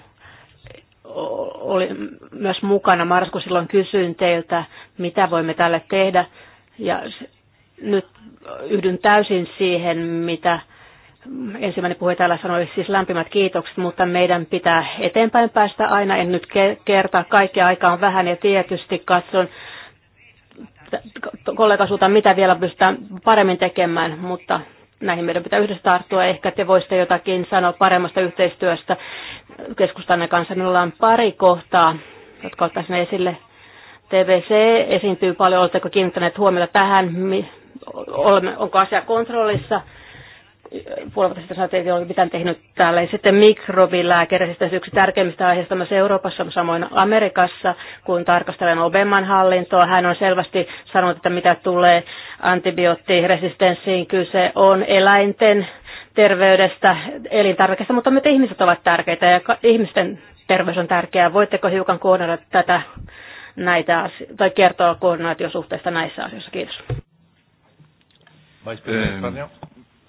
oli myös mukana Marsku silloin kysyin teiltä, mitä voimme tälle tehdä. Ja nyt yhdyn täysin siihen, mitä ensimmäinen puhe täällä sanoi, siis lämpimät kiitokset, mutta meidän pitää eteenpäin päästä aina. En nyt kertaa, kaikkea aikaa on vähän ja tietysti katson kollegasulta, mitä vielä pystytään paremmin tekemään, mutta näihin meidän pitää yhdessä tarttua. Ehkä te voisitte jotakin sanoa paremmasta yhteistyöstä keskustanne kanssa. Minulla on pari kohtaa, jotka ottaisin esille. TVC esiintyy paljon. Oletteko kiinnittäneet huomiota tähän? Onko asia kontrollissa? puoli vuotta sitten että ei ole mitään tehnyt täällä. Ja sitten mikrobilääkärisistä yksi tärkeimmistä aiheista myös Euroopassa, samoin Amerikassa, kun tarkastelen Obeman hallintoa. Hän on selvästi sanonut, että mitä tulee antibioottiresistenssiin, kyse on eläinten terveydestä, elintarvikeista, mutta myös ihmiset ovat tärkeitä ja ihmisten terveys on tärkeää. Voitteko hiukan koordinoida tätä näitä, tai kertoa koordinaatiosuhteista näissä asioissa? Kiitos. Vice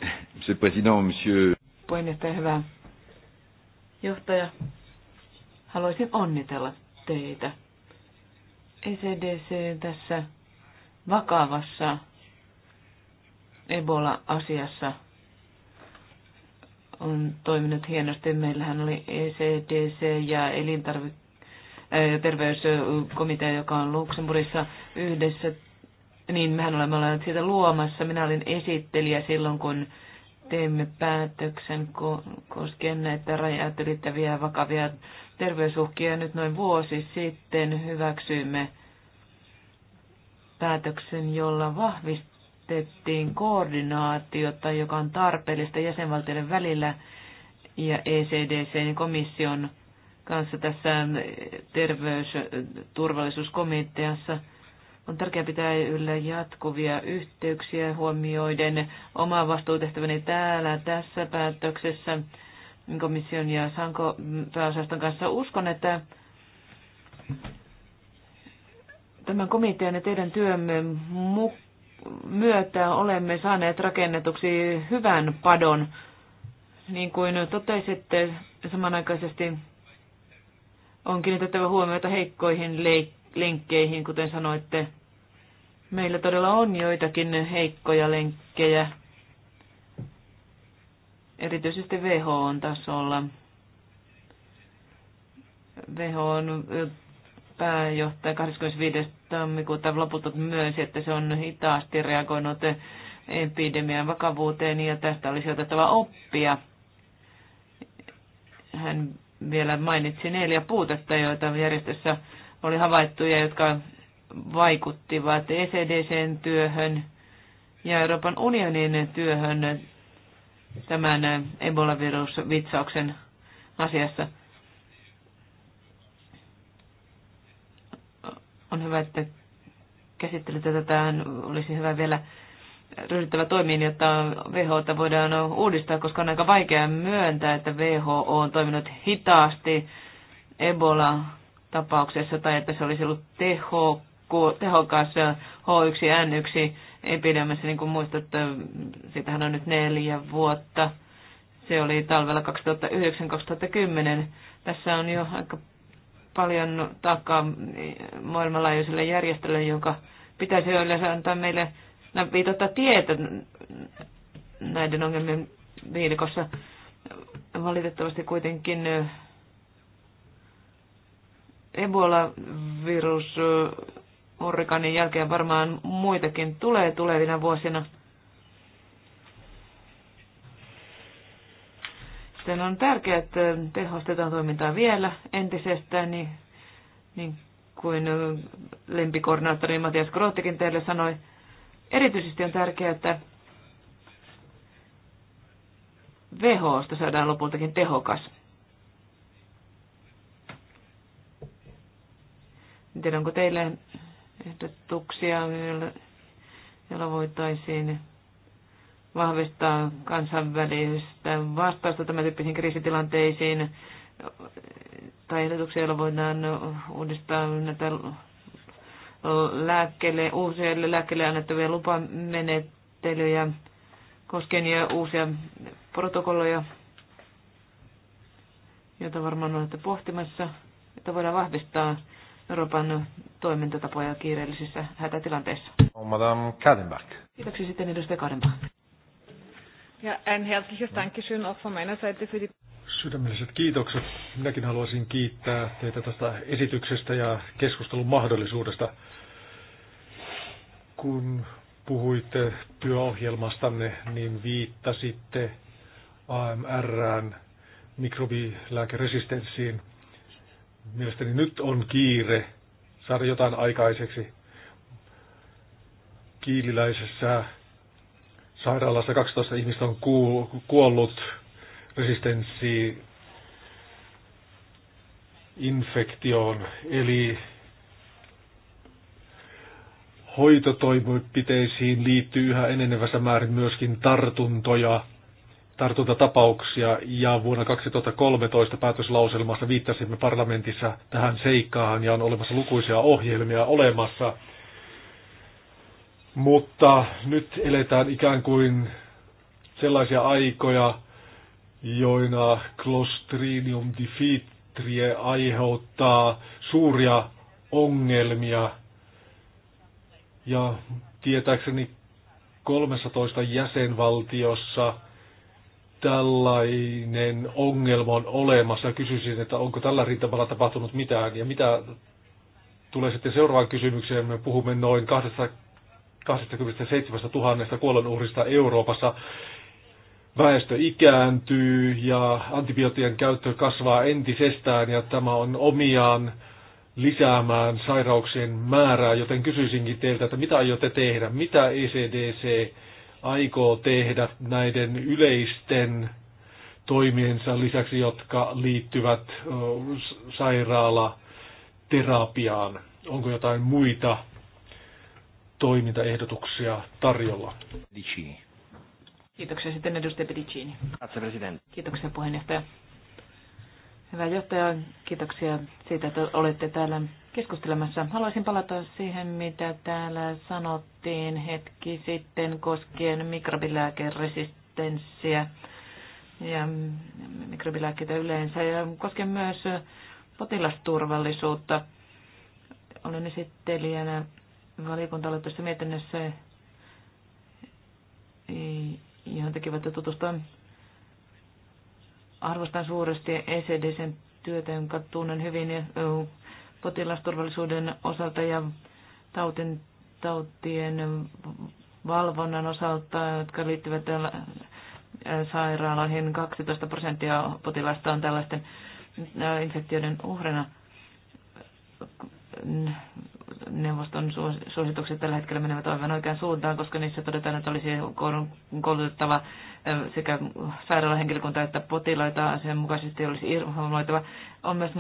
Monsieur le Président, Monsieur... Puheenjohtaja, hyvä johtaja. Haluaisin onnitella teitä. ECDC tässä vakavassa Ebola-asiassa on toiminut hienosti. Meillähän oli ECDC ja elintarvi- ja äh, terveyskomitea, joka on Luxemburgissa yhdessä niin mehän olemme olleet siitä luomassa. Minä olin esittelijä silloin, kun teimme päätöksen koskien näitä rajat ylittäviä vakavia terveysuhkia. Nyt noin vuosi sitten hyväksyimme päätöksen, jolla vahvistettiin koordinaatiota, joka on tarpeellista jäsenvaltioiden välillä ja ECDC ja komission kanssa tässä terveysturvallisuuskomiteassa – on tärkeää pitää yllä jatkuvia yhteyksiä huomioiden oma vastuutehtäväni täällä tässä päätöksessä komission ja Sanko pääosaston kanssa. Uskon, että tämän komitean ja teidän työmme myötä olemme saaneet rakennetuksi hyvän padon. Niin kuin totesitte, samanaikaisesti on kiinnitettävä huomiota heikkoihin linkkeihin, kuten sanoitte. Meillä todella on joitakin heikkoja lenkkejä, erityisesti WHO-tasolla. WHO on pääjohtaja 25. tammikuuta loputut myös, että se on hitaasti reagoinut epidemian vakavuuteen ja tästä olisi otettava oppia. Hän vielä mainitsi neljä puutetta, joita järjestössä oli havaittu ja jotka vaikuttivat ECDCn työhön ja Euroopan unionin työhön tämän Ebola-virusvitsauksen asiassa. On hyvä, että käsittelytä tätä. Olisi hyvä vielä ryhdyttävä toimiin, jotta WHO voidaan uudistaa, koska on aika vaikea myöntää, että WHO on toiminut hitaasti Ebola-tapauksessa tai että se olisi ollut tehokkaasti tehokas H1N1 epidemiassa, niin kuin muistatte, sitähän on nyt neljä vuotta. Se oli talvella 2009-2010. Tässä on jo aika paljon takaa maailmanlaajuiselle järjestölle, joka pitäisi yleensä antaa meille no, viitottaa tietä näiden ongelmien viidekossa. Valitettavasti kuitenkin Ebola-virus hurrikaanin jälkeen varmaan muitakin tulee tulevina vuosina. Sitten on tärkeää, että tehostetaan toimintaa vielä entisestään, niin, niin kuin lempikoordinaattori Matias Groottikin teille sanoi. Erityisesti on tärkeää, että VHOsta saadaan lopultakin tehokas. En tiedä, onko teille ehdotuksia, joilla voitaisiin vahvistaa kansainvälistä vastausta tämän tyyppisiin kriisitilanteisiin tai ehdotuksia, joilla voidaan uudistaa näitä lääkkeille, uusille lääkkeille annettavia lupamenettelyjä koskien ja uusia protokolloja, joita varmaan olette pohtimassa, että voidaan vahvistaa Euroopan toimintatapoja kiireellisissä hätätilanteissa. Madame Kadenbach. Kiitoksia sitten edustaja Kadenbach. Ja ein herzliches Dankeschön auch von meiner Seite für die Sydämelliset kiitokset. Minäkin haluaisin kiittää teitä tästä esityksestä ja keskustelun mahdollisuudesta. Kun puhuitte työohjelmastanne, niin viittasitte AMR-ään mikrobilääkeresistenssiin – Mielestäni nyt on kiire saada jotain aikaiseksi. Kiililäisessä sairaalassa 12 ihmistä on kuollut resistenssi infektioon, eli hoitotoimenpiteisiin liittyy yhä enenevässä määrin myöskin tartuntoja tartuntatapauksia ja vuonna 2013 päätöslauselmassa viittasimme parlamentissa tähän seikkaan ja on olemassa lukuisia ohjelmia olemassa. Mutta nyt eletään ikään kuin sellaisia aikoja, joina Clostridium difitrie aiheuttaa suuria ongelmia ja tietääkseni 13 jäsenvaltiossa – tällainen ongelma on olemassa. Kysyisin, että onko tällä rintamalla tapahtunut mitään ja mitä tulee sitten seuraavaan kysymykseen. Me puhumme noin 27 000 kuolonuhrista Euroopassa. Väestö ikääntyy ja antibioottien käyttö kasvaa entisestään ja tämä on omiaan lisäämään sairauksien määrää, joten kysyisinkin teiltä, että mitä aiotte tehdä, mitä ECDC aikoo tehdä näiden yleisten toimiensa lisäksi, jotka liittyvät sairaalaterapiaan? Onko jotain muita toimintaehdotuksia tarjolla? Kiitoksia sitten edustaja Pedicini. Kiitoksia puheenjohtaja. Hyvä johtaja, kiitoksia siitä, että olette täällä keskustelemassa. Haluaisin palata siihen, mitä täällä sanottiin hetki sitten koskien mikrobilääkeresistenssiä ja mikrobilääkkeitä yleensä ja koskien myös potilasturvallisuutta. Olen esittelijänä valiokunta mietinnössä, johon tekivät tutustua Arvostan suuresti ECDCn työtä, jonka tunnen hyvin potilasturvallisuuden osalta ja tautin, tautien valvonnan osalta, jotka liittyvät sairaaloihin. 12 prosenttia potilasta on tällaisten infektioiden uhrina neuvoston suositukset tällä hetkellä menevät aivan oikeaan suuntaan, koska niissä todetaan, että olisi koulutettava sekä sairaalahenkilökunta että potilaita asianmukaisesti olisi informoitava. On myös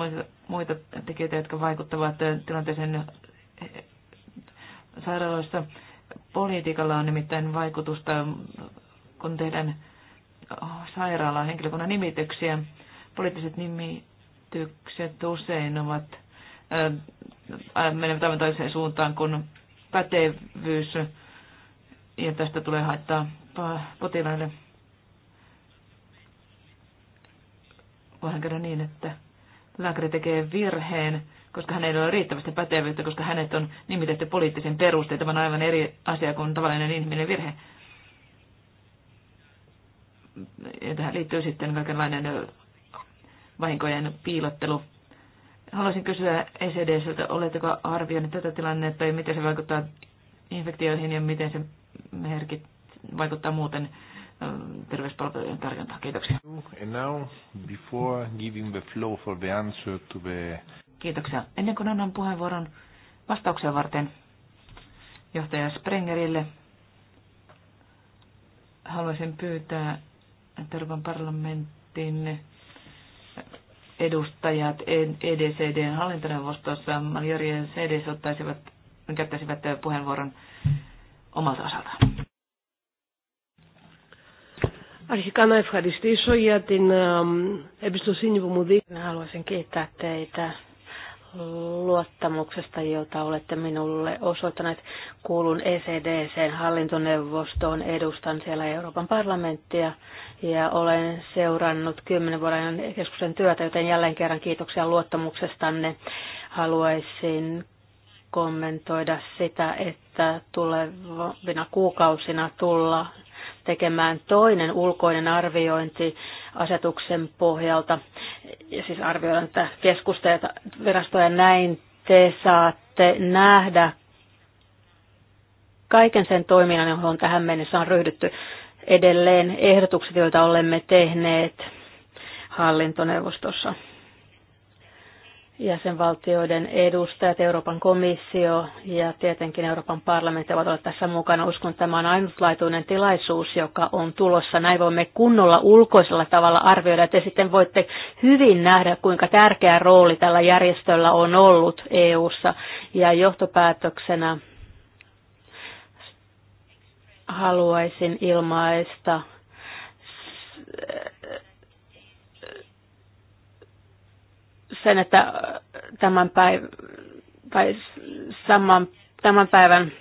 muita tekijöitä, jotka vaikuttavat tilanteeseen sairaaloissa. Politiikalla on nimittäin vaikutusta, kun tehdään sairaalahenkilökunnan nimityksiä. Poliittiset nimitykset usein ovat Äh, menevät aivan toiseen suuntaan kuin pätevyys, ja tästä tulee haittaa potilaille. Voihan käydä niin, että lääkäri tekee virheen, koska hän ei ole riittävästi pätevyyttä, koska hänet on nimitetty poliittisen perusteen Tämä on aivan eri asia kuin tavallinen ihminen virhe. Ja tähän liittyy sitten kaikenlainen vahinkojen piilottelu Haluaisin kysyä ECDSltä, oletteko arvioineet tätä tilannetta ja miten se vaikuttaa infektioihin ja miten se merkit, vaikuttaa muuten terveyspalvelujen tarjontaan. Kiitoksia. And now, before giving the flow for the answer to the... Kiitoksia. Ennen kuin annan puheenvuoron vastauksia varten johtaja Sprengerille, haluaisin pyytää Euroopan parlamentin edustajat EDCDn e hallintoneuvostossa, Maljori ja CDC ottaisivat, käyttäisivät puheenvuoron omalta osaltaan. Αρχικά να ευχαριστήσω για την εμπιστοσύνη που μου δείχνει. Haluaisin kiittää teitä luottamuksesta, jota olette minulle osoittaneet. Kuulun ECDCn hallintoneuvostoon, edustan siellä Euroopan parlamenttia ja olen seurannut kymmenen vuoden keskuksen e työtä, joten jälleen kerran kiitoksia luottamuksestanne. Haluaisin kommentoida sitä, että tulevina kuukausina tulla tekemään toinen ulkoinen arviointi asetuksen pohjalta. Ja siis arvioidaan, että keskustajat virastoja näin te saatte nähdä kaiken sen toiminnan, johon tähän mennessä on ryhdytty edelleen ehdotukset, joita olemme tehneet hallintoneuvostossa jäsenvaltioiden edustajat, Euroopan komissio ja tietenkin Euroopan parlamentti ovat olleet tässä mukana. Uskon, että tämä on ainutlaatuinen tilaisuus, joka on tulossa. Näin voimme kunnolla ulkoisella tavalla arvioida. te sitten voitte hyvin nähdä, kuinka tärkeä rooli tällä järjestöllä on ollut EU:ssa Ja johtopäätöksenä haluaisin ilmaista sen, että äh, tämän, päiv- tai saman, tämän päivän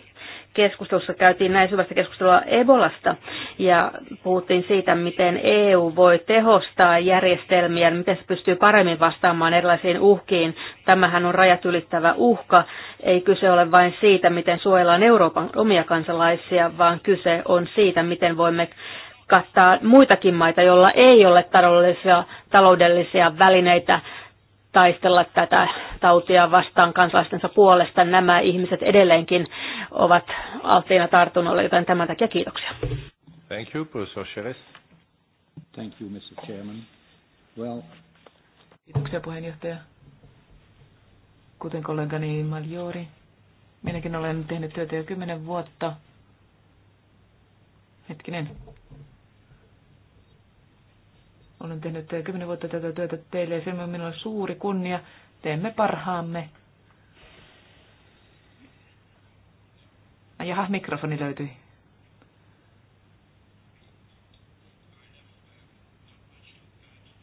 keskustelussa käytiin näin syvästä keskustelua Ebolasta ja puhuttiin siitä, miten EU voi tehostaa järjestelmiä, miten se pystyy paremmin vastaamaan erilaisiin uhkiin. Tämähän on rajat ylittävä uhka. Ei kyse ole vain siitä, miten suojellaan Euroopan omia kansalaisia, vaan kyse on siitä, miten voimme kattaa muitakin maita, joilla ei ole taloudellisia, taloudellisia välineitä taistella tätä tautia vastaan kansalaistensa puolesta. Nämä ihmiset edelleenkin ovat alttiina tartunnolle, joten tämän takia kiitoksia. Thank you, Professor Thank you, Mr. Chairman. Well... Kiitoksia puheenjohtaja. Kuten kollegani Maljori, minäkin olen tehnyt työtä jo kymmenen vuotta. Hetkinen, olen tehnyt kymmenen vuotta tätä työtä teille ja se on minulle suuri kunnia. Teemme parhaamme. Jaha, mikrofoni löytyi.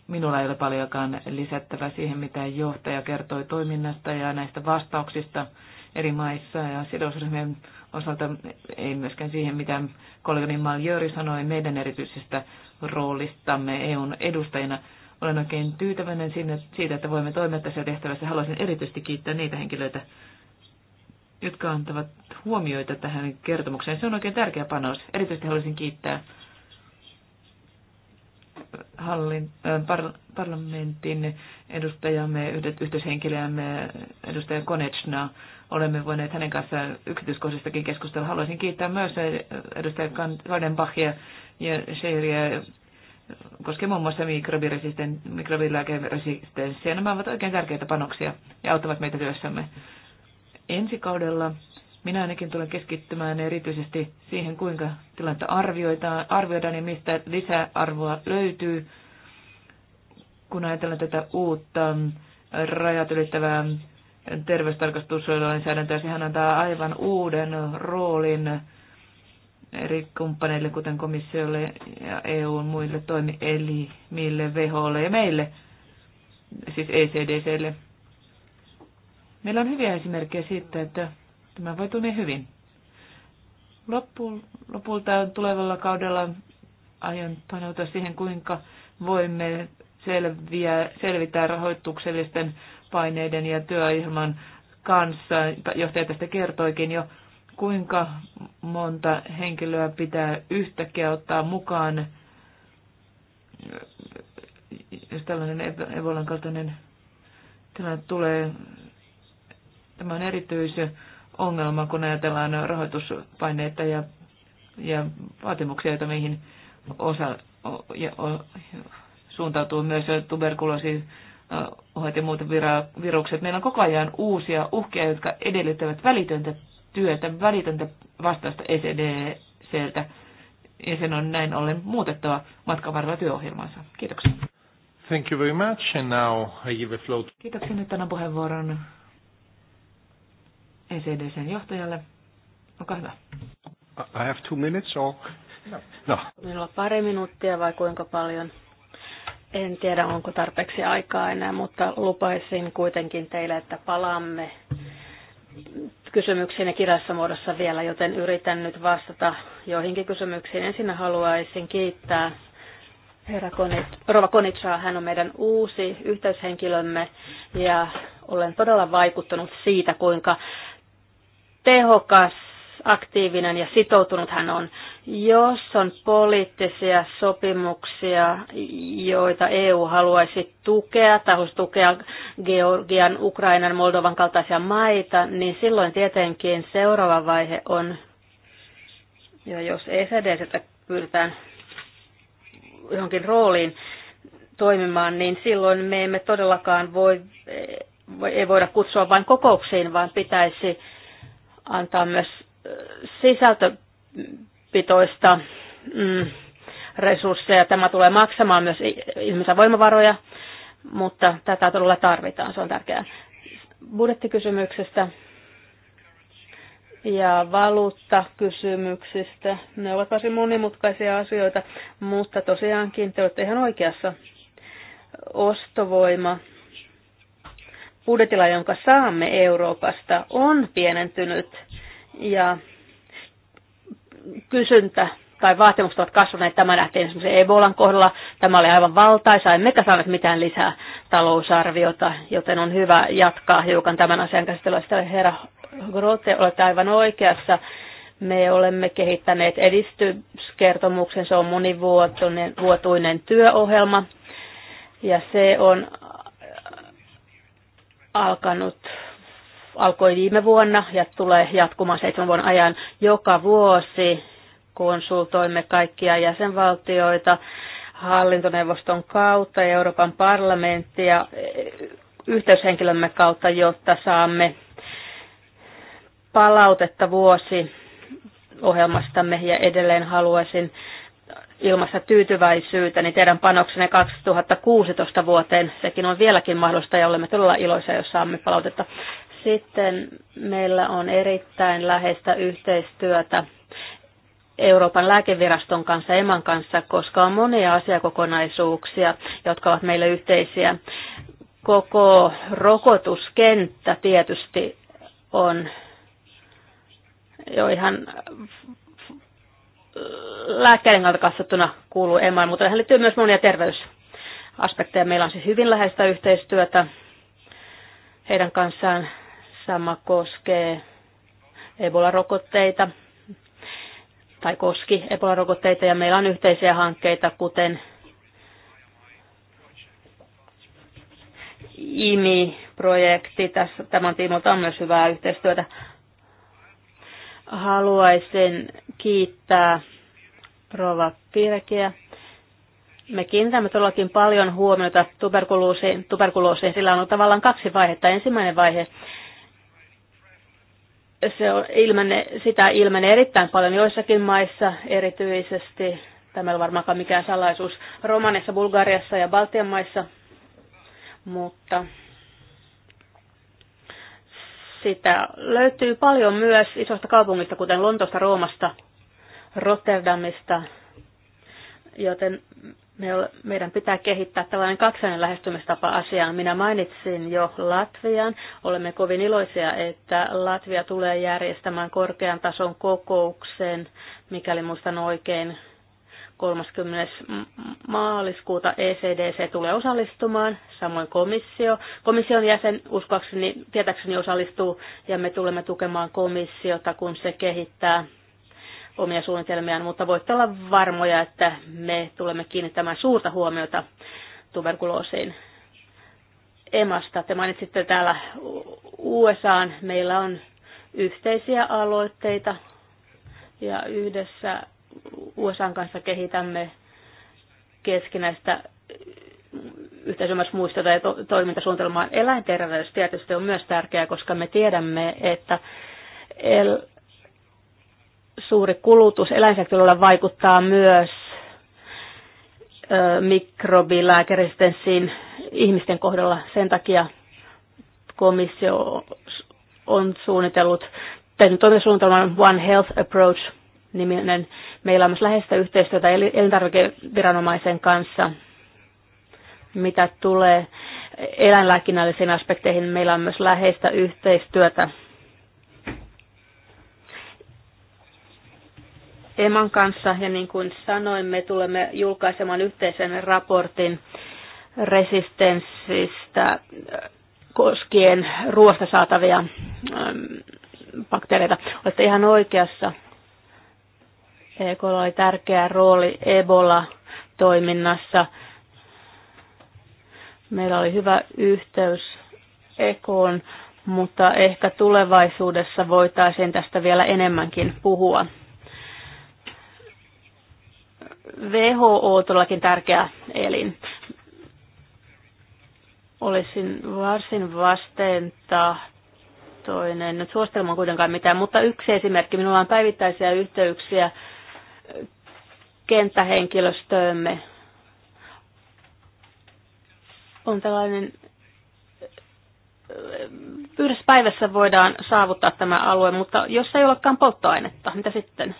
Minulla ei ole paljonkaan lisättävää siihen, mitä johtaja kertoi toiminnasta ja näistä vastauksista eri maissa ja sidosryhmien osalta ei myöskään siihen, mitä kollegani Maljööri sanoi meidän erityisestä roolistamme EUn edustajina. Olen oikein tyytyväinen siitä, että voimme toimia tässä tehtävässä. Haluaisin erityisesti kiittää niitä henkilöitä, jotka antavat huomioita tähän kertomukseen. Se on oikein tärkeä panos. Erityisesti haluaisin kiittää hallin, par, parlamentin edustajamme, yhteyshenkilöämme, edustaja Konechna, olemme voineet hänen kanssaan yksityiskohdistakin keskustella. Haluaisin kiittää myös edustaja Kandenbachia ja Sheiriä koskee muun muassa mikrobilääkeresistenssiä. Nämä ovat oikein tärkeitä panoksia ja auttavat meitä työssämme. Ensi kaudella minä ainakin tulen keskittymään erityisesti siihen, kuinka tilannetta arvioidaan, arvioidaan ja mistä lisäarvoa löytyy, kun ajatellaan tätä uutta mm, rajat ylittävää terveystarkastuslainsäädäntöä. Sehän antaa aivan uuden roolin eri kumppaneille, kuten komissiolle ja EUn muille toimielimille, WHOlle ja meille, siis ECDClle. Meillä on hyviä esimerkkejä siitä, että Tämä voi tunne hyvin. Loppu, lopulta tulevalla kaudella aion paneutua siihen, kuinka voimme selviä, selvitää rahoituksellisten paineiden ja työohjelman kanssa. Johtaja tästä kertoikin jo, kuinka monta henkilöä pitää yhtäkkiä ottaa mukaan, jos tällainen Ebolan kaltainen tilanne tulee. Tämä on erityisen ongelma, kun ajatellaan rahoituspaineita ja, ja vaatimuksia, joita meihin osa, ja, o, suuntautuu myös tuberkuloosi, ja muut virukset. Meillä on koko ajan uusia uhkia, jotka edellyttävät välitöntä työtä, välitöntä vastausta ECDCltä. Ja sen on näin ollen muutettava matkan varrella työohjelmansa. Kiitoksia. Thank you very much. And now I give a float. Kiitoksia. Nyt annan puheenvuoron ECDCn johtajalle. Olkaa hyvä. I have two minutes or... No. no. Minulla on pari minuuttia vai kuinka paljon? En tiedä, onko tarpeeksi aikaa enää, mutta lupaisin kuitenkin teille, että palaamme kysymyksiin ja kirjassa muodossa vielä, joten yritän nyt vastata joihinkin kysymyksiin. Ensin haluaisin kiittää herra Konit, Rova Konitsa, Hän on meidän uusi yhteyshenkilömme ja olen todella vaikuttunut siitä, kuinka tehokas, aktiivinen ja sitoutunut hän on. Jos on poliittisia sopimuksia, joita EU haluaisi tukea, tai haluaisi tukea Georgian, Ukrainan, Moldovan kaltaisia maita, niin silloin tietenkin seuraava vaihe on, ja jos e sitä pyritään johonkin rooliin toimimaan, niin silloin me emme todellakaan voi, ei voida kutsua vain kokouksiin, vaan pitäisi antaa myös äh, sisältöpitoista mm, resursseja. Tämä tulee maksamaan myös ihmisen voimavaroja, mutta tätä todella tarvitaan, se on tärkeää. Budjettikysymyksestä ja valuuttakysymyksistä. Ne ovat varsin monimutkaisia asioita, mutta tosiaankin te olette ihan oikeassa. Ostovoima budjetilla, jonka saamme Euroopasta, on pienentynyt ja kysyntä tai vaatimukset ovat kasvaneet. Tämä nähtiin esimerkiksi Ebolan kohdalla. Tämä oli aivan valtaisa. Emmekä saaneet mitään lisää talousarviota, joten on hyvä jatkaa hiukan tämän asian käsittelyä. Sitten herra Grote, olette aivan oikeassa. Me olemme kehittäneet edistyskertomuksen. Se on monivuotuinen työohjelma. Ja se on alkanut alkoi viime vuonna ja tulee jatkumaan seitsemän vuoden ajan joka vuosi. Konsultoimme kaikkia jäsenvaltioita hallintoneuvoston kautta ja Euroopan parlamenttia e, yhteyshenkilömme kautta, jotta saamme palautetta vuosi ohjelmastamme ja edelleen haluaisin ilmassa tyytyväisyyttä, niin teidän panoksenne 2016 vuoteen. Sekin on vieläkin mahdollista ja olemme todella iloisia, jos saamme palautetta. Sitten meillä on erittäin läheistä yhteistyötä Euroopan lääkeviraston kanssa, EMAN kanssa, koska on monia asiakokonaisuuksia, jotka ovat meille yhteisiä. Koko rokotuskenttä tietysti on jo ihan lääkkeiden kautta katsottuna kuuluu EMAan, mutta tähän liittyy myös monia terveysaspekteja. Meillä on siis hyvin läheistä yhteistyötä heidän kanssaan. Sama koskee Ebola-rokotteita tai koski Ebola-rokotteita ja meillä on yhteisiä hankkeita, kuten IMI-projekti. Tässä, tämän tiimolta on myös hyvää yhteistyötä. Haluaisin kiittää Rova Pirkeä. Me kiinnitämme todellakin paljon huomiota tuberkuloosiin. tuberkuloosiin. Sillä on tavallaan kaksi vaihetta. Ensimmäinen vaihe, se on ilmenne, sitä ilmenee erittäin paljon joissakin maissa erityisesti. Tämä ei ole varmaankaan mikään salaisuus Romanissa, Bulgariassa ja Baltian maissa, mutta sitä löytyy paljon myös isosta kaupungista, kuten Lontosta, Roomasta, Rotterdamista, joten meidän pitää kehittää tällainen kaksainen lähestymistapa asiaan. Minä mainitsin jo Latvian. Olemme kovin iloisia, että Latvia tulee järjestämään korkean tason kokouksen, mikäli muistan oikein, 30. maaliskuuta ECDC tulee osallistumaan, samoin komissio. Komission jäsen uskoakseni, tietäkseni osallistuu ja me tulemme tukemaan komissiota, kun se kehittää omia suunnitelmiaan, mutta voitte olla varmoja, että me tulemme kiinnittämään suurta huomiota tuberkuloosiin. Emasta, te mainitsitte täällä USAan, meillä on yhteisiä aloitteita ja yhdessä USA kanssa kehitämme keskinäistä yhteisymmärrysmuistota ja to- toimintasuunnitelmaa. Eläinterveys tietysti on myös tärkeää, koska me tiedämme, että el- suuri kulutus eläinsektorilla vaikuttaa myös ö, mikrobilääkeresistenssiin ihmisten kohdalla. Sen takia komissio on suunnitellut tehnyt toimintasuunnitelman One Health Approach – niminen. Meillä on myös läheistä yhteistyötä elintarvikeviranomaisen kanssa, mitä tulee eläinlääkinnällisiin aspekteihin. Meillä on myös läheistä yhteistyötä Eman kanssa ja niin kuin sanoin, me tulemme julkaisemaan yhteisen raportin resistenssistä koskien ruoasta saatavia bakteereita. Olette ihan oikeassa. EKlla oli tärkeä rooli Ebola-toiminnassa. Meillä oli hyvä yhteys EKOon, mutta ehkä tulevaisuudessa voitaisiin tästä vielä enemmänkin puhua. WHO on todellakin tärkeä elin. Olisin varsin vasten tahtoinen. Nyt suostelma on kuitenkaan mitään, mutta yksi esimerkki. Minulla on päivittäisiä yhteyksiä kenttähenkilöstöömme. On tällainen yhdessä päivässä voidaan saavuttaa tämä alue, mutta jos ei olekaan polttoainetta, mitä sitten?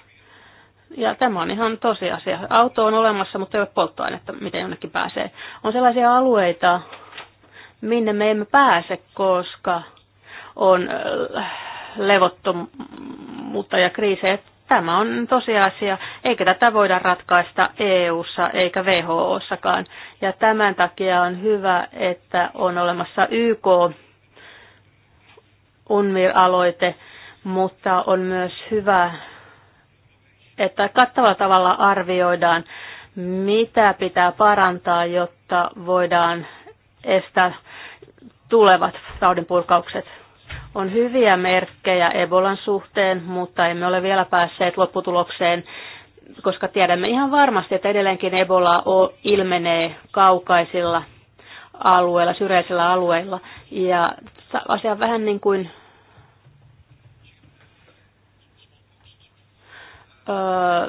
Ja tämä on ihan tosiasia. Auto on olemassa, mutta ei ole polttoainetta, miten jonnekin pääsee. On sellaisia alueita, minne me emme pääse, koska on äh, levottomuutta ja kriisejä. Tämä on tosiasia, eikä tätä voida ratkaista EU-ssa eikä WHOssakaan. Ja tämän takia on hyvä, että on olemassa YK UNMIR-aloite, mutta on myös hyvä, että kattavalla tavalla arvioidaan, mitä pitää parantaa, jotta voidaan estää tulevat taudinpurkaukset on hyviä merkkejä Ebolan suhteen, mutta emme ole vielä päässeet lopputulokseen, koska tiedämme ihan varmasti, että edelleenkin Ebola ilmenee kaukaisilla alueilla, syrjäisillä alueilla. Ja asia on vähän niin kuin öö,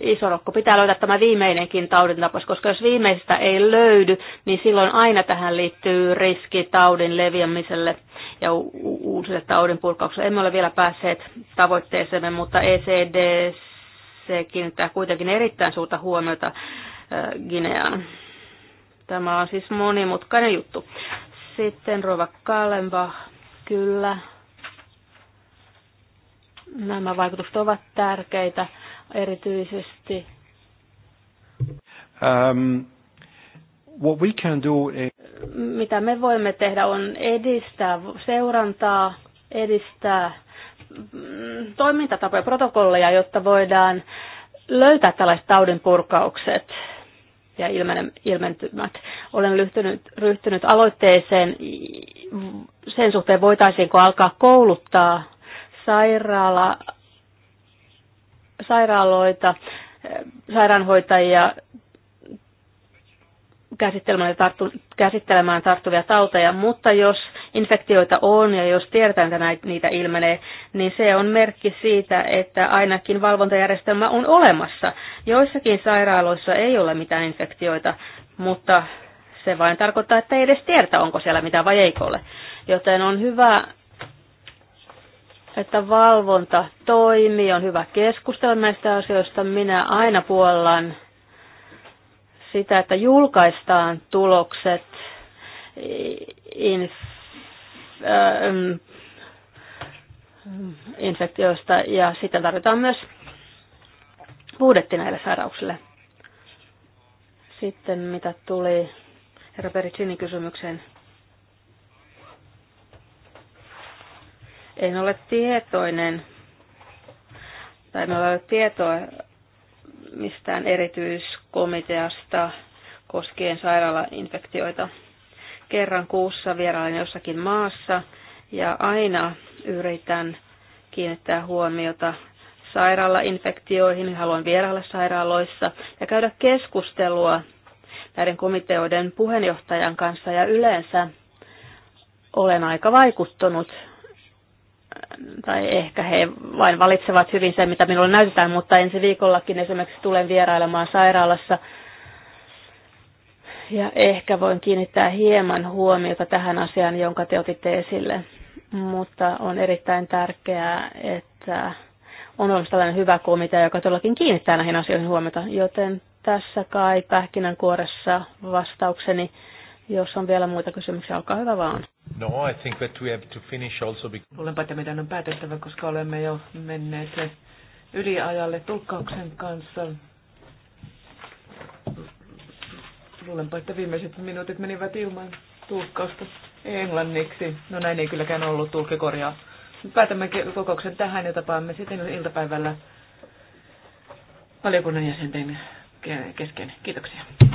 isorokko. Pitää löytää tämä viimeinenkin taudin tapaus, koska jos viimeistä ei löydy, niin silloin aina tähän liittyy riski taudin leviämiselle ja uusille taudin purkaukselle. Emme ole vielä päässeet tavoitteeseemme, mutta ECD se kiinnittää kuitenkin erittäin suurta huomiota äh, Gineaan. Tämä on siis monimutkainen juttu. Sitten Rova Kalenba, kyllä. Nämä vaikutukset ovat tärkeitä erityisesti. Um, what we can do is... Mitä me voimme tehdä on edistää seurantaa, edistää mm, toimintatapoja, protokolleja, jotta voidaan löytää tällaiset taudin purkaukset ja ilmentymät. Olen ryhtynyt, ryhtynyt aloitteeseen sen suhteen, voitaisiinko alkaa kouluttaa sairaala sairaaloita, sairaanhoitajia käsittelemään, tarttu, käsittelemään tarttuvia tauteja, mutta jos infektioita on ja jos tiedetään, että niitä ilmenee, niin se on merkki siitä, että ainakin valvontajärjestelmä on olemassa. Joissakin sairaaloissa ei ole mitään infektioita, mutta se vain tarkoittaa, että ei edes tiedä, onko siellä mitään vai eikö ole. Joten on hyvä että valvonta toimii, on hyvä keskustella näistä asioista. Minä aina puollan sitä, että julkaistaan tulokset inf, ähm, infektioista ja sitä tarvitaan myös budjetti näille sairauksille. Sitten mitä tuli herra Pericini kysymykseen En ole tietoinen, tai en ole tietoa mistään erityiskomiteasta koskien sairaalainfektioita. Kerran kuussa vierailen jossakin maassa ja aina yritän kiinnittää huomiota sairaalainfektioihin, haluan vierailla sairaaloissa ja käydä keskustelua näiden komiteoiden puheenjohtajan kanssa ja yleensä olen aika vaikuttunut tai ehkä he vain valitsevat hyvin sen, mitä minulle näytetään, mutta ensi viikollakin esimerkiksi tulen vierailemaan sairaalassa ja ehkä voin kiinnittää hieman huomiota tähän asiaan, jonka te otitte esille. Mutta on erittäin tärkeää, että on olemassa tällainen hyvä komitea, joka todellakin kiinnittää näihin asioihin huomiota. Joten tässä kai pähkinänkuoressa vastaukseni jos on vielä muita kysymyksiä, olkaa hyvä vaan. No, I think that we have to finish also because... Luulenpa, että meidän on päätettävä, koska olemme jo menneet yliajalle tulkkauksen kanssa. Luulenpa, että viimeiset minuutit menivät ilman tulkkausta englanniksi. No näin ei kylläkään ollut, tulkki Päätämme kokouksen tähän ja tapaamme sitten iltapäivällä valiokunnan jäsenten kesken. Kiitoksia.